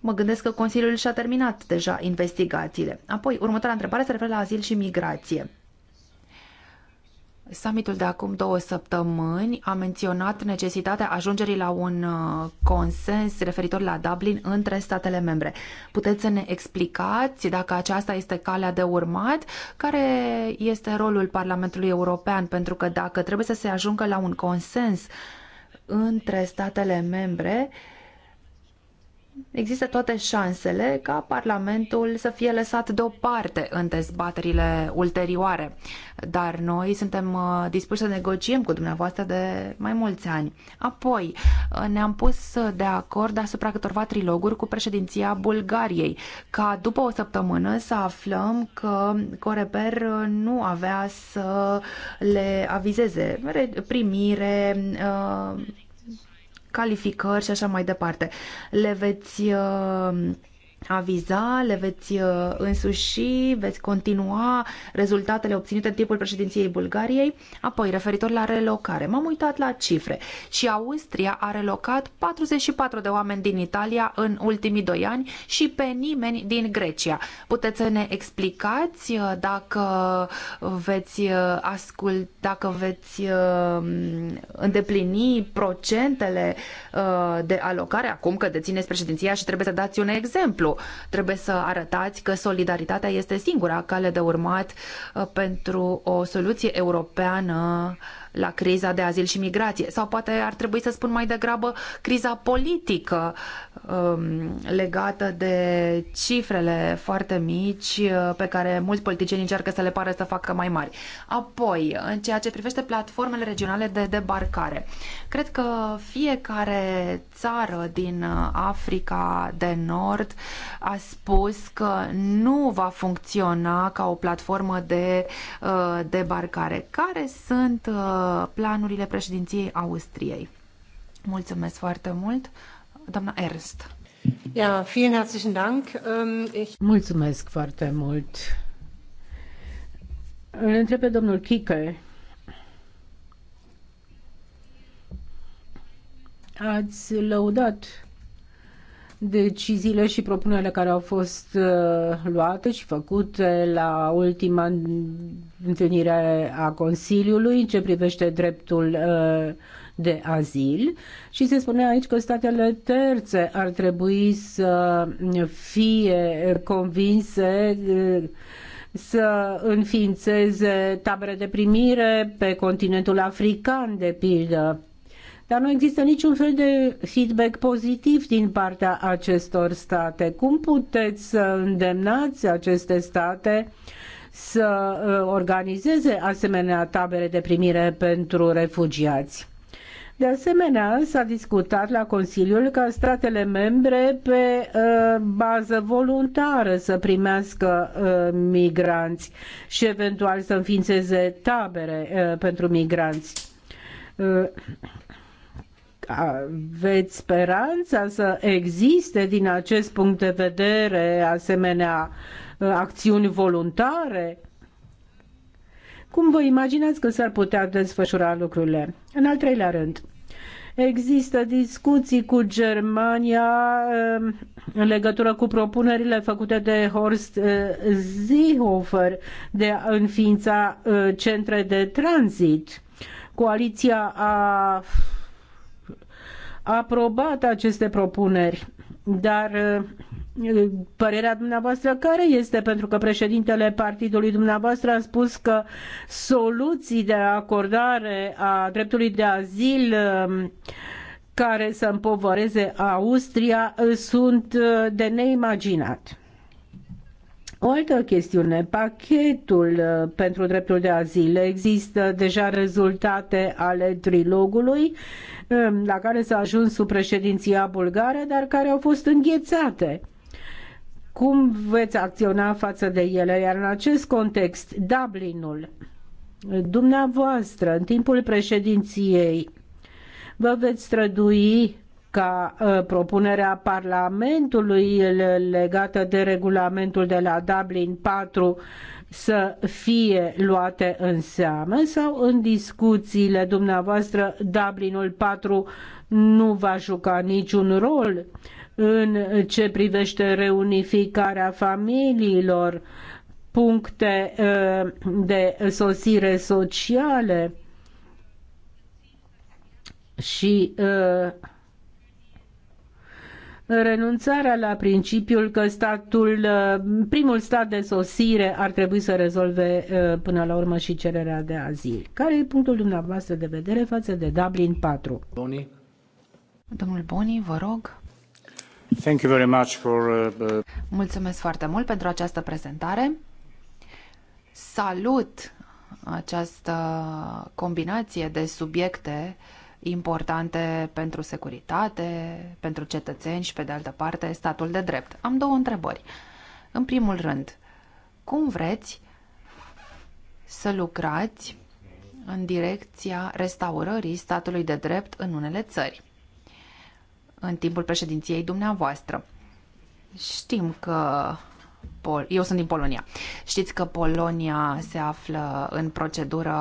Speaker 2: mă gândesc că Consiliul și-a terminat deja investigațiile. Apoi, următoarea întrebare se referă la azil și migrație. Summitul de acum două săptămâni a menționat necesitatea ajungerii la un uh, consens referitor la Dublin între statele membre. Puteți să ne explicați dacă aceasta este calea de urmat? Care este rolul Parlamentului European? Pentru că dacă trebuie să se ajungă la un consens între statele membre, există toate șansele ca Parlamentul să fie lăsat deoparte în dezbaterile ulterioare. Dar noi suntem uh, dispuși să negociem cu dumneavoastră de mai mulți ani. Apoi, uh, ne-am pus de acord asupra câtorva triloguri cu președinția Bulgariei, ca după o săptămână să aflăm că Coreper uh, nu avea să le avizeze primire, calificări și așa mai departe. Le veți uh, aviza, le veți uh, însuși, veți continua rezultatele obținute în timpul președinției Bulgariei. Apoi, referitor la relocare, m-am uitat la cifre și Austria a relocat 44 de oameni din Italia în ultimii doi ani și pe nimeni din Grecia. Puteți să ne explicați uh, dacă veți uh, ascult, dacă veți îndeplini procentele de alocare acum că dețineți președinția și trebuie să dați un exemplu Trebuie să arătați că solidaritatea este singura cale de urmat uh, pentru o soluție europeană uh, la criza de azil și migrație. Sau poate ar trebui să spun mai degrabă criza politică um, legată de cifrele foarte mici uh, pe care mulți politicieni încearcă să le pară să facă mai mari. Apoi, în ceea ce privește platformele regionale de debarcare, cred că fiecare țară din uh, Africa de Nord a spus că nu va funcționa ca o platformă de uh, debarcare. Care sunt uh, planurile președinției Austriei. Mulțumesc foarte mult, doamna
Speaker 5: Ernst. Ja, vielen herzlichen Dank. Ähm, ich... Mulțumesc foarte mult. Îl întrebe domnul Chică. Ați lăudat deciziile și propunerile care au fost uh, luate și făcute la ultima întâlnire a Consiliului în ce privește dreptul uh, de azil și se spune aici că statele terțe ar trebui să fie convinse uh, să înființeze tabere de primire pe continentul african, de pildă dar nu există niciun fel de feedback pozitiv din partea acestor state. Cum puteți să îndemnați aceste state să uh, organizeze asemenea tabere de primire pentru refugiați? De asemenea, s-a discutat la Consiliul ca statele membre pe uh, bază voluntară să primească uh, migranți și eventual să înființeze tabere uh, pentru migranți. Uh, aveți speranța să existe din acest punct de vedere asemenea uh, acțiuni voluntare? Cum vă imaginați că s-ar putea desfășura lucrurile? În al treilea rând, există discuții cu Germania um, în legătură cu propunerile făcute de Horst uh, Seehofer de a înființa uh, centre de tranzit. Coaliția a aprobat aceste propuneri, dar uh, părerea dumneavoastră care este? Pentru că președintele partidului dumneavoastră a spus că soluții de acordare a dreptului de azil uh, care să împovăreze Austria uh, sunt de neimaginat. O altă chestiune, pachetul uh, pentru dreptul de azil. Există deja rezultate ale trilogului um, la care s-a ajuns sub președinția bulgară, dar care au fost înghețate cum veți acționa față de ele, iar în acest context, Dublinul, dumneavoastră, în timpul președinției, vă veți strădui ca ă, propunerea Parlamentului legată de regulamentul de la Dublin 4 să fie luate în seamă sau în discuțiile dumneavoastră Dublinul 4 nu va juca niciun rol în ce privește reunificarea familiilor, puncte ă, de sosire sociale și uh, renunțarea la principiul că statul, uh, primul stat de sosire ar trebui să rezolve uh, până la urmă și cererea de azil. Care e punctul dumneavoastră de vedere față de Dublin 4? Boni. Domnul Boni, vă rog.
Speaker 1: Thank you very much for, uh,
Speaker 2: Mulțumesc foarte mult pentru această prezentare. Salut această combinație de subiecte uh, importante pentru securitate, pentru cetățeni și, pe de altă parte, statul de drept. Am două întrebări. În primul rând, cum vreți să lucrați în direcția restaurării statului de drept în unele țări în timpul președinției dumneavoastră? Știm că Pol- eu sunt din Polonia. Știți că Polonia se află în procedură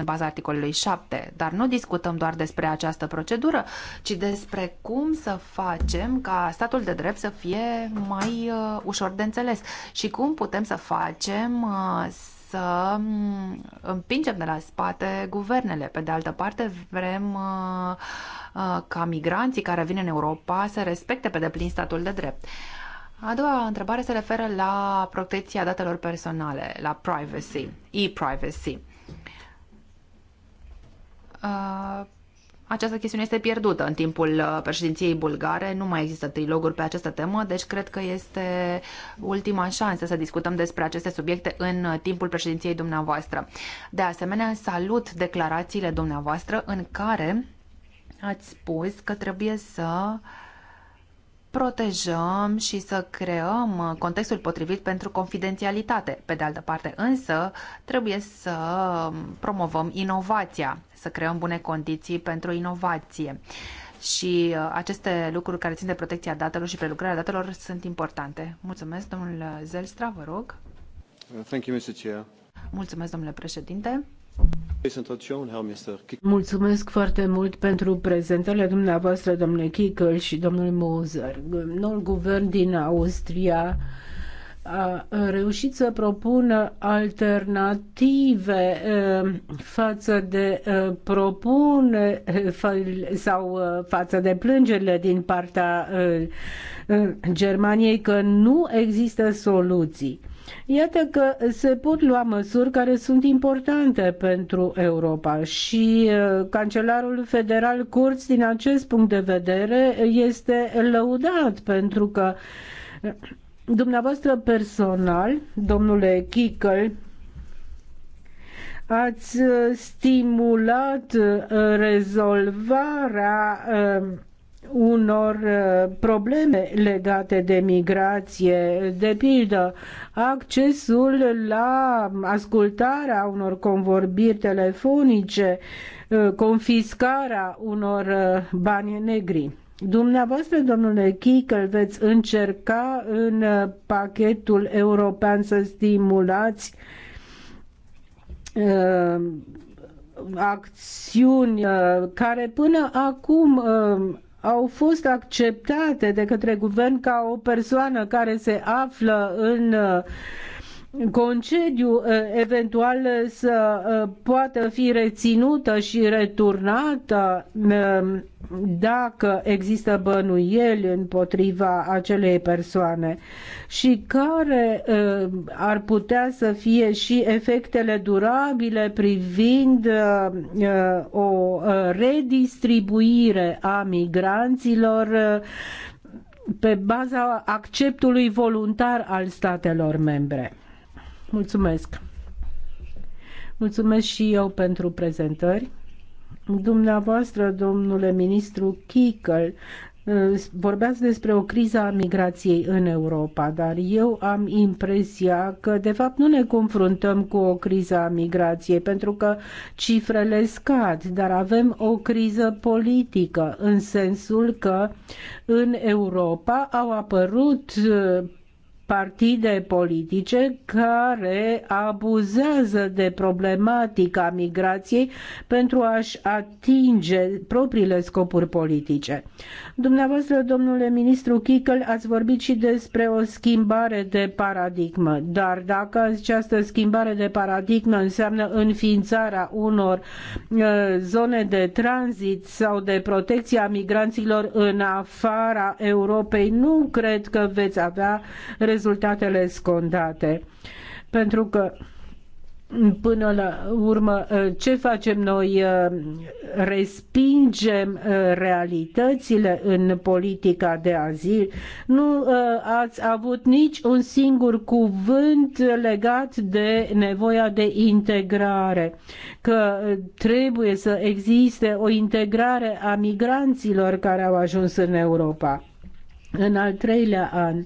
Speaker 2: în baza articolului 7. Dar nu discutăm doar despre această procedură, ci despre cum să facem ca statul de drept să fie mai uh, ușor de înțeles și cum putem să facem uh, să mm, împingem de la spate guvernele. Pe de altă parte, vrem uh, ca migranții care vin în Europa să respecte pe deplin statul de drept. A doua întrebare se referă la protecția datelor personale, la privacy, e-privacy. Uh, această chestiune este pierdută în timpul uh, președinției bulgare, nu mai există triloguri pe această temă, deci cred că este ultima șansă să discutăm despre aceste subiecte în uh, timpul președinției dumneavoastră. De asemenea, salut declarațiile dumneavoastră în care ați spus că trebuie să uh, protejăm și să creăm uh, contextul potrivit pentru confidențialitate. Pe de altă parte, însă, trebuie să um, promovăm inovația, să creăm bune condiții pentru inovație. Și uh, aceste lucruri care țin de protecția datelor și prelucrarea datelor sunt importante. Mulțumesc, domnul Zelstra, vă rog.
Speaker 1: Thank you, Mr. Chair.
Speaker 5: Mulțumesc, domnule președinte. Mulțumesc foarte mult pentru prezentele dumneavoastră, domnule Kickel și domnul Moser. Noul guvern din Austria a reușit să propună alternative eh, față de eh, propune eh, sau față de plângerile din partea Germaniei că nu există soluții. Iată că se pot lua măsuri care sunt importante pentru Europa și uh, cancelarul federal Kurz din acest punct de vedere este lăudat pentru că uh, dumneavoastră personal, domnule Kickel, ați uh, stimulat rezolvarea unor uh, probleme legate de migrație, de pildă accesul la ascultarea unor convorbiri telefonice, uh, confiscarea unor uh, bani negri. Dumneavoastră, domnule Chichel, veți încerca în pachetul european să stimulați uh, acțiuni uh, care până acum uh, au fost acceptate de către guvern ca o persoană care se află în uh, concediu uh, eventual să uh, poată fi reținută și returnată um, dacă există bănuieli împotriva acelei persoane și care uh, ar putea să fie și efectele durabile privind o redistribuire a migranților pe baza acceptului voluntar al statelor membre. Mulțumesc! Mulțumesc și eu pentru prezentări. Dumneavoastră, domnule ministru Kikel, Vorbeați despre o criză a migrației în Europa, dar eu am impresia că, de fapt, nu ne confruntăm cu o criză a migrației, pentru că cifrele scad, dar avem o criză politică, în sensul că în Europa au apărut partide politice care abuzează de problematica migrației pentru a-și atinge propriile scopuri politice. Dumneavoastră, domnule ministru Chichel, ați vorbit și despre o schimbare de paradigmă, dar dacă această schimbare de paradigmă înseamnă înființarea unor uh, zone de tranzit sau de protecție a migranților în afara Europei, nu cred că veți avea rezultatele scondate. Pentru că până la urmă uh, ce facem noi? Uh, respingem uh, realitățile în politica de azil? Nu ați avut nici un singur cuvânt legat de nevoia de integrare, că trebuie să existe o integrare a migranților care au ajuns în Europa. În al treilea an,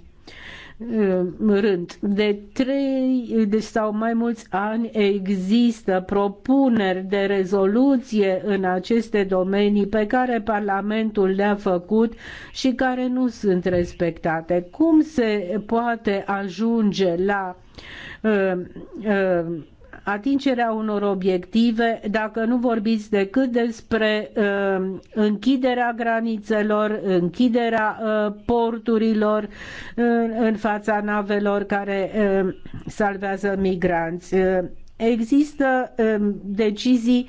Speaker 5: Uh, rând. De trei deci, sau mai mulți ani există propuneri de rezoluție în aceste domenii pe care Parlamentul le-a făcut și care nu sunt respectate. Cum se poate ajunge la uh, uh, atingerea unor obiective dacă nu vorbiți decât despre uh, închiderea granițelor, închiderea uh, porturilor uh, în fața navelor care uh, salvează migranți. Uh, există uh, decizii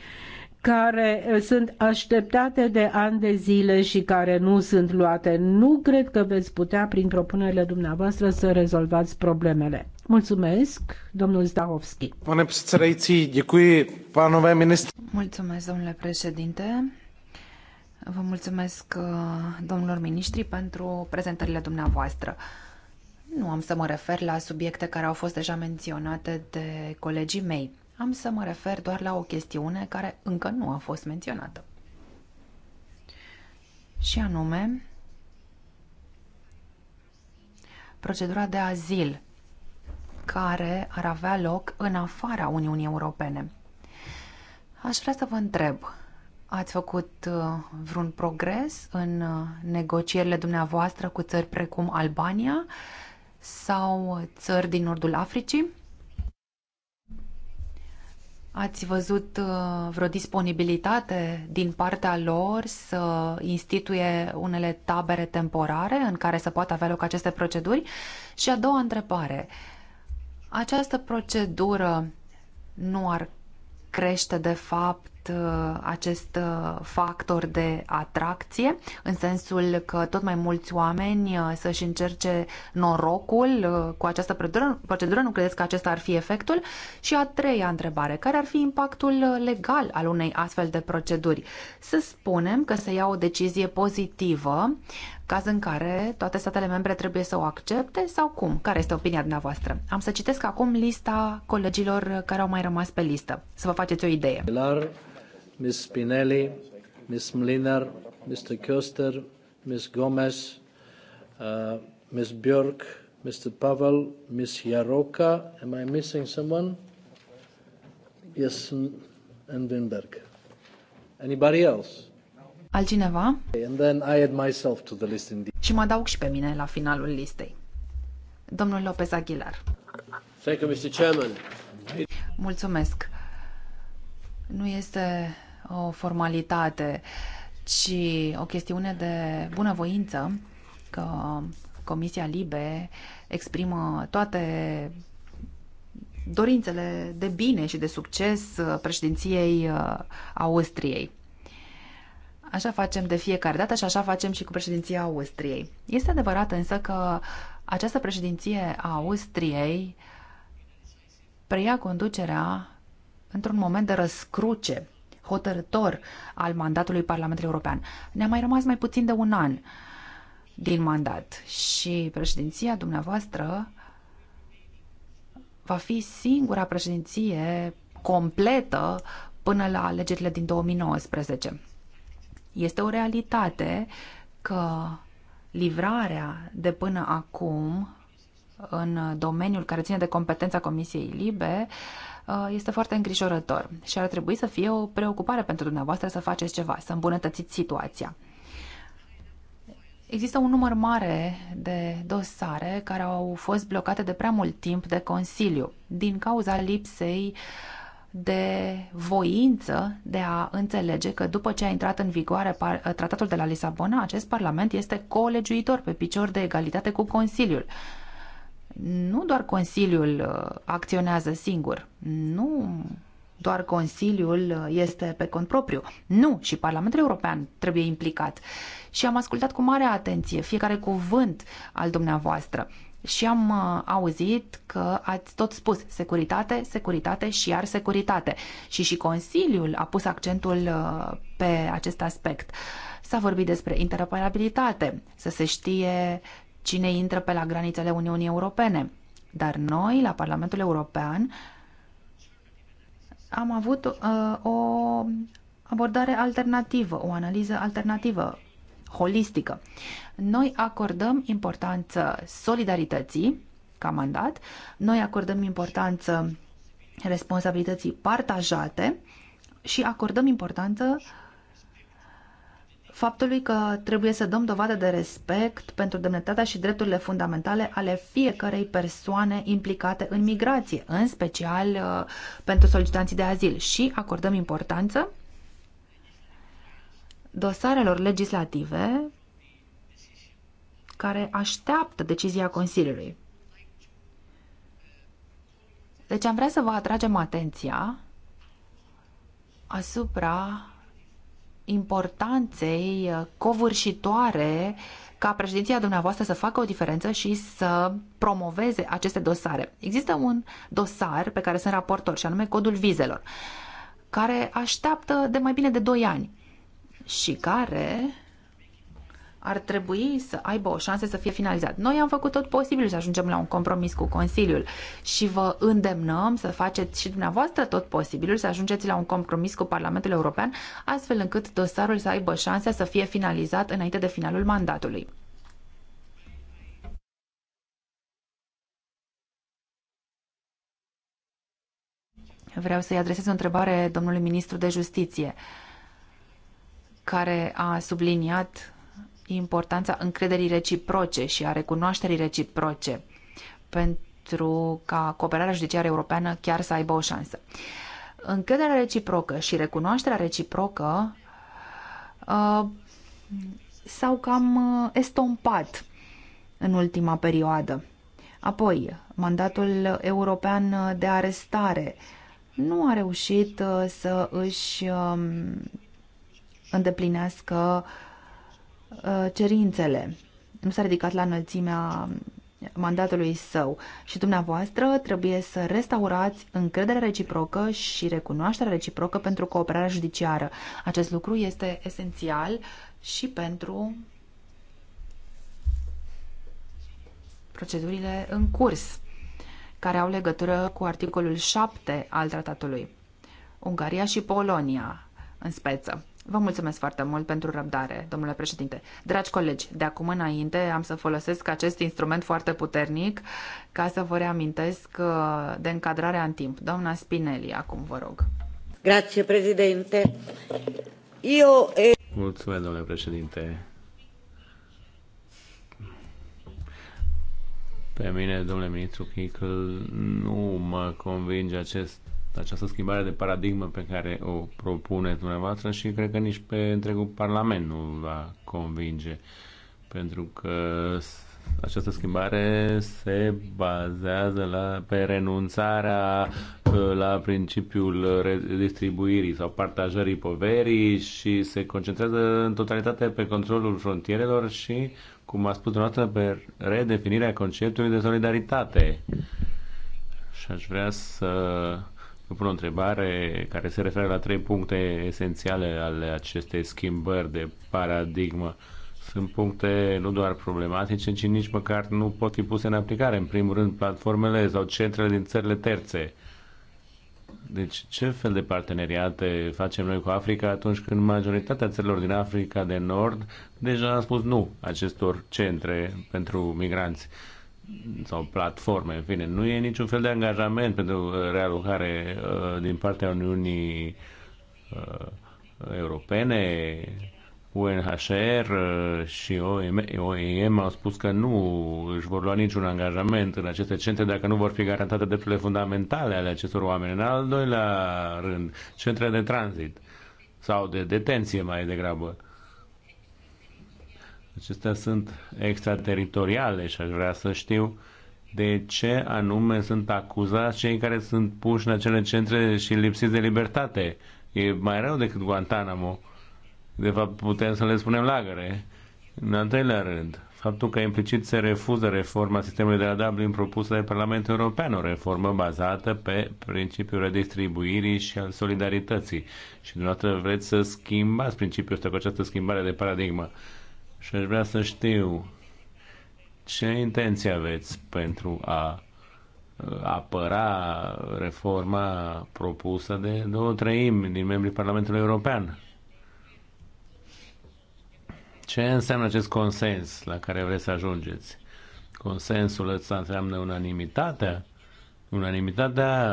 Speaker 5: care uh, sunt așteptate de ani de zile și care nu sunt luate. Nu cred că veți putea, prin propunerile dumneavoastră, să rezolvați problemele. Mulțumesc, domnul Zdahovski.
Speaker 3: Pane předsedající, děkuji pánové ministr.
Speaker 5: Mulțumesc,
Speaker 2: domnule președinte. Vă mulțumesc, uh, domnilor miniștri, pentru prezentările dumneavoastră. Nu am să mă refer la subiecte care au fost deja menționate de colegii mei. Am să mă refer doar la o chestiune care încă nu a fost menționată. Și anume, procedura de azil care ar avea loc în afara Uniunii Europene. Aș vrea să vă întreb, ați făcut uh, vreun progres în uh, negocierile dumneavoastră cu țări precum Albania sau țări din nordul Africii? Ați văzut uh, vreo disponibilitate din partea lor să instituie unele tabere temporare în care să poată avea loc aceste proceduri? Și a doua întrebare, această procedură nu ar crește, de fapt, acest uh, uh, factor de atracție, în sensul că tot mai mulți oameni uh, să-și încerce norocul cu această procedură, nu credeți că acesta ar fi efectul? Și a treia întrebare, care ar fi impactul legal al unei astfel de proceduri? Să spunem că se ia o decizie pozitivă, caz în care toate statele membre trebuie să o accepte sau cum? Care este opinia dumneavoastră? Am să citesc acum lista colegilor care au mai rămas pe listă, să vă faceți o idee.
Speaker 1: Ms. Spinelli, Ms. Mlinar, Mr. Koester, Ms. Gomez, uh, Ms. Björk, Mr. Pavel, Ms. Jaroka. Am I missing someone? Yes, and Winberg. Anybody else?
Speaker 2: Altcineva?
Speaker 1: And then I add myself to the list indeed. Și mă adaug și pe mine la finalul listei. Domnul Lopez Aguilar. Thank you, Mr. Chairman.
Speaker 2: Mulțumesc. Nu este o formalitate, ci o chestiune de bunăvoință că Comisia Libe exprimă toate dorințele de bine și de succes președinției uh, Austriei. Așa facem de fiecare dată și așa facem și cu președinția Austriei. Este adevărat însă că această președinție a Austriei preia conducerea într-un moment de răscruce hotărător al mandatului Parlamentului European. Ne-a mai rămas mai puțin de un an din mandat și președinția dumneavoastră va fi singura președinție completă până la alegerile din 2019. Este o realitate că livrarea de până acum în domeniul care ține de competența Comisiei Libe Uh, este foarte îngrijorător și ar trebui să fie o preocupare pentru dumneavoastră să faceți ceva, să îmbunătățiți situația. Există un număr mare de dosare care au fost blocate de prea mult timp de Consiliu din cauza lipsei de voință de a înțelege că după ce a intrat în vigoare tratatul de la Lisabona, acest Parlament este colegiuitor pe picior de egalitate cu Consiliul nu doar Consiliul uh, acționează singur, nu doar Consiliul uh, este pe cont propriu. Nu, și Parlamentul European trebuie implicat. Și am ascultat cu mare atenție fiecare cuvânt al dumneavoastră și am uh, auzit că ați tot spus securitate, securitate și iar securitate. Și și Consiliul a pus accentul pe acest aspect. S-a vorbit despre interoperabilitate, să se știe cine intră pe la granițele Uniunii Europene. Dar noi, la Parlamentul European, am avut uh, o abordare alternativă, o analiză alternativă, holistică. Noi acordăm importanță solidarității ca mandat, noi acordăm importanță responsabilității partajate și acordăm importanță uh, faptului că trebuie să dăm dovadă de respect pentru demnitatea și drepturile fundamentale ale fiecărei persoane implicate în migrație, în special uh, pentru solicitanții de azil și acordăm importanță dosarelor legislative care așteaptă decizia Consiliului. Deci am vrea să vă atragem atenția asupra importanței uh, covârșitoare ca președinția dumneavoastră să facă o diferență și să promoveze aceste dosare. Există un dosar pe care sunt raportor și anume codul vizelor, care așteaptă de mai bine de 2 ani și care ar trebui să aibă o șansă să fie finalizat. Noi am făcut tot posibilul să ajungem la un compromis cu Consiliul și vă îndemnăm să faceți și dumneavoastră tot posibilul să ajungeți la un compromis cu Parlamentul European, astfel încât dosarul să aibă șansa să fie finalizat înainte de finalul mandatului. Vreau să-i adresez o întrebare domnului ministru de justiție, care a subliniat importanța încrederii reciproce și a recunoașterii reciproce pentru ca cooperarea judiciară europeană chiar să aibă o șansă. Încrederea reciprocă și recunoașterea reciprocă uh, s-au cam uh, estompat în ultima perioadă. Apoi, mandatul european de arestare nu a reușit uh, să își um, îndeplinească Uh, cerințele. Nu s-a ridicat la înălțimea mandatului său și dumneavoastră trebuie să restaurați încrederea reciprocă și recunoașterea reciprocă pentru cooperarea judiciară. Acest lucru este esențial și pentru procedurile în curs, care au legătură cu articolul 7 al tratatului. Ungaria și Polonia, în speță. Vă mulțumesc foarte mult pentru răbdare, domnule președinte. Dragi colegi, de acum înainte am să folosesc acest instrument foarte puternic ca să vă reamintesc uh, de încadrarea în timp. Doamna Spinelli, acum vă rog. Grazie, președinte.
Speaker 5: Eu... E...
Speaker 3: Mulțumesc, domnule președinte. Pe mine, domnule ministru Chicl, nu mă convinge acest această schimbare de paradigmă pe care o propune dumneavoastră și cred că nici pe întregul Parlament nu va convinge, pentru că această schimbare se bazează la, pe renunțarea uh, la principiul redistribuirii sau partajării poverii și se concentrează în totalitate pe controlul frontierelor și, cum a spus dumneavoastră, pe redefinirea conceptului de solidaritate. Și aș vrea să eu pun o întrebare care se referă la trei puncte esențiale ale acestei schimbări de paradigmă. Sunt puncte nu doar problematice, ci nici măcar nu pot fi puse în aplicare. În primul rând, platformele sau centrele din țările terțe. Deci, ce fel de parteneriate facem noi cu Africa atunci când majoritatea țărilor din Africa de Nord deja a spus nu acestor centre pentru migranți? sau platforme, în fine, nu e niciun fel de angajament pentru uh, realocare uh, din partea Uniunii uh, Europene, UNHCR uh, și OEM au spus că nu își vor lua niciun angajament în aceste centre dacă nu vor fi garantate drepturile fundamentale ale acestor oameni. În al doilea rând, centre de tranzit sau de detenție mai degrabă. Uh, acestea sunt extrateritoriale și aș vrea să știu de ce anume sunt acuzați cei care sunt puși în acele centre și lipsiți de libertate. E mai rău decât Guantanamo. De fapt, putem să le spunem lagăre. În al treilea rând, faptul că implicit se refuză reforma sistemului de la Dublin propusă de Parlamentul European, o reformă bazată pe principiul redistribuirii și al solidarității. Și dumneavoastră vreți să schimbați principiul ăsta cu această schimbare de paradigmă și aș vrea să știu ce intenții aveți pentru a uh, apăra reforma propusă de două treimi din membrii Parlamentului European. Ce înseamnă acest consens la care vreți să ajungeți? Consensul ăsta înseamnă unanimitatea? Unanimitatea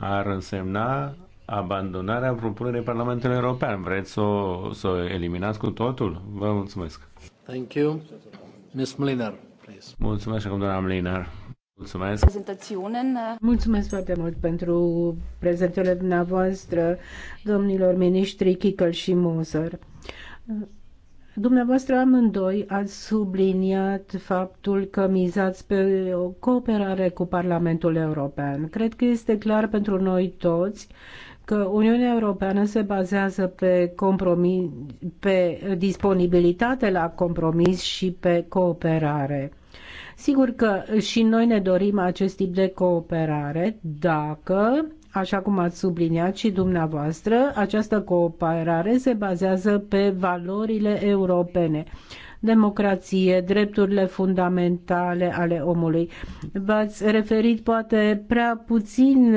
Speaker 3: ar însemna abandonarea propunerii Parlamentului European. Vreți să o, să o eliminați cu totul? Vă mulțumesc. Thank you. Ms. Mliner, please. Mulțumesc acum, doamna Mliner. Mulțumesc.
Speaker 1: Uh, mulțumesc
Speaker 5: foarte mult pentru prezentările dumneavoastră, domnilor miniștri Kickel și Moser. Dumneavoastră amândoi ați subliniat faptul că mizați pe o cooperare cu Parlamentul European. Cred că este clar pentru noi toți că Uniunea Europeană se bazează pe, compromis, pe disponibilitate la compromis și pe cooperare. Sigur că și noi ne dorim acest tip de cooperare dacă, așa cum ați subliniat și dumneavoastră, această cooperare se bazează pe valorile europene democrație, drepturile fundamentale ale omului. V-ați referit poate prea puțin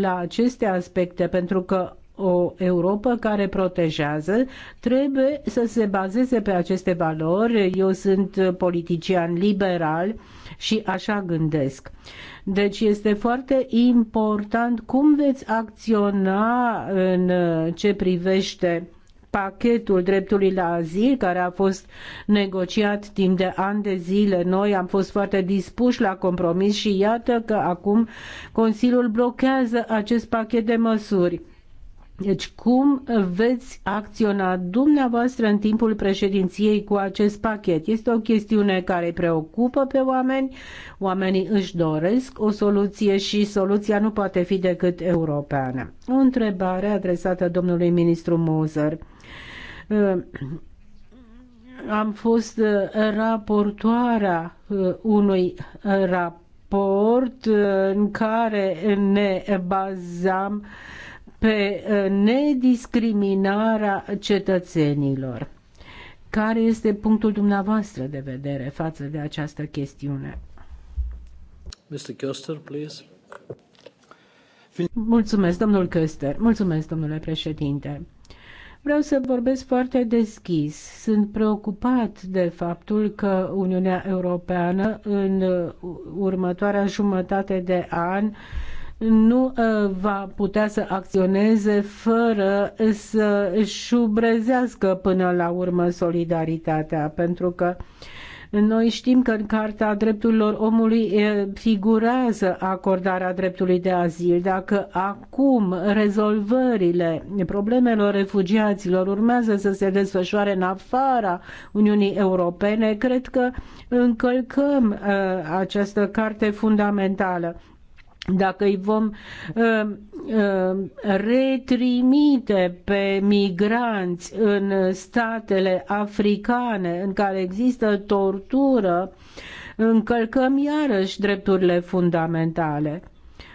Speaker 5: la aceste aspecte, pentru că o Europa care protejează trebuie să se bazeze pe aceste valori. Eu sunt politician liberal și așa gândesc. Deci este foarte important cum veți acționa în ce privește pachetul dreptului la azil care a fost negociat timp de ani de zile. Noi am fost foarte dispuși la compromis și iată că acum Consiliul blochează acest pachet de măsuri. Deci cum veți acționa dumneavoastră în timpul președinției cu acest pachet? Este o chestiune care îi preocupă pe oameni, oamenii își doresc o soluție și soluția nu poate fi decât europeană. O întrebare adresată domnului ministru Moser. Ă, am fost ă, raportoarea ă, unui raport în care ne bazam pe nediscriminarea cetățenilor. Care este punctul dumneavoastră de vedere față de această chestiune?
Speaker 1: Mr. Köster, please.
Speaker 5: Mulțumesc, domnul Köster. Mulțumesc, domnule președinte. Vreau să vorbesc foarte deschis. Sunt preocupat de faptul că Uniunea Europeană în următoarea jumătate de an nu uh, va putea să acționeze fără să șubrezească până la urmă solidaritatea, pentru că uh, noi știm că în Carta Drepturilor Omului figurează acordarea dreptului de azil. Dacă acum rezolvările problemelor refugiaților urmează să se desfășoare în afara Uniunii Europene, cred că încălcăm această carte fundamentală dacă îi vom uh, uh, retrimite pe migranți în statele africane în care există tortură, încălcăm iarăși drepturile fundamentale.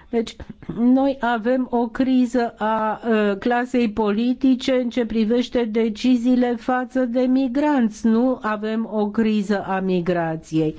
Speaker 5: Deci, noi avem o criză a uh, clasei politice în ce privește deciziile față de migranți, nu avem o criză a migrației.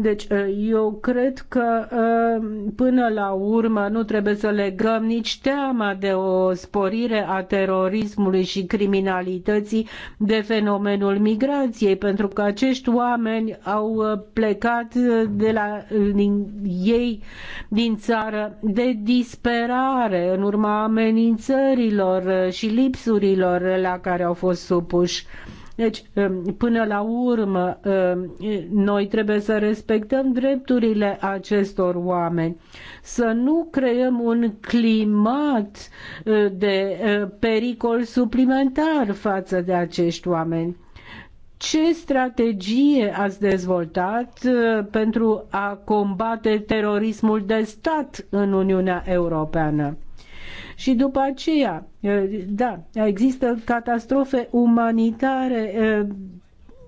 Speaker 5: Deci uh, eu cred că uh, până la urmă nu trebuie să legăm nici teama de o sporire a terorismului și criminalității de fenomenul migrației, pentru că acești oameni au uh, plecat de la din, ei din țară de disperare în urma amenințărilor și lipsurilor la care au fost supuși. Deci, um, până la urmă, um, noi trebuie să respectăm drepturile acestor oameni, să nu creăm un climat uh, de uh, pericol suplimentar față de acești oameni. Ce strategie ați dezvoltat uh, pentru a combate terorismul de stat în Uniunea Europeană? Și după aceea, da, există catastrofe umanitare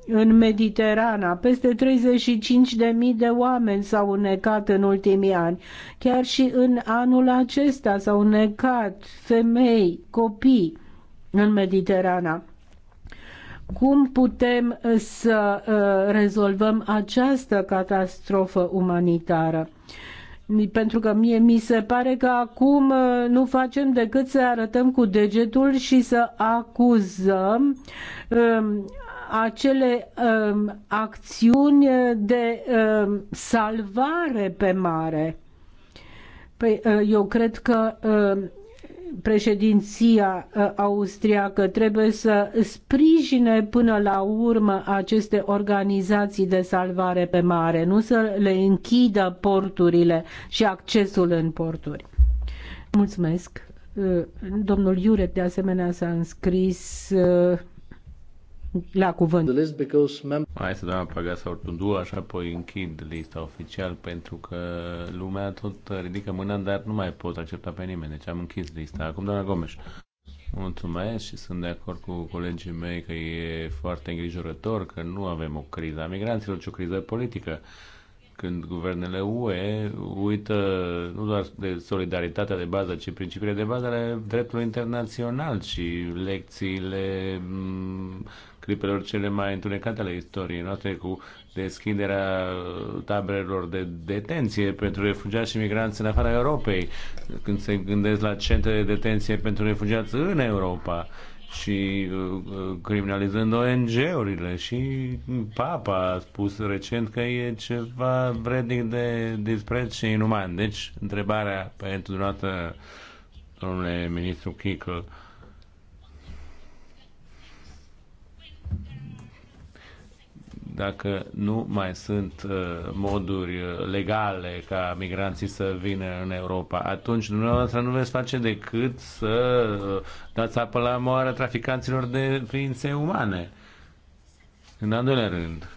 Speaker 5: în Mediterana. Peste 35.000 de oameni s-au necat în ultimii ani. Chiar și în anul acesta s-au necat femei, copii în Mediterana. Cum putem să rezolvăm această catastrofă umanitară? pentru că mie mi se pare că acum uh, nu facem decât să arătăm cu degetul și să acuzăm um, acele um, acțiuni de um, salvare pe mare. Păi, uh, eu cred că um, președinția uh, austriacă trebuie să sprijine până la urmă aceste organizații de salvare pe mare, nu să le închidă porturile și accesul în porturi. Mulțumesc. Uh, domnul Iurec de asemenea s-a
Speaker 1: înscris uh, la cuvânt.
Speaker 3: Hai să doamna sau Tundu, așa apoi închid lista oficial pentru că lumea tot ridică mâna, dar nu mai pot accepta pe nimeni, deci am închis lista. Acum doamna Gomes. Mulțumesc și sunt de acord cu colegii mei că e foarte îngrijorător că nu avem o criză a migranților, ci o criză politică. Când guvernele UE uită nu doar de solidaritatea de bază, ci principiile de bază ale dreptului internațional și lecțiile clipelor cele mai întunecate ale istoriei noastre cu deschiderea taberelor de detenție pentru refugiați și migranți în afara Europei, când se gândesc la centre de detenție pentru refugiați în Europa și uh, uh, criminalizând ONG-urile și Papa a spus recent că e ceva vrednic de dispreț și inuman. Deci, întrebarea pentru dumneavoastră, domnule ministru Chicl, dacă nu mai sunt uh, moduri uh, legale ca migranții să vină în Europa, atunci dumneavoastră nu veți face decât să uh, dați apă la moară traficanților de ființe umane. În al doilea rând,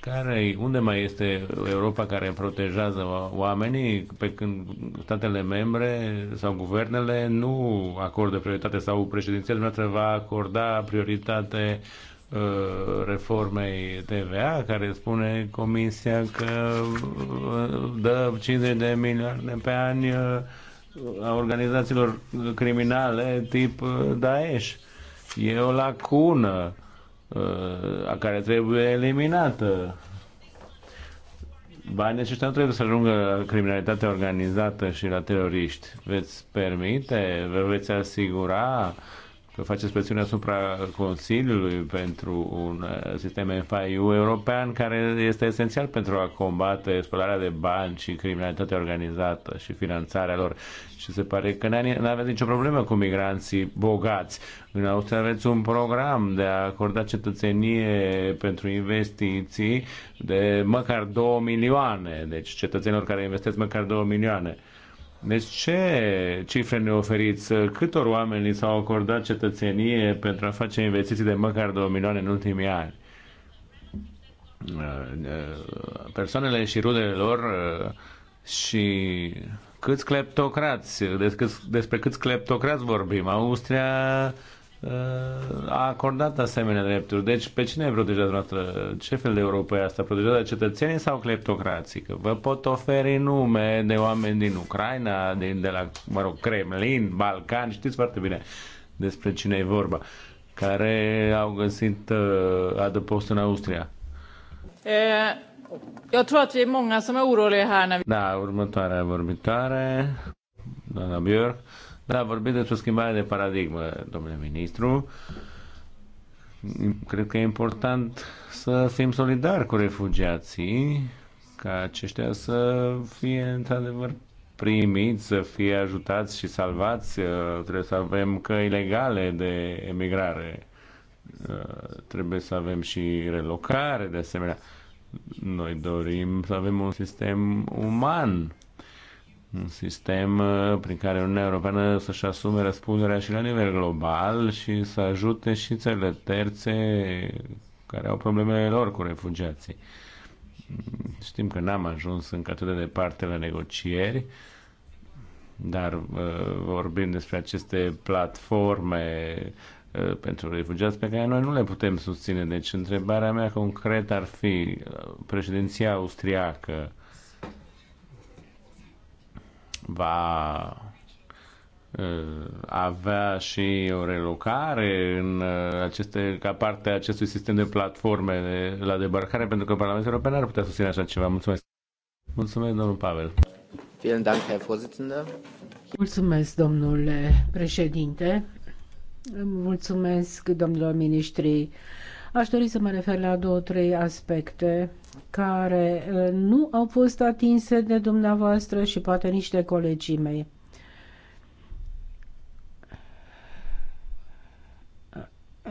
Speaker 3: care, unde mai este Europa care protejează oamenii pe când statele membre sau guvernele nu acordă prioritate sau președinția dumneavoastră va acorda prioritate Uh, reformei TVA, care spune Comisia că uh, dă 50 de milioane pe ani uh, a organizațiilor criminale tip Daesh. E o lacună a care trebuie eliminată. Banii aceștia nu trebuie să ajungă la criminalitatea organizată și la teroriști. Veți permite? Vă veți asigura? Uh, că faceți presiune asupra Consiliului pentru un uh, sistem FIU european care este esențial pentru a combate spălarea de bani și criminalitatea organizată și finanțarea lor. Și se pare că nu aveți nicio problemă cu migranții bogați. În Austria aveți un program de a acorda cetățenie pentru investiții de măcar 2 milioane, deci cetățenilor care investesc măcar 2 milioane. Uh, deci ce cifre ne oferiți? Câtor oameni s-au acordat cetățenie pentru a face investiții de măcar 2 milioane în ultimii ani? Persoanele și rudele lor și câți cleptocrați, despre câți cleptocrați vorbim? Austria a acordat asemenea drepturi. Deci pe cine protejează noastră? Ce fel de Europa e asta? Protejează cetățenii sau cleptocrații? Că vă pot oferi nume de oameni din Ucraina, din, de la, mă rog, Kremlin, Balcan, știți foarte bine despre cine e vorba, care au găsit uh, adăpost în Austria.
Speaker 4: E... cred că att vi är många som
Speaker 3: Da, următoarea vorbitoare, doamna Björk. Da, vorbim despre schimbarea de paradigmă, domnule ministru. Cred că e important să fim solidari cu refugiații, ca aceștia să fie într-adevăr primiți, să fie ajutați și salvați. Uh, trebuie să avem căi legale de emigrare. Uh, trebuie să avem și relocare, de asemenea. Noi dorim să avem un sistem uman un sistem uh, prin care Uniunea Europeană să-și asume răspunderea și la nivel global și să ajute și țările terțe care au problemele lor cu refugiații. Știm că n-am ajuns încă atât de departe la negocieri, dar uh, vorbim despre aceste platforme uh, pentru refugiați pe care noi nu le putem susține. Deci întrebarea mea concret ar fi președinția austriacă va uh, avea și o relocare în uh, aceste, ca parte a acestui sistem de platforme de, la debarcare, pentru că Parlamentul European ar putea susține așa ceva. Mulțumesc. Mulțumesc, domnul Pavel.
Speaker 5: Mulțumesc, domnule președinte. Mulțumesc, domnilor ministri. Aș dori să mă refer la două, trei aspecte care uh, nu au fost atinse de dumneavoastră și poate nici de colegii mei.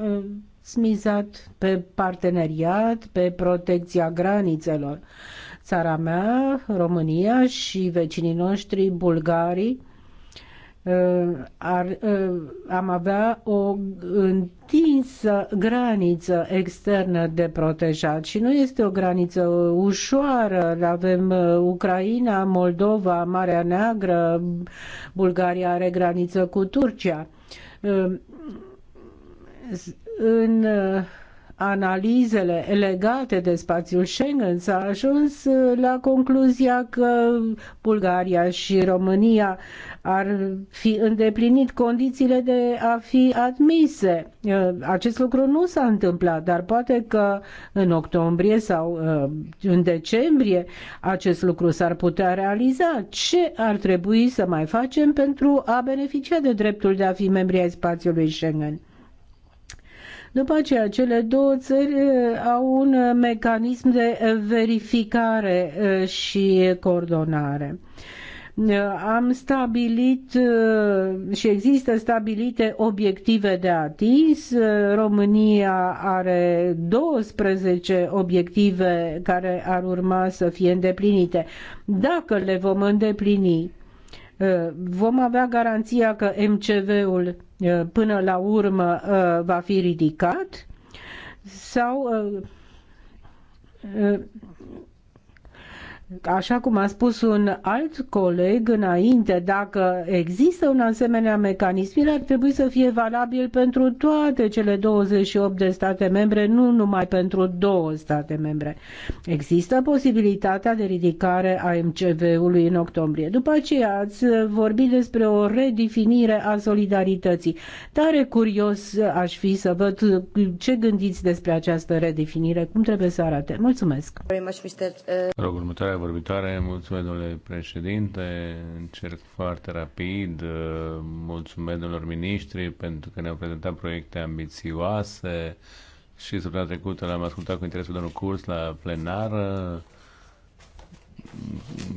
Speaker 5: Uh, smizat pe parteneriat, pe protecția granițelor. Țara mea, România și vecinii noștri, bulgarii, Uh, ar, uh, am avea o întinsă graniță externă de protejat și nu este o graniță ușoară. Avem uh, Ucraina, Moldova, Marea Neagră, Bulgaria are graniță cu Turcia. În analizele legate de spațiul Schengen s-a ajuns la concluzia că Bulgaria și România ar fi îndeplinit condițiile de a fi admise. Uh, acest lucru nu s-a întâmplat, dar poate că în octombrie sau uh, în decembrie acest lucru s-ar putea realiza. Ce ar trebui să mai facem pentru a beneficia de dreptul de a fi membri ai spațiului Schengen? După aceea, cele două țări uh, au un uh, mecanism de uh, verificare și coordonare am stabilit și există stabilite obiective de atins. România are 12 obiective care ar urma să fie îndeplinite. Dacă le vom îndeplini Uh, vom avea garanția că MCV-ul uh, până la urmă uh, va fi ridicat sau Așa cum a spus un alt coleg înainte, dacă există un asemenea mecanism, el ar trebui să fie valabil pentru toate cele 28 de state membre, nu numai pentru două state membre. Există posibilitatea de ridicare a MCV-ului în octombrie. După aceea ați vorbit despre o redefinire a solidarității. Tare curios aș fi să văd ce gândiți despre această redefinire, cum trebuie să arate. Mulțumesc!
Speaker 1: Uh,
Speaker 3: rog, următoarea Mare vorbitoare. Mulțumesc, domnule președinte. Încerc foarte rapid. Mulțumesc, domnilor miniștri, pentru că ne-au prezentat proiecte ambițioase. Și săptămâna trecută l-am ascultat cu interesul domnul Curs la plenar.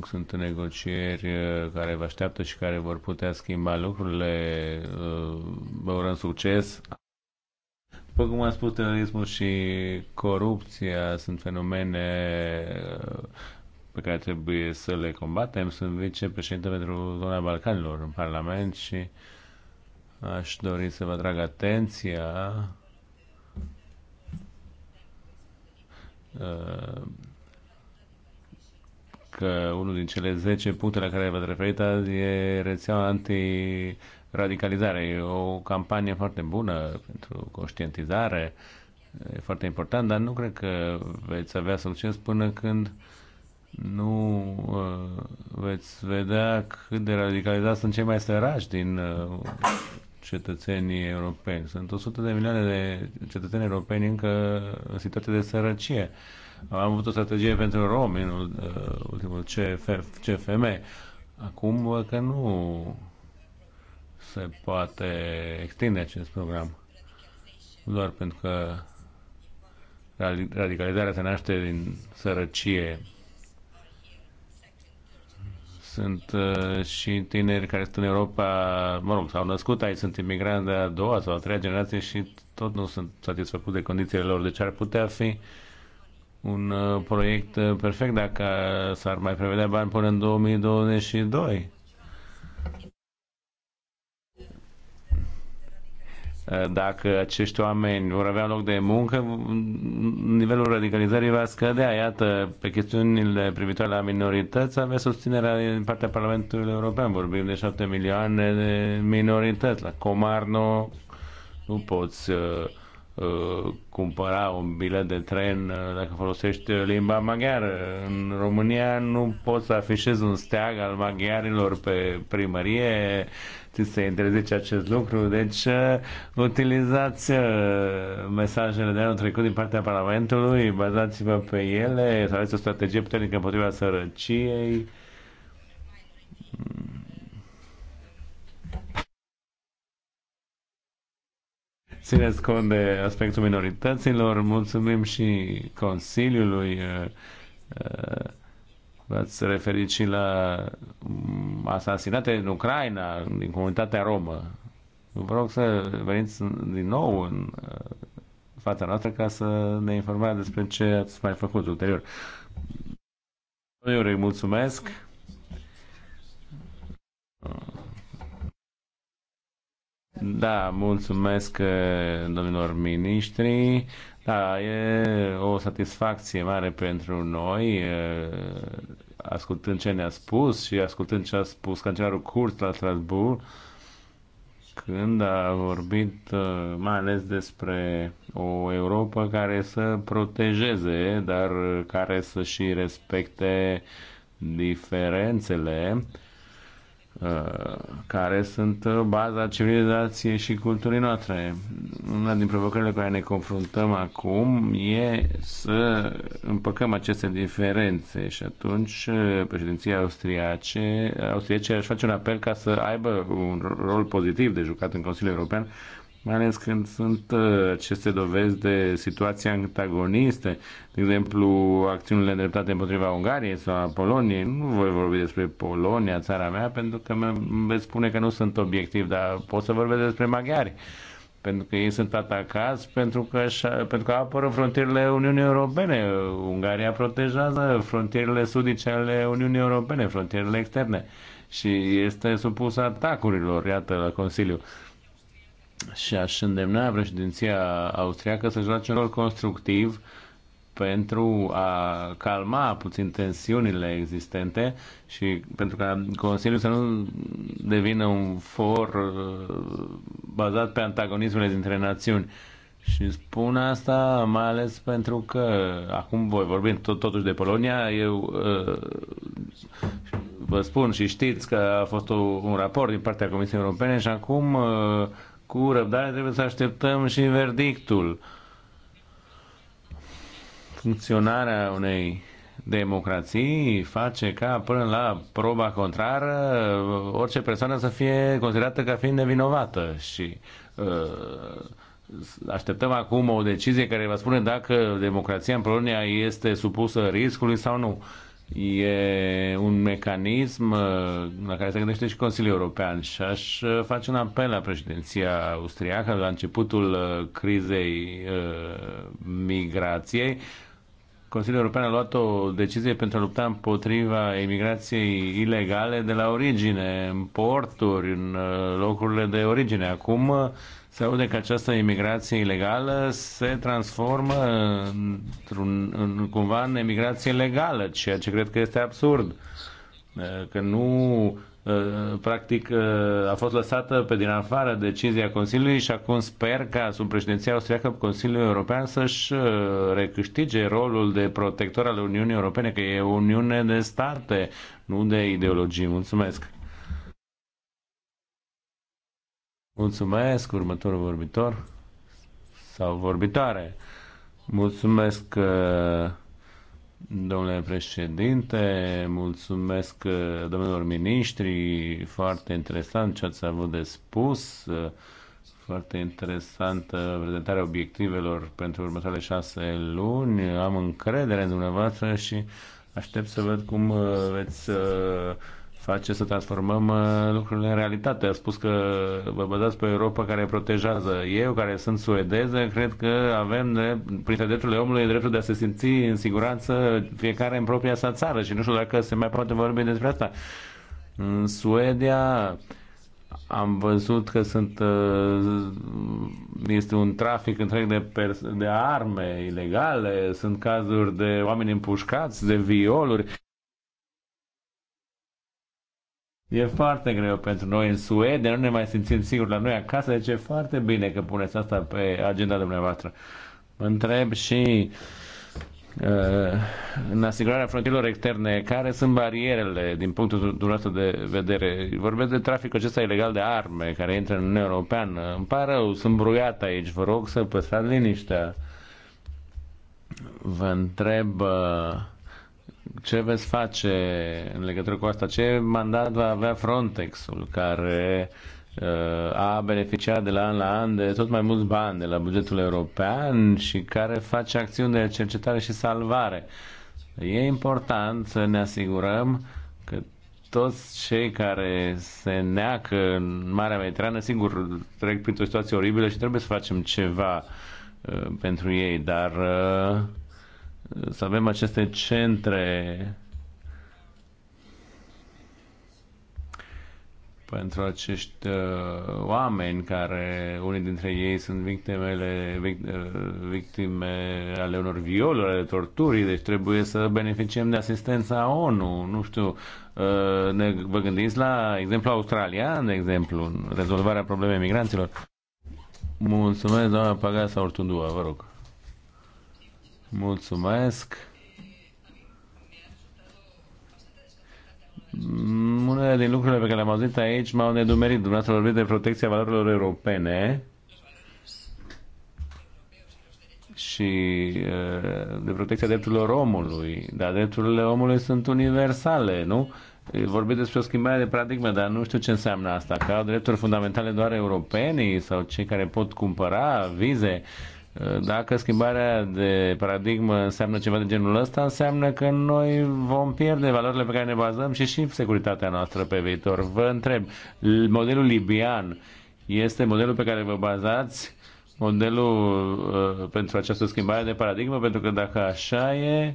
Speaker 3: Sunt negocieri care vă așteaptă și care vor putea schimba lucrurile. Vă urăm succes! După cum am spus, terorismul și corupția sunt fenomene pe care trebuie să le combatem. Sunt vicepreședinte pentru zona Balcanilor în Parlament și aș dori să vă atrag atenția uh, că unul din cele 10 puncte la care v-ați referit azi e rețeaua antiradicalizare. E o campanie foarte bună pentru conștientizare, e foarte important, dar nu cred că veți avea succes până când uh, nu uh, veți vedea cât de radicalizați sunt cei mai săraci din uh, cetățenii europeni. Sunt 100 de milioane de cetățeni europeni încă în situație de sărăcie. Am avut o strategie pentru romi în uh, ultimul CFF, CFM. Acum că nu se poate extinde acest program. Doar pentru că radicalizarea se naște din sărăcie sunt uh, și tineri care sunt în Europa, mă rog, s-au născut aici, sunt imigranți de a doua sau a treia generație și tot nu sunt satisfăcuți de condițiile lor. Deci ar putea fi un uh, proiect uh, perfect dacă s-ar mai prevedea bani până în 2022 Dacă acești oameni vor avea loc de muncă, nivelul radicalizării va scădea. Iată, pe chestiunile privitoare la minorități avem susținerea din partea Parlamentului European. Vorbim de șapte milioane de minorități. La Comarno nu poți uh, Uh, cumpăra un bilet de tren uh, dacă folosești limba maghiară. În România nu poți să afișezi un steag al maghiarilor pe primărie, ți se interzice acest lucru, deci uh, utilizați mesajele de anul trecut din partea Parlamentului, bazați-vă pe ele, să aveți o strategie puternică împotriva sărăciei țineți cont de aspectul minorităților, mulțumim și Consiliului, eh, eh, v-ați referit și la asasinate în Ucraina, din comunitatea romă. Vă rog să veniți din nou în eh, fața noastră ca să ne informați despre ce ați mai făcut ulterior. Eu îi mulțumesc. Da, mulțumesc eh, domnilor miniștri. Da, e o satisfacție mare pentru noi eh, ascultând ce ne-a spus și ascultând ce a spus cancelarul Kurz la Strasbourg când a vorbit eh, mai ales despre o Europa care să protejeze, dar care să și respecte diferențele Uh, care sunt uh, baza civilizației și culturii noastre. Una din provocările cu care ne confruntăm acum e să împăcăm aceste diferențe și atunci uh, președinția austriace, austriace aș face un apel ca să aibă un rol pozitiv de jucat în Consiliul European mai ales când sunt uh, aceste dovezi de situații antagoniste, de exemplu acțiunile dreptate împotriva Ungariei sau a Poloniei. Nu voi vorbi despre Polonia, țara mea, pentru că îmi veți spune că nu sunt obiectiv, dar pot să vorbesc despre maghiari pentru că ei sunt atacați pentru că, pentru că apără frontierele Uniunii Europene. Ungaria protejează frontierele sudice ale Uniunii Europene, frontierele externe și este supusă atacurilor, iată, la Consiliu și aș îndemna președinția austriacă să joace un rol constructiv pentru a calma puțin tensiunile existente și pentru ca Consiliul să nu devină un for uh, bazat pe antagonismele dintre națiuni. Și spun asta mai ales pentru că acum voi vorbim tot, totuși de Polonia, eu uh, vă spun și știți că a fost un raport din partea Comisiei Europene și acum uh, cu răbdare trebuie să așteptăm și verdictul. Funcționarea unei democrații face ca până la proba contrară orice persoană să fie considerată ca fiind nevinovată și uh, așteptăm acum o decizie care va spune dacă democrația în Polonia este supusă riscului sau nu. Uh, e un mecanism uh, la care se gândește și Consiliul European și aș uh, face un apel la președinția austriacă la începutul uh, crizei migrației. Consiliul European a luat o decizie pentru a lupta împotriva emigrației ilegale de la origine, în porturi, în locurile de origine. Acum se aude că această imigrație ilegală se transformă într-un, în, cumva în emigrație legală, ceea ce cred că este absurd. Că nu practic a fost lăsată pe din afară decizia Consiliului și acum sper ca sub președinția austriacă Consiliul European să-și recâștige rolul de protector al Uniunii Europene, că e o Uniune de state, nu de ideologii. Mulțumesc! Mulțumesc, următorul vorbitor sau vorbitoare. Mulțumesc, uh, domnule președinte, mulțumesc uh, domnilor miniștri, foarte interesant ce ați avut de spus, uh, foarte interesantă prezentarea obiectivelor pentru următoarele șase luni. Am încredere în dumneavoastră și aștept să văd cum veți face să transformăm uh, lucrurile în realitate. A spus că vă bădați pe Europa care protejează. Eu, care sunt suedeză, cred că avem, printre drepturile omului, dreptul de a se simți în siguranță fiecare în propria sa țară și nu știu dacă se mai poate vorbi despre asta. În Suedia, am văzut că sunt uh, este un trafic întreg de, de arme ilegale, sunt cazuri de oameni împușcați, de violuri. E foarte greu pentru noi în Suedia, nu ne mai simțim siguri la noi acasă, deci e foarte bine că puneți asta pe agenda dumneavoastră. Mă întreb și uh, în asigurarea frontierilor externe, care sunt barierele din punctul dumneavoastră de vedere? Vorbesc de traficul acesta ilegal de arme care intră în Uniunea Europeană. Îmi pare rău, sunt bruiat aici, vă rog să păstrați liniștea. Vă întreb uh, ce veți face în legătură cu asta? Ce mandat va avea Frontexul, care uh, a beneficiat de la an la an de tot mai mulți bani de la bugetul european și care face acțiuni de cercetare și salvare? E important să ne asigurăm că toți cei care se neacă în Marea Mediterană, sigur, trec printr-o situație oribilă și trebuie să facem ceva uh, pentru ei, dar uh, să avem aceste centre pentru acești uh, oameni care, unii dintre ei sunt victimele, uh, victime ale unor violuri, ale torturii, deci trebuie să beneficiem de asistența ONU. Nu știu, uh, ne, vă gândiți la exemplu Australia, de exemplu, rezolvarea problemei migranților? Mulțumesc, doamna Pagasa Ortundua, vă rog. Mulțumesc. Unele din lucrurile pe care le-am auzit aici m-au nedumerit. Dumneavoastră vorbit de protecția valorilor europene și de protecția drepturilor omului. Dar drepturile omului sunt universale, nu? Vorbim despre o schimbare de paradigmă, dar nu știu ce înseamnă asta. Că au drepturi fundamentale doar europenii sau cei care pot cumpăra vize. Dacă schimbarea de paradigmă înseamnă ceva de genul ăsta, înseamnă că noi vom pierde valorile pe care ne bazăm și și securitatea noastră pe viitor. Vă întreb, modelul libian este modelul pe care vă bazați, modelul uh, pentru această schimbare de paradigmă, pentru că dacă așa e,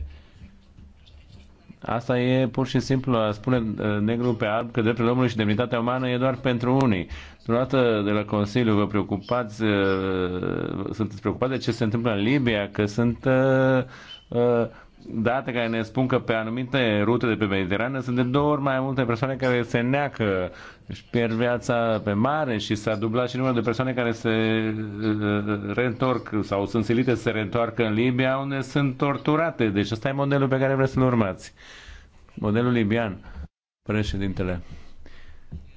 Speaker 3: asta e pur și simplu a spune uh, negru pe alb că dreptul omului și demnitatea umană e doar pentru unii. Dumneavoastră de la Consiliu vă preocupați, uh, sunteți preocupați de ce se întâmplă în Libia, că sunt uh, uh, date care ne spun că pe anumite rute de pe Mediterană sunt de două ori mai multe persoane care se neacă, își pierd viața pe mare și s-a dublat și numărul de persoane care se reîntorc sau sunt silite să se reîntoarcă în Libia unde sunt torturate. Deci ăsta e modelul pe care vreți să-l urmați. Modelul libian. Președintele.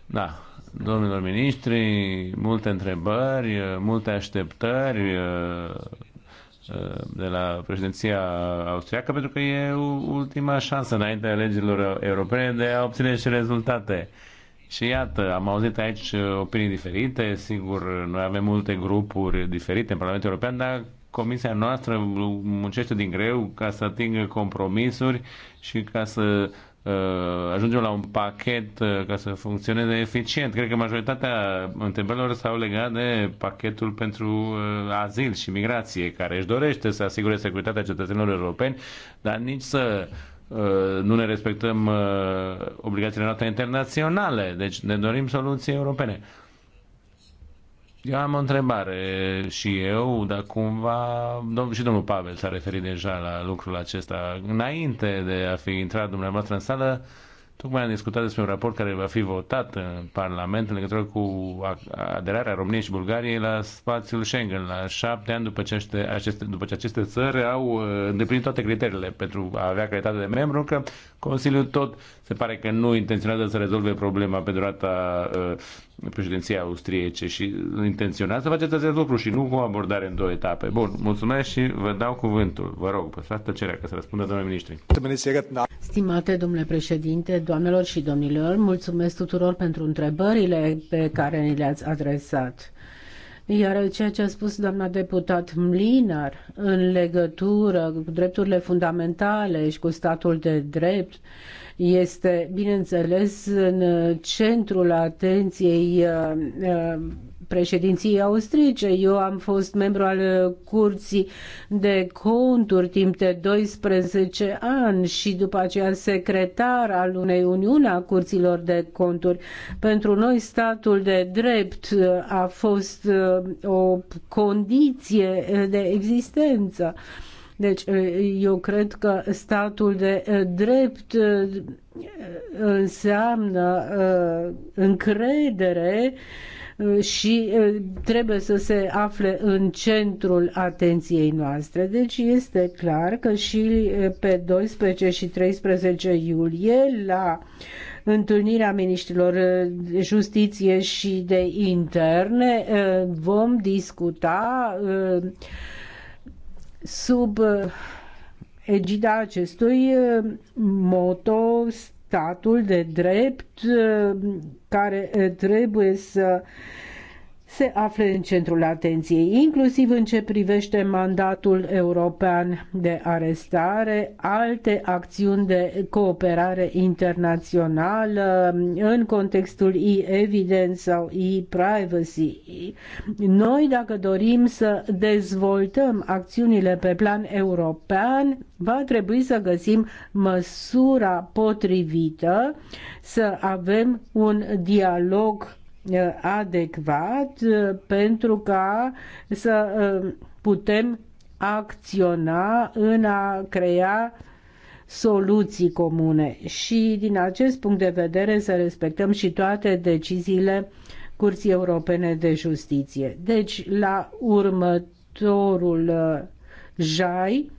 Speaker 3: Da, domnilor ministri, multe întrebări, multe așteptări uh, uh, de la președinția austriacă, pentru că e ultima șansă înainte alegerilor europene de a obține și rezultate. Și iată, am auzit aici opinii diferite, sigur, noi avem multe grupuri diferite în Parlamentul European, dar comisia noastră muncește din greu ca să atingă compromisuri și ca să Uh, ajungem la un pachet uh, ca să funcționeze eficient. Cred că majoritatea întrebărilor s-au legat de pachetul pentru uh, azil și migrație, care își dorește să asigure securitatea cetățenilor europeni, dar nici să nu ne respectăm obligațiile noastre internaționale. Deci ne dorim soluții europene. Eu am o întrebare și eu, dar cumva și domnul Pavel s-a referit deja la lucrul acesta. Înainte de a fi intrat dumneavoastră în sală, tocmai am discutat despre un raport care va fi votat în Parlament în legătură cu aderarea României și Bulgariei la spațiul Schengen, la șapte ani după ce aceste, aceste, după ce aceste țări au uh, îndeplinit toate criteriile pentru a avea calitate de membru, că Consiliul tot se pare că nu intenționează să rezolve problema pe durata uh, președinției austriece și intenționează să faceți acest lucru și nu cu o abordare în două etape. Bun, mulțumesc și vă dau cuvântul. Vă rog, păstrați tăcerea ca să răspundă domnul ministri.
Speaker 5: Stimate domnule președinte, doamnelor și domnilor, mulțumesc tuturor pentru întrebările pe care ni le-ați adresat. Iar ceea ce a spus doamna deputat Mlinar în legătură cu drepturile fundamentale și cu statul de drept este, bineînțeles, în centrul atenției uh, uh, președinției austrice. Eu am fost membru al curții de conturi timp de 12 ani și după aceea secretar al unei uniuni a curților de conturi. Pentru noi statul de drept a fost uh, o condiție de existență. Deci uh, eu cred că statul de uh, drept înseamnă încredere Uh, și uh, trebuie să se afle în centrul atenției noastre. Deci este clar că și uh, pe 12 și 13 iulie la întâlnirea ministrilor justiție și de interne vom discuta sub egida acestui moto statul de drept uh, care uh, trebuie să se află în centrul atenției, inclusiv în ce privește mandatul european de arestare, alte acțiuni de cooperare internațională în contextul e-evidence sau e-privacy. Noi, dacă dorim să dezvoltăm acțiunile pe plan european, va trebui să găsim măsura potrivită, să avem un dialog adecvat uh, pentru ca să uh, putem acționa în a crea soluții comune și din acest punct de vedere să respectăm și toate deciziile Curții Europene de Justiție. Deci la următorul uh, JAI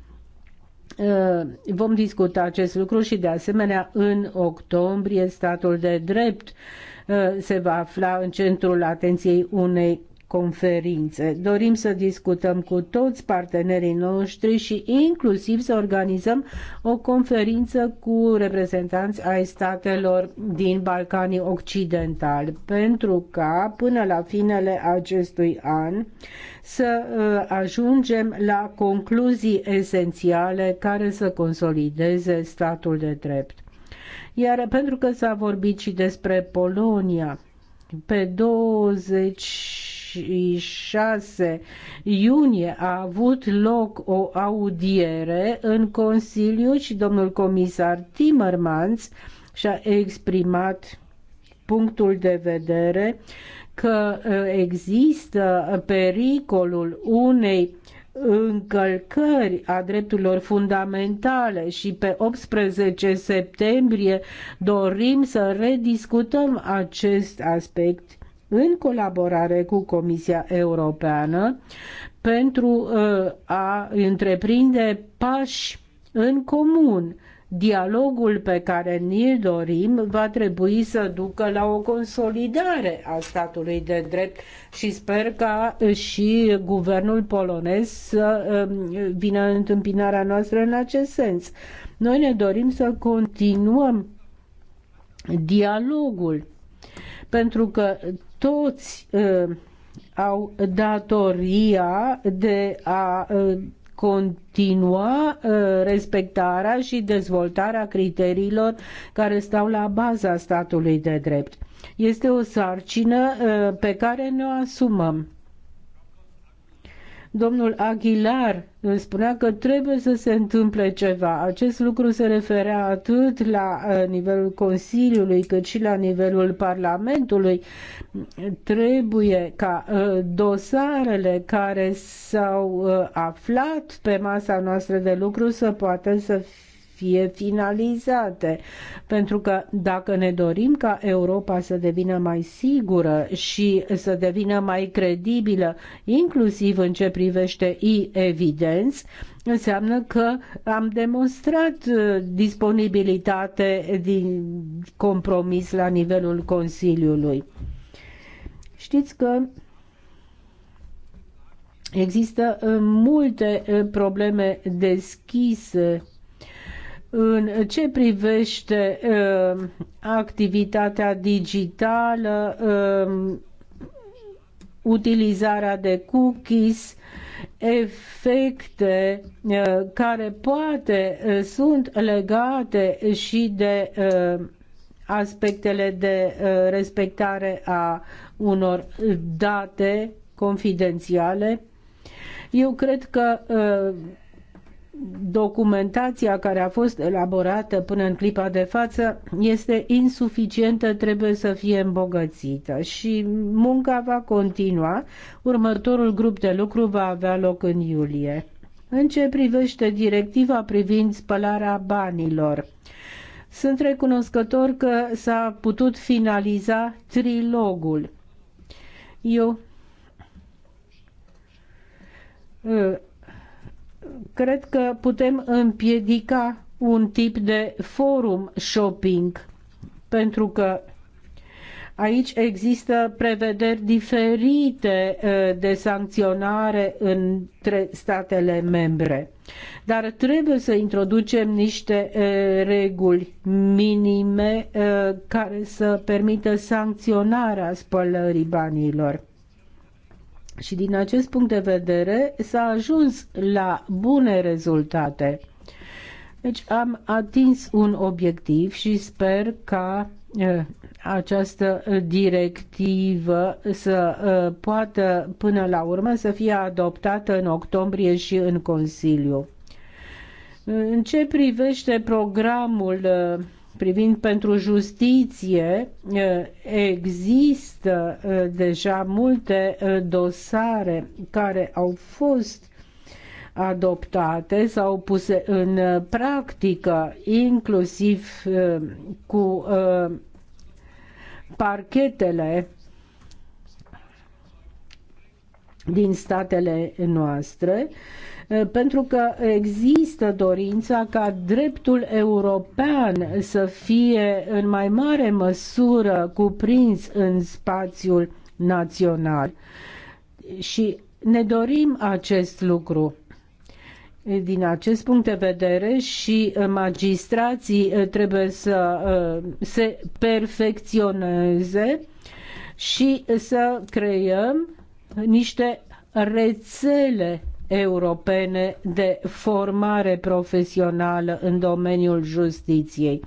Speaker 5: Uh, vom discuta acest lucru și de asemenea în octombrie statul de drept uh, se va afla în centrul atenției unei conferințe. Dorim să discutăm cu toți partenerii noștri și inclusiv să organizăm o conferință cu reprezentanți ai statelor din Balcanii Occidentali, pentru ca până la finele acestui an să uh, ajungem la concluzii esențiale care să consolideze statul de drept. Iar pentru că s-a vorbit și despre Polonia, pe 20 26 iunie a avut loc o audiere în Consiliu și domnul comisar Timmermans și-a exprimat punctul de vedere că uh, există pericolul unei încălcări a drepturilor fundamentale și pe 18 septembrie dorim să rediscutăm acest aspect în colaborare cu Comisia Europeană pentru uh, a întreprinde pași în comun. Dialogul pe care ni-l dorim va trebui să ducă la o consolidare a statului de drept și sper ca și guvernul polonez să um, vină în întâmpinarea noastră în acest sens. Noi ne dorim să continuăm dialogul pentru că toți ă, au datoria de a ă, continua ă, respectarea și dezvoltarea criteriilor care stau la baza statului de drept. Este o sarcină pe care ne o asumăm Domnul Aguilar îmi spunea că trebuie să se întâmple ceva. Acest lucru se referea atât la uh, nivelul Consiliului cât și la nivelul Parlamentului. Trebuie ca uh, dosarele care s-au uh, aflat pe masa noastră de lucru să poată să fie fie finalizate, pentru că dacă ne dorim ca Europa să devină mai sigură și să devină mai credibilă, inclusiv în ce privește e-evidenți, înseamnă că am demonstrat uh, disponibilitate din compromis la nivelul Consiliului. Știți că Există uh, multe uh, probleme deschise în ce privește uh, activitatea digitală, uh, utilizarea de cookies, efecte uh, care poate uh, sunt legate și de uh, aspectele de uh, respectare a unor date confidențiale. Eu cred că uh, documentația care a fost elaborată până în clipa de față este insuficientă, trebuie să fie îmbogățită și munca va continua. Următorul grup de lucru va avea loc în iulie. În ce privește directiva privind spălarea banilor, sunt recunoscător că s-a putut finaliza trilogul. Eu uh, cred că putem împiedica un tip de forum shopping, pentru că aici există prevederi diferite uh, de sancționare între statele membre. Dar trebuie să introducem niște uh, reguli minime uh, care să permită sancționarea spălării banilor. Și din acest punct de vedere s-a ajuns la bune rezultate. Deci am atins un obiectiv și sper ca eh, această directivă să eh, poată până la urmă să fie adoptată în octombrie și în Consiliu. În ce privește programul eh, privind pentru justiție, există deja multe dosare care au fost adoptate sau puse în practică, inclusiv cu parchetele din statele noastre Eh, pentru că există dorința ca dreptul european să fie în mai mare măsură cuprins în spațiul național. Și ne dorim acest lucru. Eh, din acest punct de vedere și eh, magistrații trebuie să se perfecționeze și să creăm niște rețele europene de formare profesională în domeniul justiției.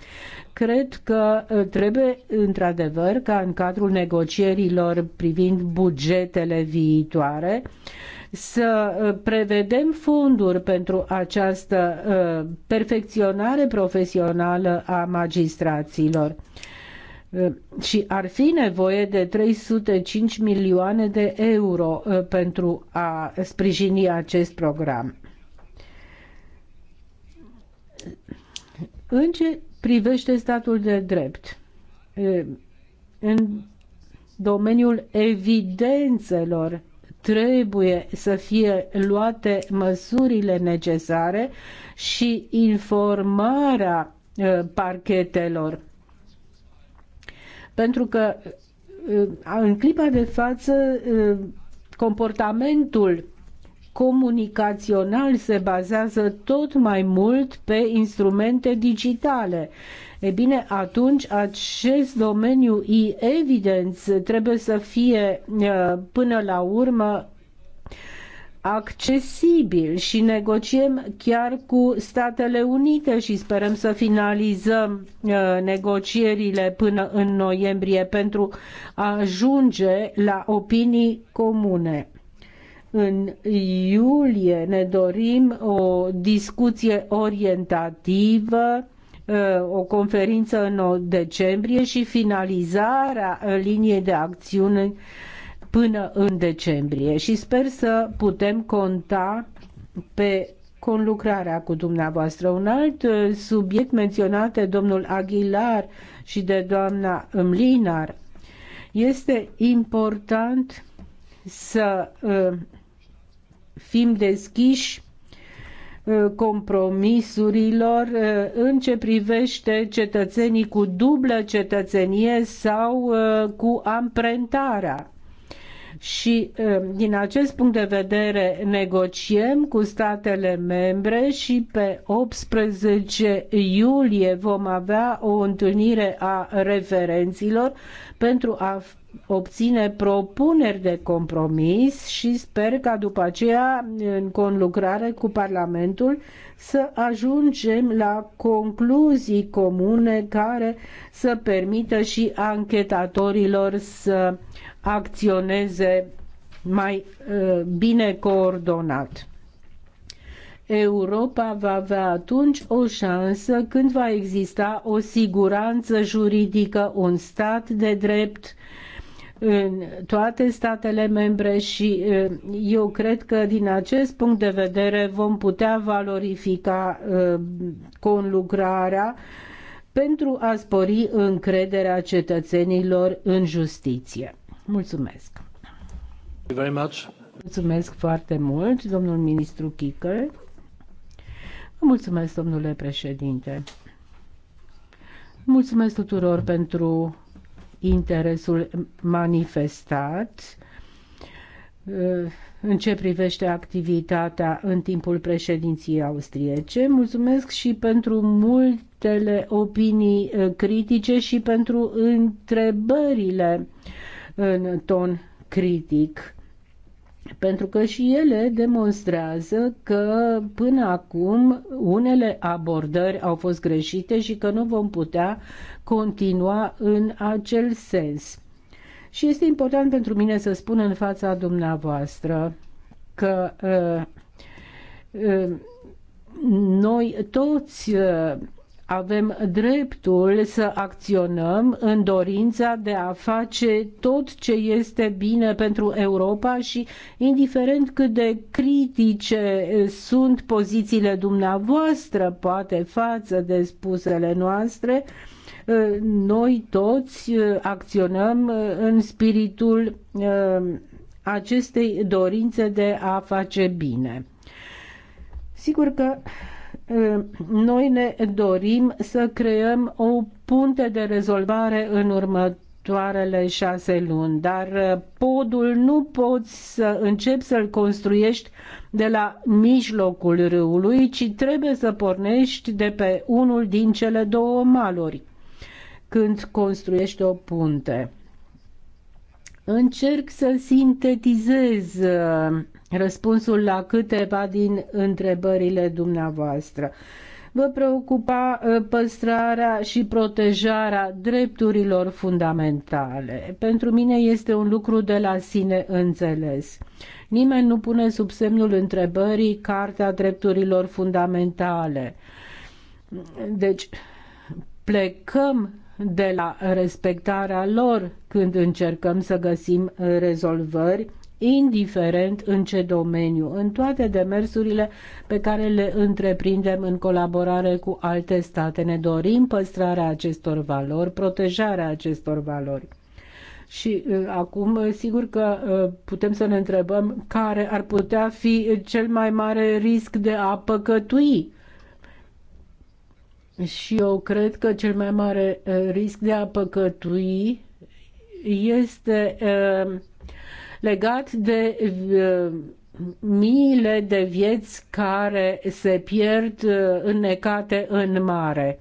Speaker 5: Cred că uh, trebuie, într-adevăr, ca în cadrul negocierilor privind bugetele viitoare, să uh, prevedem fonduri pentru această uh, perfecționare profesională a magistraților. Eh, și ar fi nevoie de 305 milioane de euro eh, pentru a sprijini acest program. În ce privește statul de drept, eh, în domeniul evidențelor trebuie să fie luate măsurile necesare și informarea parchetelor pentru că uh, în clipa de față uh, comportamentul comunicațional se bazează tot mai mult pe instrumente digitale. E bine, atunci acest domeniu e evident trebuie să fie uh, până la urmă accesibil și negociem chiar cu Statele Unite și sperăm să finalizăm uh, negocierile până în noiembrie pentru a ajunge la opinii comune. În iulie ne dorim o discuție orientativă uh, o conferință în decembrie și finalizarea liniei de acțiune până în decembrie și sper să putem conta pe conlucrarea cu dumneavoastră. Un alt uh, subiect menționat de domnul Aguilar și de doamna Mlinar este important să uh, fim deschiși uh, compromisurilor în ce privește cetățenii cu dublă cetățenie sau cu amprentarea și din acest punct de vedere negociem cu statele membre și pe 18 iulie vom avea o întâlnire a referenților pentru a obține propuneri de compromis și sper ca după aceea, în conlucrare cu Parlamentul, să ajungem la concluzii comune care să permită și anchetatorilor să acționeze mai uh, bine coordonat. Europa va avea atunci o șansă când va exista o siguranță juridică, un stat de drept în toate statele membre și uh, eu cred că din acest punct de vedere vom putea valorifica uh, conlucrarea pentru a spori încrederea cetățenilor în justiție. Mulțumesc!
Speaker 1: Very much.
Speaker 5: Mulțumesc foarte mult, domnul ministru Chică. Mulțumesc, domnule președinte. Mulțumesc tuturor pentru interesul manifestat eh, în ce privește activitatea în timpul președinției austriece. Mulțumesc și pentru multele opinii eh, critice și pentru întrebările uh, în ton critic pentru că și ele demonstrează că până acum unele abordări au fost greșite și că nu vom putea continua în acel sens. Și este important pentru mine să spun în fața dumneavoastră că uh, uh, noi toți uh, avem dreptul să acționăm în dorința de a face tot ce este bine pentru Europa și indiferent cât de critice sunt pozițiile dumneavoastră, poate față de spusele noastre, noi toți acționăm în spiritul uh, acestei dorințe de a face bine. Sigur că noi ne dorim să creăm o punte de rezolvare în următoarele șase luni, dar uh, podul nu poți să începi să-l construiești de la mijlocul râului, ci trebuie să pornești de pe unul din cele două maluri când construiești o punte. Încerc să sintetizez uh, răspunsul la câteva din întrebările dumneavoastră. Vă preocupa ă, păstrarea și protejarea drepturilor fundamentale. Pentru mine este un lucru de la sine înțeles. Nimeni nu pune sub semnul întrebării Cartea Drepturilor Fundamentale. Deci, plecăm de la respectarea lor când încercăm să găsim rezolvări indiferent în ce domeniu, în toate demersurile pe care le întreprindem în colaborare cu alte state. Ne dorim păstrarea acestor valori, protejarea acestor valori. Și uh, acum, uh, sigur că uh, putem să ne întrebăm care ar putea fi cel mai mare risc de a păcătui. Și eu cred că cel mai mare risc de a păcătui este uh, legat de uh, miile de vieți care se pierd uh, înnecate în mare.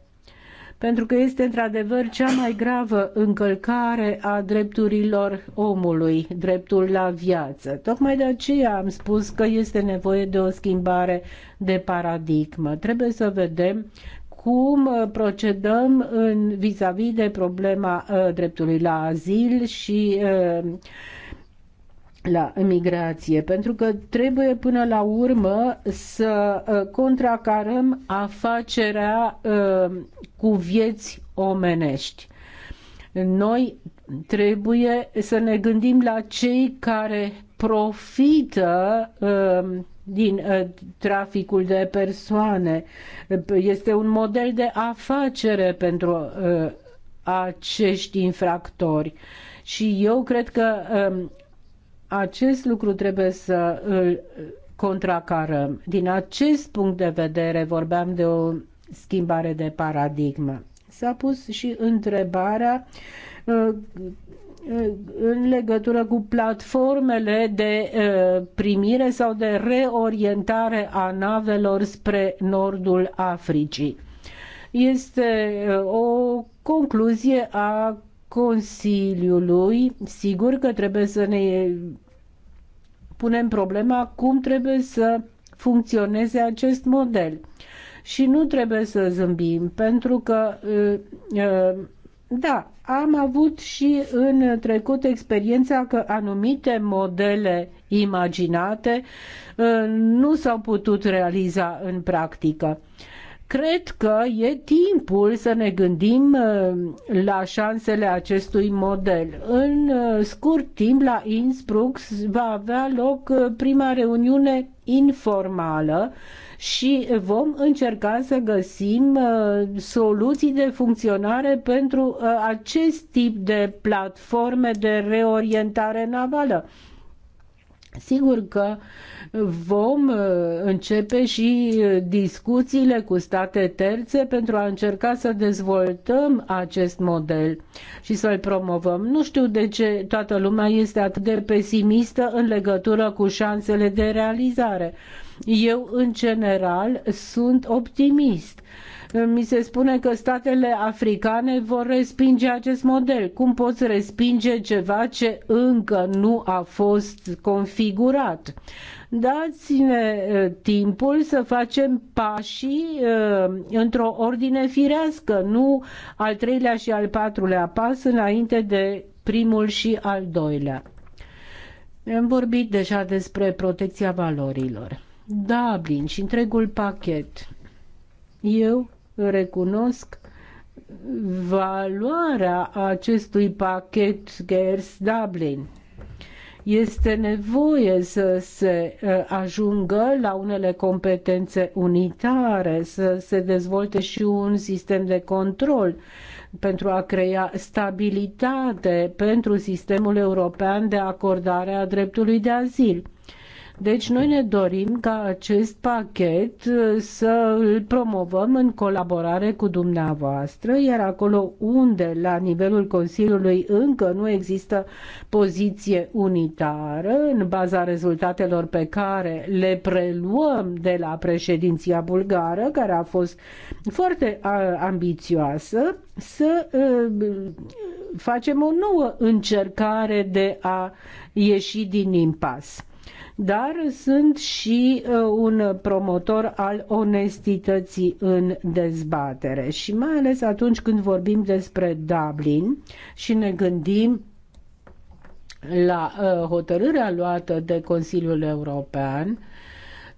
Speaker 5: Pentru că este într-adevăr cea mai gravă încălcare a drepturilor omului, dreptul la viață. Tocmai de aceea am spus că este nevoie de o schimbare de paradigmă. Trebuie să vedem cum uh, procedăm în vis-a-vis -vis de problema uh, dreptului la azil și uh, la migrație, pentru că trebuie până la urmă să uh, contracarăm afacerea uh, cu vieți omenești. Noi trebuie să ne gândim la cei care profită uh, din traficul de persoane. Este un model de afacere pentru acești infractori. Și eu cred că um, acest lucru trebuie să îl contracarăm. Din acest punct de vedere vorbeam de o schimbare de paradigmă. S-a pus și întrebarea uh, uh, în legătură cu platformele de uh, primire sau de reorientare a navelor spre nordul Africii. Este o concluzie a Consiliului. Sigur că trebuie să ne punem problema cum trebuie să funcționeze acest model. Și nu trebuie să zâmbim, pentru că, uh, uh, da, am avut și în trecut experiența că anumite modele imaginate uh, nu s-au putut realiza în practică. Cred că e timpul să ne gândim uh, la șansele acestui model. În uh, scurt timp, la Innsbruck va avea loc uh, prima reuniune informală și vom încerca să găsim soluții de funcționare pentru acest tip de platforme de reorientare navală. Sigur că vom uh, începe și uh, discuțiile cu state terțe pentru a încerca să dezvoltăm acest model și să-l promovăm. Nu știu de ce toată lumea este atât de pesimistă în legătură cu șansele de realizare. Eu, în general, sunt optimist mi se spune că statele africane vor respinge acest model. Cum poți respinge ceva ce încă nu a fost configurat? dați-ne timpul să facem pașii într-o ordine firească, nu al treilea și al patrulea pas înainte de primul și al doilea. Am vorbit deja despre protecția valorilor. Dublin și întregul pachet. Eu recunosc valoarea acestui pachet Gers Dublin. Este nevoie să se uh, ajungă la unele competențe unitare, să se dezvolte și un sistem de control pentru a crea stabilitate pentru sistemul european de acordare a dreptului de azil deci noi ne dorim ca acest pachet uh, să îl promovăm în colaborare cu dumneavoastră, iar acolo unde la nivelul Consiliului încă nu există poziție unitară în baza rezultatelor pe care le preluăm de la președinția bulgară, care a fost foarte uh, ambițioasă, să uh, facem o nouă încercare de a ieși din impas dar sunt și uh, un promotor al onestității în dezbatere și mai ales atunci când vorbim despre Dublin și ne gândim la uh, hotărârea luată de Consiliul European,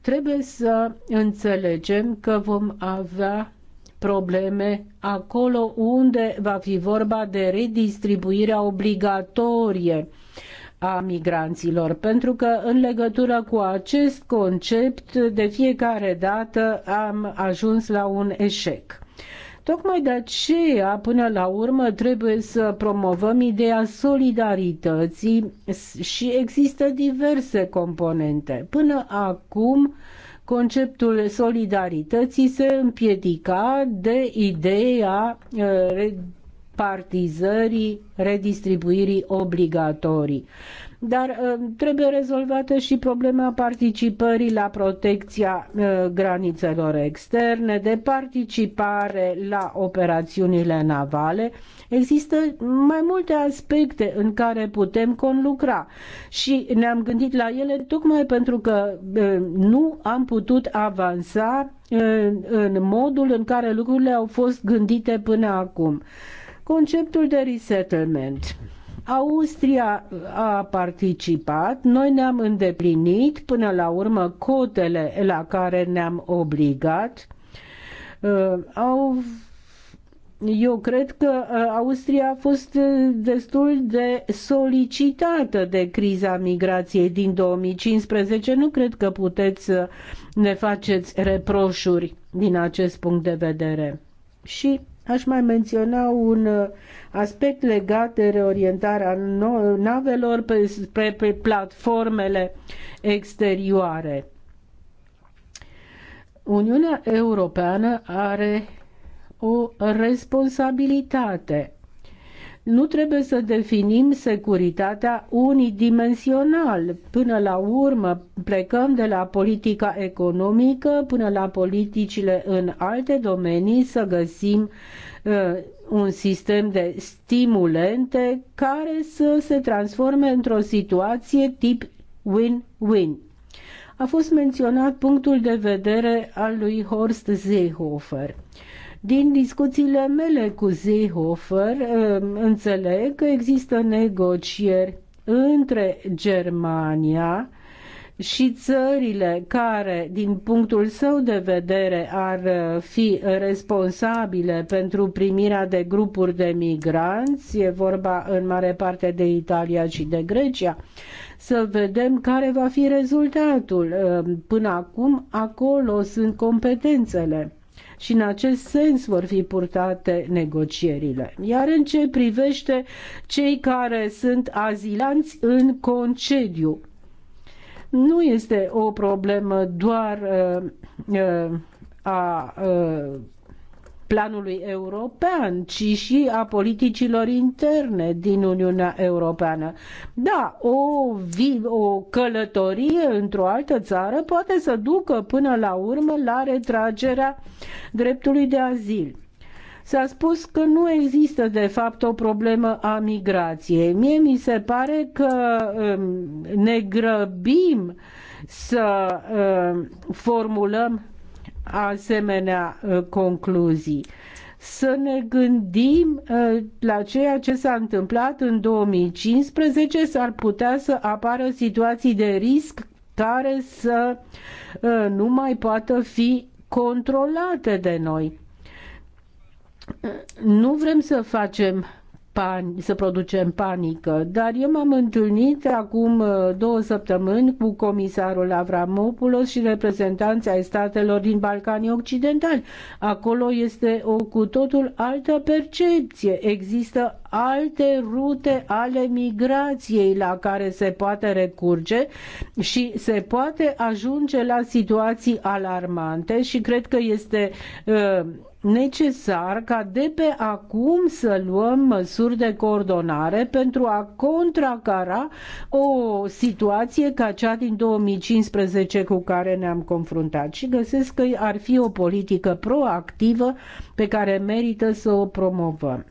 Speaker 5: trebuie să înțelegem că vom avea probleme acolo unde va fi vorba de redistribuirea obligatorie a migranților, pentru că în legătură cu acest concept de fiecare dată am ajuns la un eșec. Tocmai de aceea, până la urmă, trebuie să promovăm ideea solidarității și există diverse componente. Până acum, conceptul solidarității se împiedica de ideea eh, partizării redistribuirii obligatorii. Dar uh, trebuie rezolvată și problema participării la protecția uh, granițelor externe, de participare la operațiunile navale. Există mai multe aspecte în care putem conlucra și ne-am gândit la ele tocmai pentru că uh, nu am putut avansa în modul în care lucrurile au fost gândite până acum. Conceptul de resettlement. Austria a participat, noi ne-am îndeplinit până la urmă cotele la care ne-am obligat. Uh, au eu cred că uh, Austria a fost uh, destul de solicitată de criza migrației din 2015. Nu cred că puteți să ne faceți reproșuri din acest punct de vedere. Și Aș mai menționa un uh, aspect legat de reorientarea navelor pe, pe, pe platformele exterioare. Uniunea Europeană are o responsabilitate nu trebuie să definim securitatea unidimensional. Până la urmă, plecăm de la politica economică până la politicile în alte domenii să găsim uh, un sistem de stimulente care să se transforme într-o situație tip win-win. A fost menționat punctul de vedere al lui Horst Seehofer. Uh, din discuțiile mele cu Seehofer um, înțeleg că există negocieri între Germania și țările care, din punctul său de vedere, ar uh, fi responsabile pentru primirea de grupuri de migranți, e vorba în mare parte de Italia și de Grecia, să vedem care va fi rezultatul. Um, până acum, acolo sunt competențele și în acest sens vor fi purtate negocierile. Iar în ce privește cei care sunt azilanți în concediu, nu este o problemă doar uh, uh, a uh, planului european, ci și a politicilor interne din Uniunea Europeană. Da, o, vi, o călătorie într-o altă țară poate să ducă până la urmă la retragerea dreptului de azil. S-a spus că nu există de fapt o problemă a migrației. Mie mi se pare că um, ne grăbim să um, formulăm asemenea uh, concluzii. Să ne gândim uh, la ceea ce s-a întâmplat în 2015, s-ar putea să apară situații de risc care să uh, nu mai poată fi controlate de noi. Nu vrem să facem pan- să producem panică. Dar eu m-am întâlnit acum uh, două săptămâni cu comisarul Avramopoulos și reprezentanții ai statelor din Balcanii Occidentali. Acolo este o cu totul altă percepție. Există alte rute ale migrației la care se poate recurge și se poate ajunge la situații alarmante și cred că este uh, necesar ca de pe acum să luăm măsuri de coordonare pentru a contracara o situație ca cea din 2015 cu care ne-am confruntat și găsesc că ar fi o politică proactivă pe care merită să o promovăm.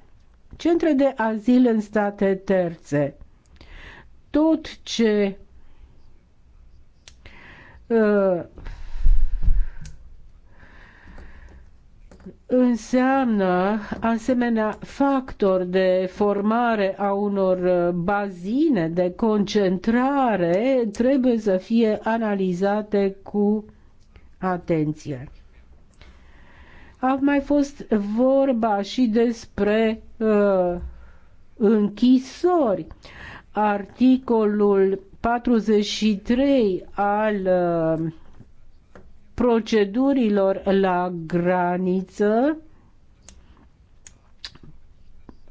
Speaker 5: Centre de azil în state terțe. Tot ce uh, înseamnă asemenea factor de formare a unor uh, bazine de concentrare trebuie să fie analizate cu atenție. A mai fost vorba și despre uh, închisori. Articolul 43 al uh, procedurilor la graniță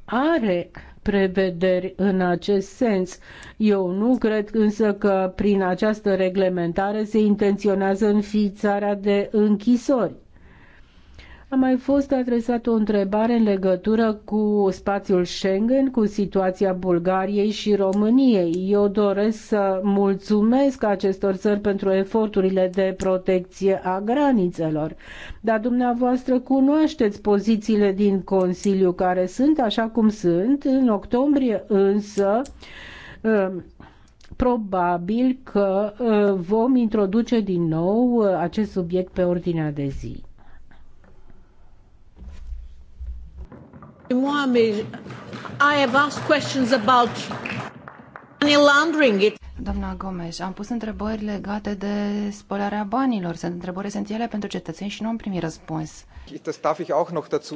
Speaker 5: are prevederi în acest sens. Eu nu cred însă că prin această reglementare se intenționează înființarea de închisori. A mai fost adresată o întrebare în legătură cu spațiul Schengen, cu situația Bulgariei și României. Eu doresc să mulțumesc acestor țări pentru eforturile de protecție a granițelor. Dar dumneavoastră cunoașteți pozițiile din Consiliu care sunt așa cum sunt. În octombrie însă um, probabil că uh, vom introduce din nou uh, acest subiect pe ordinea de zi. Moi, mais I have asked questions about
Speaker 2: money laundering. It... Doamna Gomes, am pus întrebări legate de spălarea banilor.
Speaker 5: Sunt întrebări esențiale pentru cetățeni și nu am primit răspuns.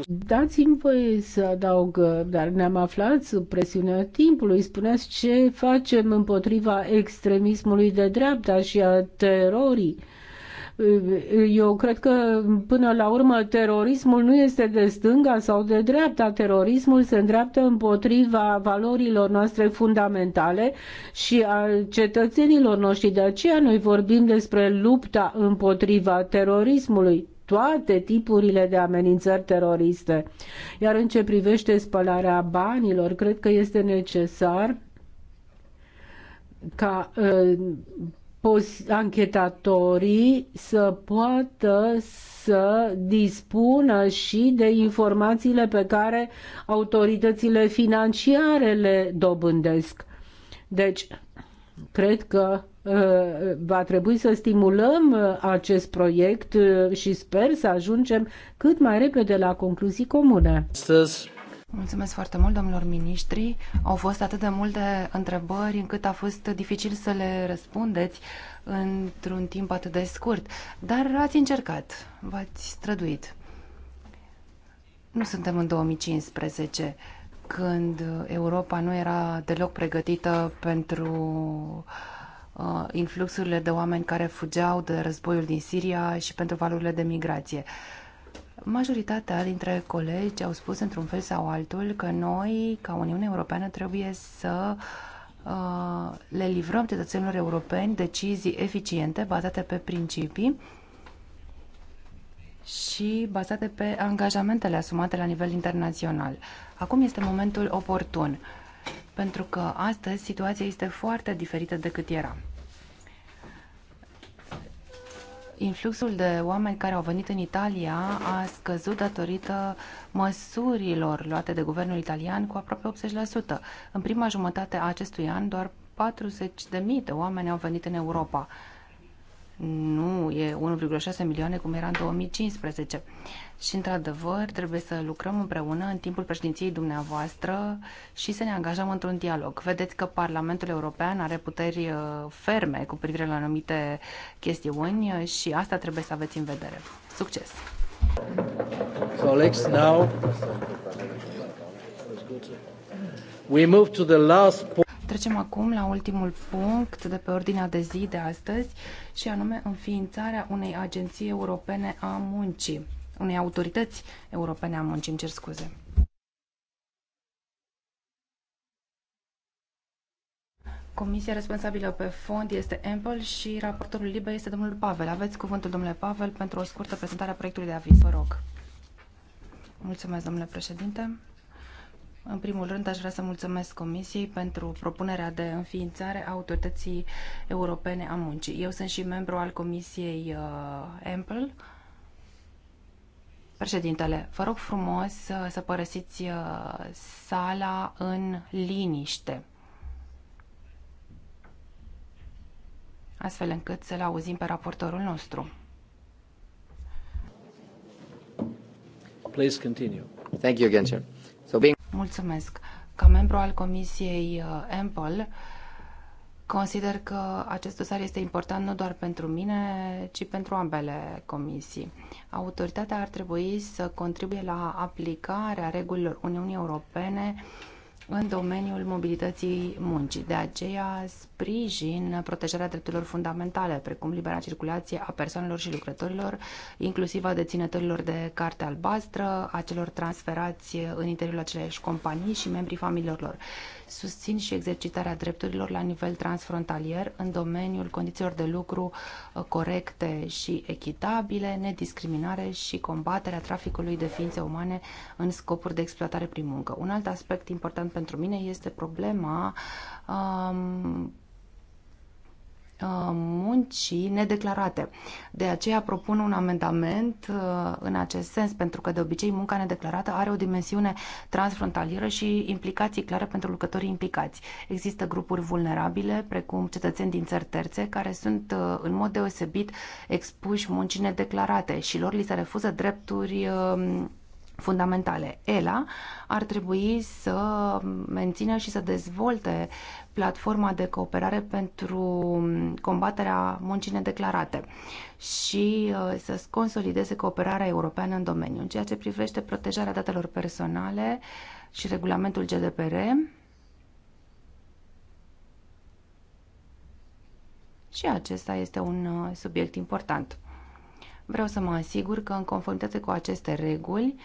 Speaker 5: Dați-mi voie să adaug, dar ne-am aflat sub presiunea timpului. Spuneați ce facem împotriva extremismului de dreapta și a terorii. Eu cred că până la urmă terorismul nu este de stânga sau de dreapta. Terorismul se îndreaptă împotriva valorilor noastre fundamentale și a cetățenilor noștri. De aceea noi vorbim despre lupta împotriva terorismului toate tipurile de amenințări teroriste. Iar în ce privește spălarea banilor, cred că este necesar ca uh, anchetatorii să poată să dispună și de informațiile pe care autoritățile financiare le dobândesc. Deci, cred că uh, va trebui să stimulăm uh, acest proiect uh, și sper să ajungem cât mai repede la concluzii comune. Astăzi Mulțumesc foarte mult, domnilor miniștri. Au fost atât de multe întrebări
Speaker 2: încât a fost dificil să le răspundeți într-un timp atât de scurt. Dar ați încercat, v-ați străduit. Nu suntem în 2015, când Europa nu era deloc pregătită pentru uh, influxurile de oameni care fugeau de războiul din Siria și pentru valurile de migrație. Majoritatea dintre colegi au spus într-un fel sau altul că noi, ca uniune Europeană, trebuie să uh, le livrăm cetățenilor europeni decizii eficiente bazate pe principii și bazate pe angajamentele asumate la nivel internațional. Acum este momentul oportun, pentru că astăzi situația este foarte diferită decât era. influxul de oameni care au venit în Italia a scăzut datorită măsurilor luate de guvernul italian cu aproape 80%. În prima jumătate a acestui an, doar 40.000 de oameni au venit în Europa nu e 1,6 milioane cum era în 2015. Și, într-adevăr, trebuie să lucrăm împreună în timpul președinției dumneavoastră și să ne angajăm într-un dialog. Vedeți că Parlamentul European are puteri uh, ferme cu privire la anumite chestiuni uh, și asta trebuie să aveți în vedere. Succes!
Speaker 1: Colegi, now we move to the last point.
Speaker 2: Trecem acum la ultimul punct de pe ordinea de zi de astăzi și anume înființarea unei agenții europene a muncii, unei autorități europene a muncii, îmi cer scuze. Comisia responsabilă pe fond este Ample și raportorul liber este domnul Pavel. Aveți cuvântul, domnule Pavel, pentru o scurtă prezentare a proiectului de aviz. Vă rog. Mulțumesc, domnule președinte. În primul rând, aș vrea să mulțumesc Comisiei pentru propunerea de înființare a Autorității Europene a Muncii. Eu sunt și membru al Comisiei uh, Ample. Președintele, vă rog frumos să părăsiți uh, sala în liniște, astfel încât să-l auzim pe raportorul nostru.
Speaker 1: Please continue. Thank
Speaker 6: you again, sir.
Speaker 2: Mulțumesc. Ca membru al Comisiei uh, Ample, consider că acest dosar este important nu doar pentru mine, ci pentru ambele comisii. Autoritatea ar trebui să contribuie la aplicarea regulilor Uniunii Europene în domeniul mobilității muncii. De aceea sprijin protejarea drepturilor fundamentale, precum libera circulație a persoanelor și lucrătorilor, inclusiv a deținătorilor de carte albastră, a celor transferați în interiorul aceleiași companii și membrii familiilor lor. Susțin și exercitarea drepturilor la nivel transfrontalier în domeniul condițiilor de lucru uh, corecte și echitabile, nediscriminare și combaterea traficului de ființe umane în scopuri de exploatare prin muncă. Un alt aspect important pentru mine este problema um, uh, muncii nedeclarate. De aceea propun un amendament uh, în acest sens, pentru că de obicei munca nedeclarată are o dimensiune transfrontalieră și implicații clare pentru lucrătorii implicați. Există grupuri vulnerabile, precum cetățeni din țări terțe, care sunt uh, în mod deosebit expuși muncii nedeclarate și lor li se refuză drepturi um, fundamentale. ELA ar trebui să mențină și să dezvolte platforma de cooperare pentru combaterea muncii nedeclarate și uh, să consolideze cooperarea europeană în domeniu. În ceea ce privește protejarea datelor personale și regulamentul GDPR, și acesta este un uh, subiect important. Vreau să mă asigur că, în conformitate cu aceste reguli,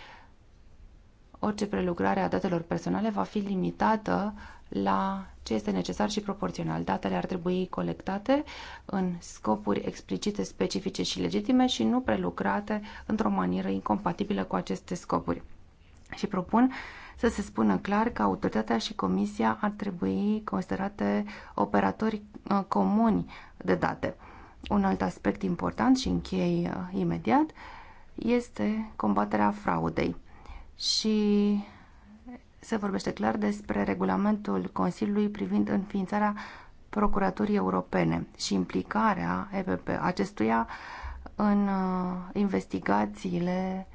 Speaker 2: orice prelucrare a datelor personale va fi limitată la ce este necesar și proporțional. Datele ar trebui colectate în scopuri explicite, specifice și legitime și nu prelucrate într-o manieră incompatibilă cu aceste scopuri. Și propun să se spună clar că autoritatea și comisia ar trebui considerate operatori uh, comuni de date. Un alt aspect important și închei uh, imediat este combaterea fraudei și se vorbește clar despre regulamentul Consiliului privind înființarea Procuraturii Europene și implicarea EPP acestuia în uh, investigațiile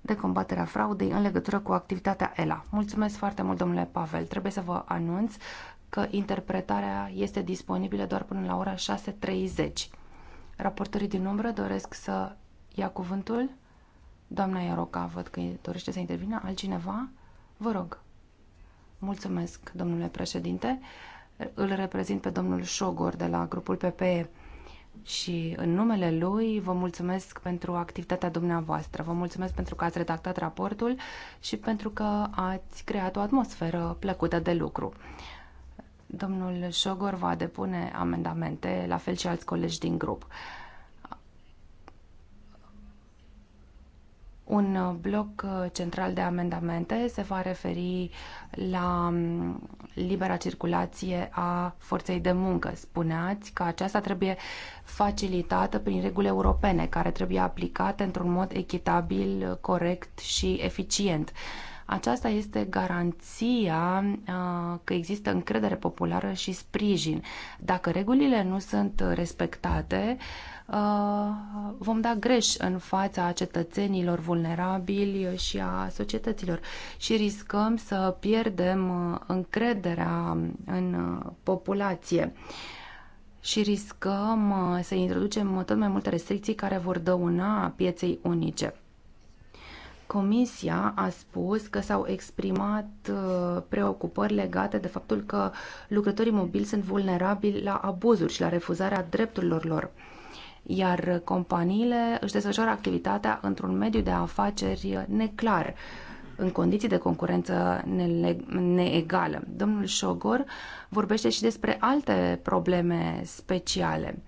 Speaker 2: de combaterea fraudei în legătură cu activitatea ELA. Mulțumesc foarte mult, domnule Pavel. Trebuie să vă anunț că interpretarea este disponibilă doar până la ora 6.30. Raportorii din umbră doresc să ia cuvântul. Doamna Iaroca, văd că dorește să intervină. Altcineva? Vă rog. Mulțumesc, domnule președinte. Îl reprezint pe domnul Șogor de la grupul PPE și în numele lui vă mulțumesc pentru activitatea dumneavoastră. Vă mulțumesc pentru că ați redactat raportul și pentru că ați creat o atmosferă plăcută de lucru. Domnul Șogor va depune amendamente, la fel și alți colegi din grup. Un uh, bloc uh, central de amendamente se va referi la um, libera circulație a forței de muncă. Spuneați că aceasta trebuie facilitată prin reguli europene, care trebuie aplicate într-un mod echitabil, corect și eficient. Aceasta este garanția uh, că există încredere populară și sprijin. Dacă regulile nu sunt respectate, Uh, vom da greș în fața cetățenilor vulnerabili și a societăților și riscăm să pierdem uh, încrederea în uh, populație și riscăm să introducem tot mai multe restricții care vor dăuna pieței unice. Comisia a spus că s-au exprimat preocupări legate de faptul că lucrătorii mobili sunt vulnerabili la abuzuri și la refuzarea drepturilor lor iar companiile își desfășoară activitatea într-un mediu de afaceri neclar, în condiții de concurență neegală. Domnul Șogor vorbește și despre alte probleme speciale.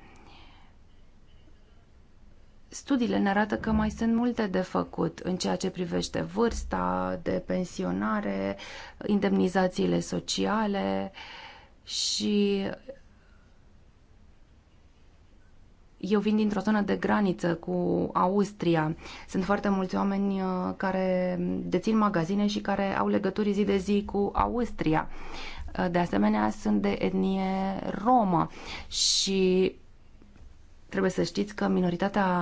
Speaker 2: Studiile ne arată că mai sunt multe de făcut în ceea ce privește vârsta de pensionare, indemnizațiile sociale și eu vin dintr-o zonă de graniță cu Austria. Sunt foarte mulți oameni uh, care dețin magazine și care au legături zi de zi cu Austria. Uh, de asemenea, sunt de etnie romă și trebuie să știți că minoritatea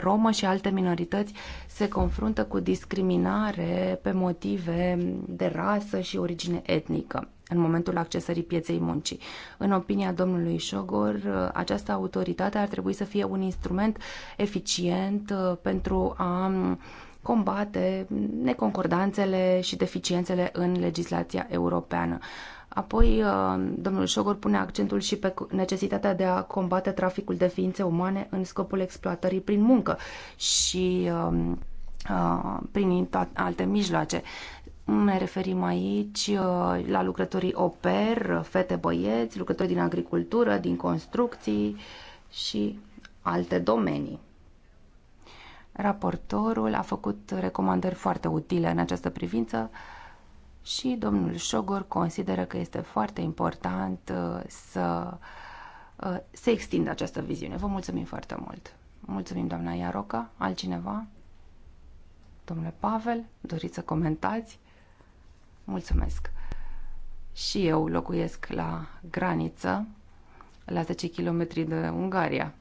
Speaker 2: romă și alte minorități se confruntă cu discriminare pe motive de rasă și origine etnică în momentul accesării pieței muncii. În opinia domnului Șogor, această autoritate ar trebui să fie un instrument eficient uh, pentru a um, combate neconcordanțele și deficiențele în legislația europeană. Apoi, uh, domnul Șogor pune accentul și pe necesitatea de a combate traficul de ființe umane în scopul exploatării prin muncă și um, uh, prin alte mijloace. Ne referim aici uh, la lucrătorii oper, fete băieți, lucrători din agricultură, din construcții și alte domenii. Raportorul a făcut recomandări foarte utile în această privință și domnul Șogor consideră că este foarte important uh, să uh, se extindă această viziune. Vă mulțumim foarte mult! Mulțumim, doamna Iaroca. Altcineva? Domnule Pavel, doriți să comentați? Mulțumesc! Și eu locuiesc la graniță, la 10 km de Ungaria.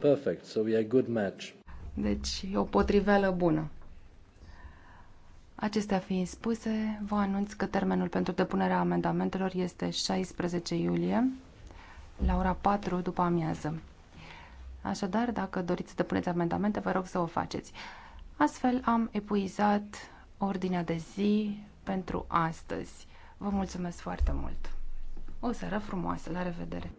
Speaker 1: Perfect, so we are good match. Deci e o potriveală bună.
Speaker 2: Acestea fiind spuse, vă anunț că termenul pentru depunerea amendamentelor este 16 iulie la ora 4 după amiază. Așadar, dacă doriți să depuneți amendamente, vă rog să o faceți. Astfel am epuizat ordinea de zi pentru astăzi. Vă mulțumesc foarte mult! O seară frumoasă! La revedere!